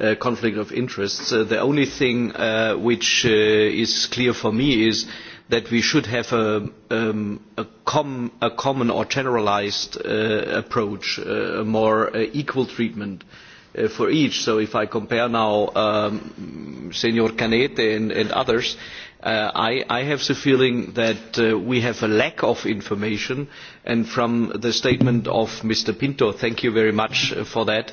Uh, conflict of interests. Uh, the only thing uh, which uh, is clear for me is that we should have a, um, a, com a common or generalised uh, approach, a more equal treatment for each. So if I compare now um, Senor Canete and, and others, Uh, I, I, have the feeling that uh, we have a lack of information, and from the statement of Mr. Pinto, thank you very much for that,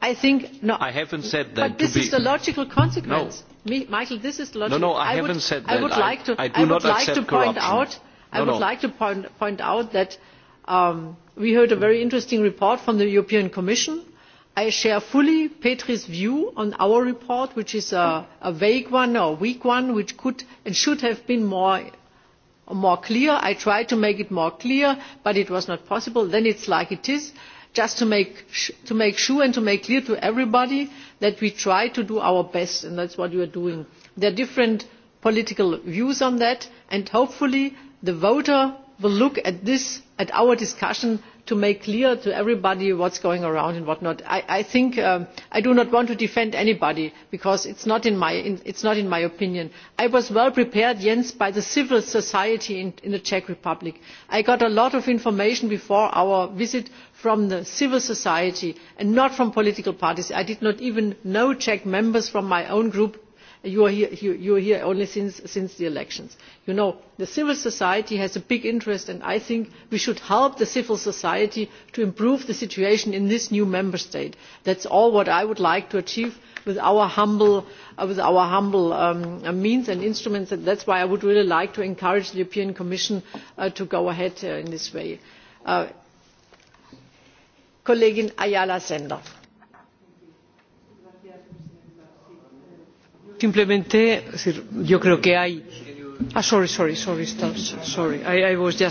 i think no. I haven't said that. But this is the logical no. consequence. No. Michael, this is the logical. No, no, I, haven't would, said that. I would like to. I, do would not like to corruption. point out. I no, would no. like to point, out that um, we heard a very interesting report from the European Commission. I share fully Petri's view on our report, which is a, vague one or a weak one, which could and should have been more clear. I tried to make it more clear, but it was not possible. Then it's like it is just to make, sure and to make clear to everybody that we try to do our best and that is what we are doing. there are different political views on that and hopefully the voter will look at our discussion to make clear to everybody what is going on and what not. Um, I, do not want to defend anybody because it is not, in my opinion. I was well prepared, Jens, by the civil society in, in the Czech Republic. I got a lot of information before our visit from the civil society and not from political parties. I did not even know Czech members from my own group you are here, only since, the elections. you know the civil society has a big interest and i think we should help civil society to improve the situation in this new member state. that is all that i would like to achieve with our humble, uh, um, uh, means and instruments and that is why i would really like to encourage the european commission uh, to go ahead in this way. kollegin ayala sender simplemente yo creo que hay ah, sorry, sorry, sorry, stop, sorry. I, sorry.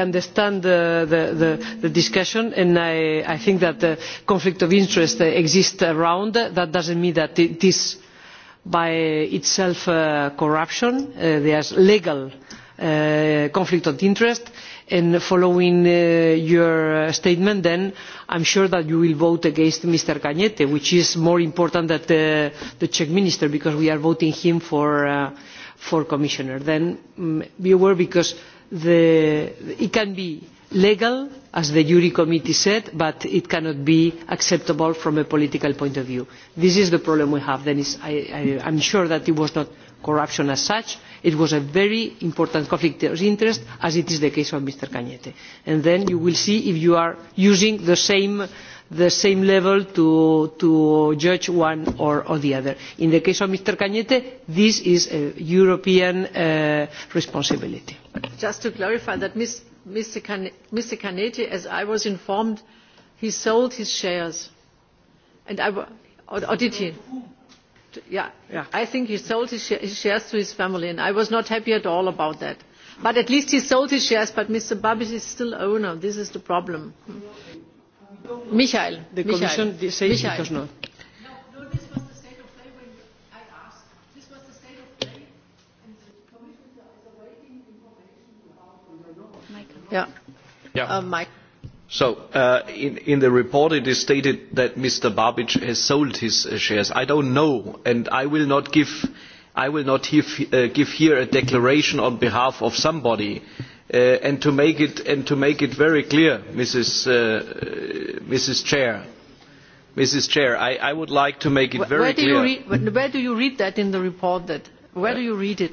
understand the, discussion, and I, think that the conflict of interest exists around. That mean that it is by itself uh, uh, legal uh, conflict of interest and following uh, your uh, statement then i am sure that you will vote against mr caete which is more important than the, the czech minister because we are voting him for, uh, for commissioner. then mm, be aware because the, it can be legal as the juri committee said but it cannot be acceptable from a political point of view. this is the problem we have. Then i am sure that it was not corruption as such. It was a very important conflict of interest, as it is the case of Mr. Cañete. And then you will see if you are using the same, level to, judge one or, the other. In the case of Mr. Cañete, this is a European uh, responsibility. Just to clarify that Mr. Can as I was informed, he sold his shares. And I, or did he? I think he sold his, shares to his family, and I was not happy at all about that. But at least he sold his shares, but Mr. babi is still owner. This is the problem. Michael. The Commission says Michael. it does not. No, no, yeah. Yeah. Uh, Mike. So uh, in, in the report it is stated that Mr. Babic has sold his uh, shares. I don't know, and I will not give, I will not uh, give here a declaration on behalf of somebody. Uh, and to make it and to make it very clear, Mrs. Uh, uh Mrs. Chair, Mrs. Chair, I, I would like to make it where, very where do clear. You read, where do you read that in the report? That where uh, do you read it?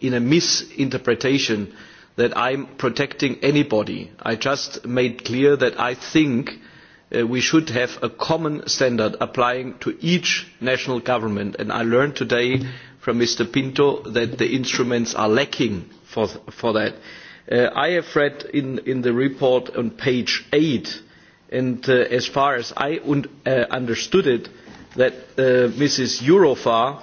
in a misinterpretation that I'm protecting anybody. I just made clear that I think uh, we should have a common standard applying to each national government. And I learned today from Mr. Pinto that the instruments are lacking for, for that. Uh, I have read in, in, the report on page 8, and uh, as far as I un uh, understood it, that uh, Mrs. Eurofar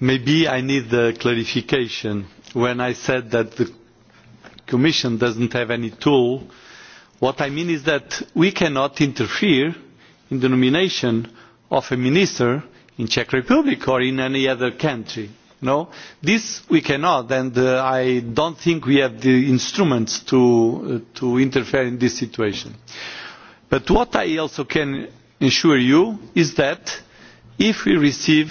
maybe i need the clarification when i said that the commission doesn't have any tool what i mean is that we cannot interfere in the nomination of a minister in the czech republic or in any other country no this we cannot and uh, i don't think we have the instruments to uh, to interfere in this situation but what i also can assure you is that if we receive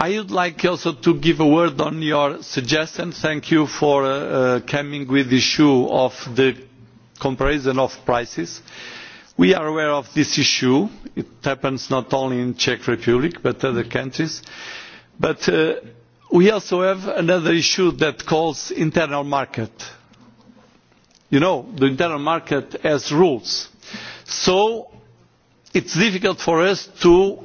i would like also to give a word on your suggestion thank you for uh, uh, coming with the issue of the comparison of prices. we are aware of this issue it happens not only in the czech republic but other countries but uh, we also have another issue that calls internal market. you know the internal market has rules so it is difficult for us to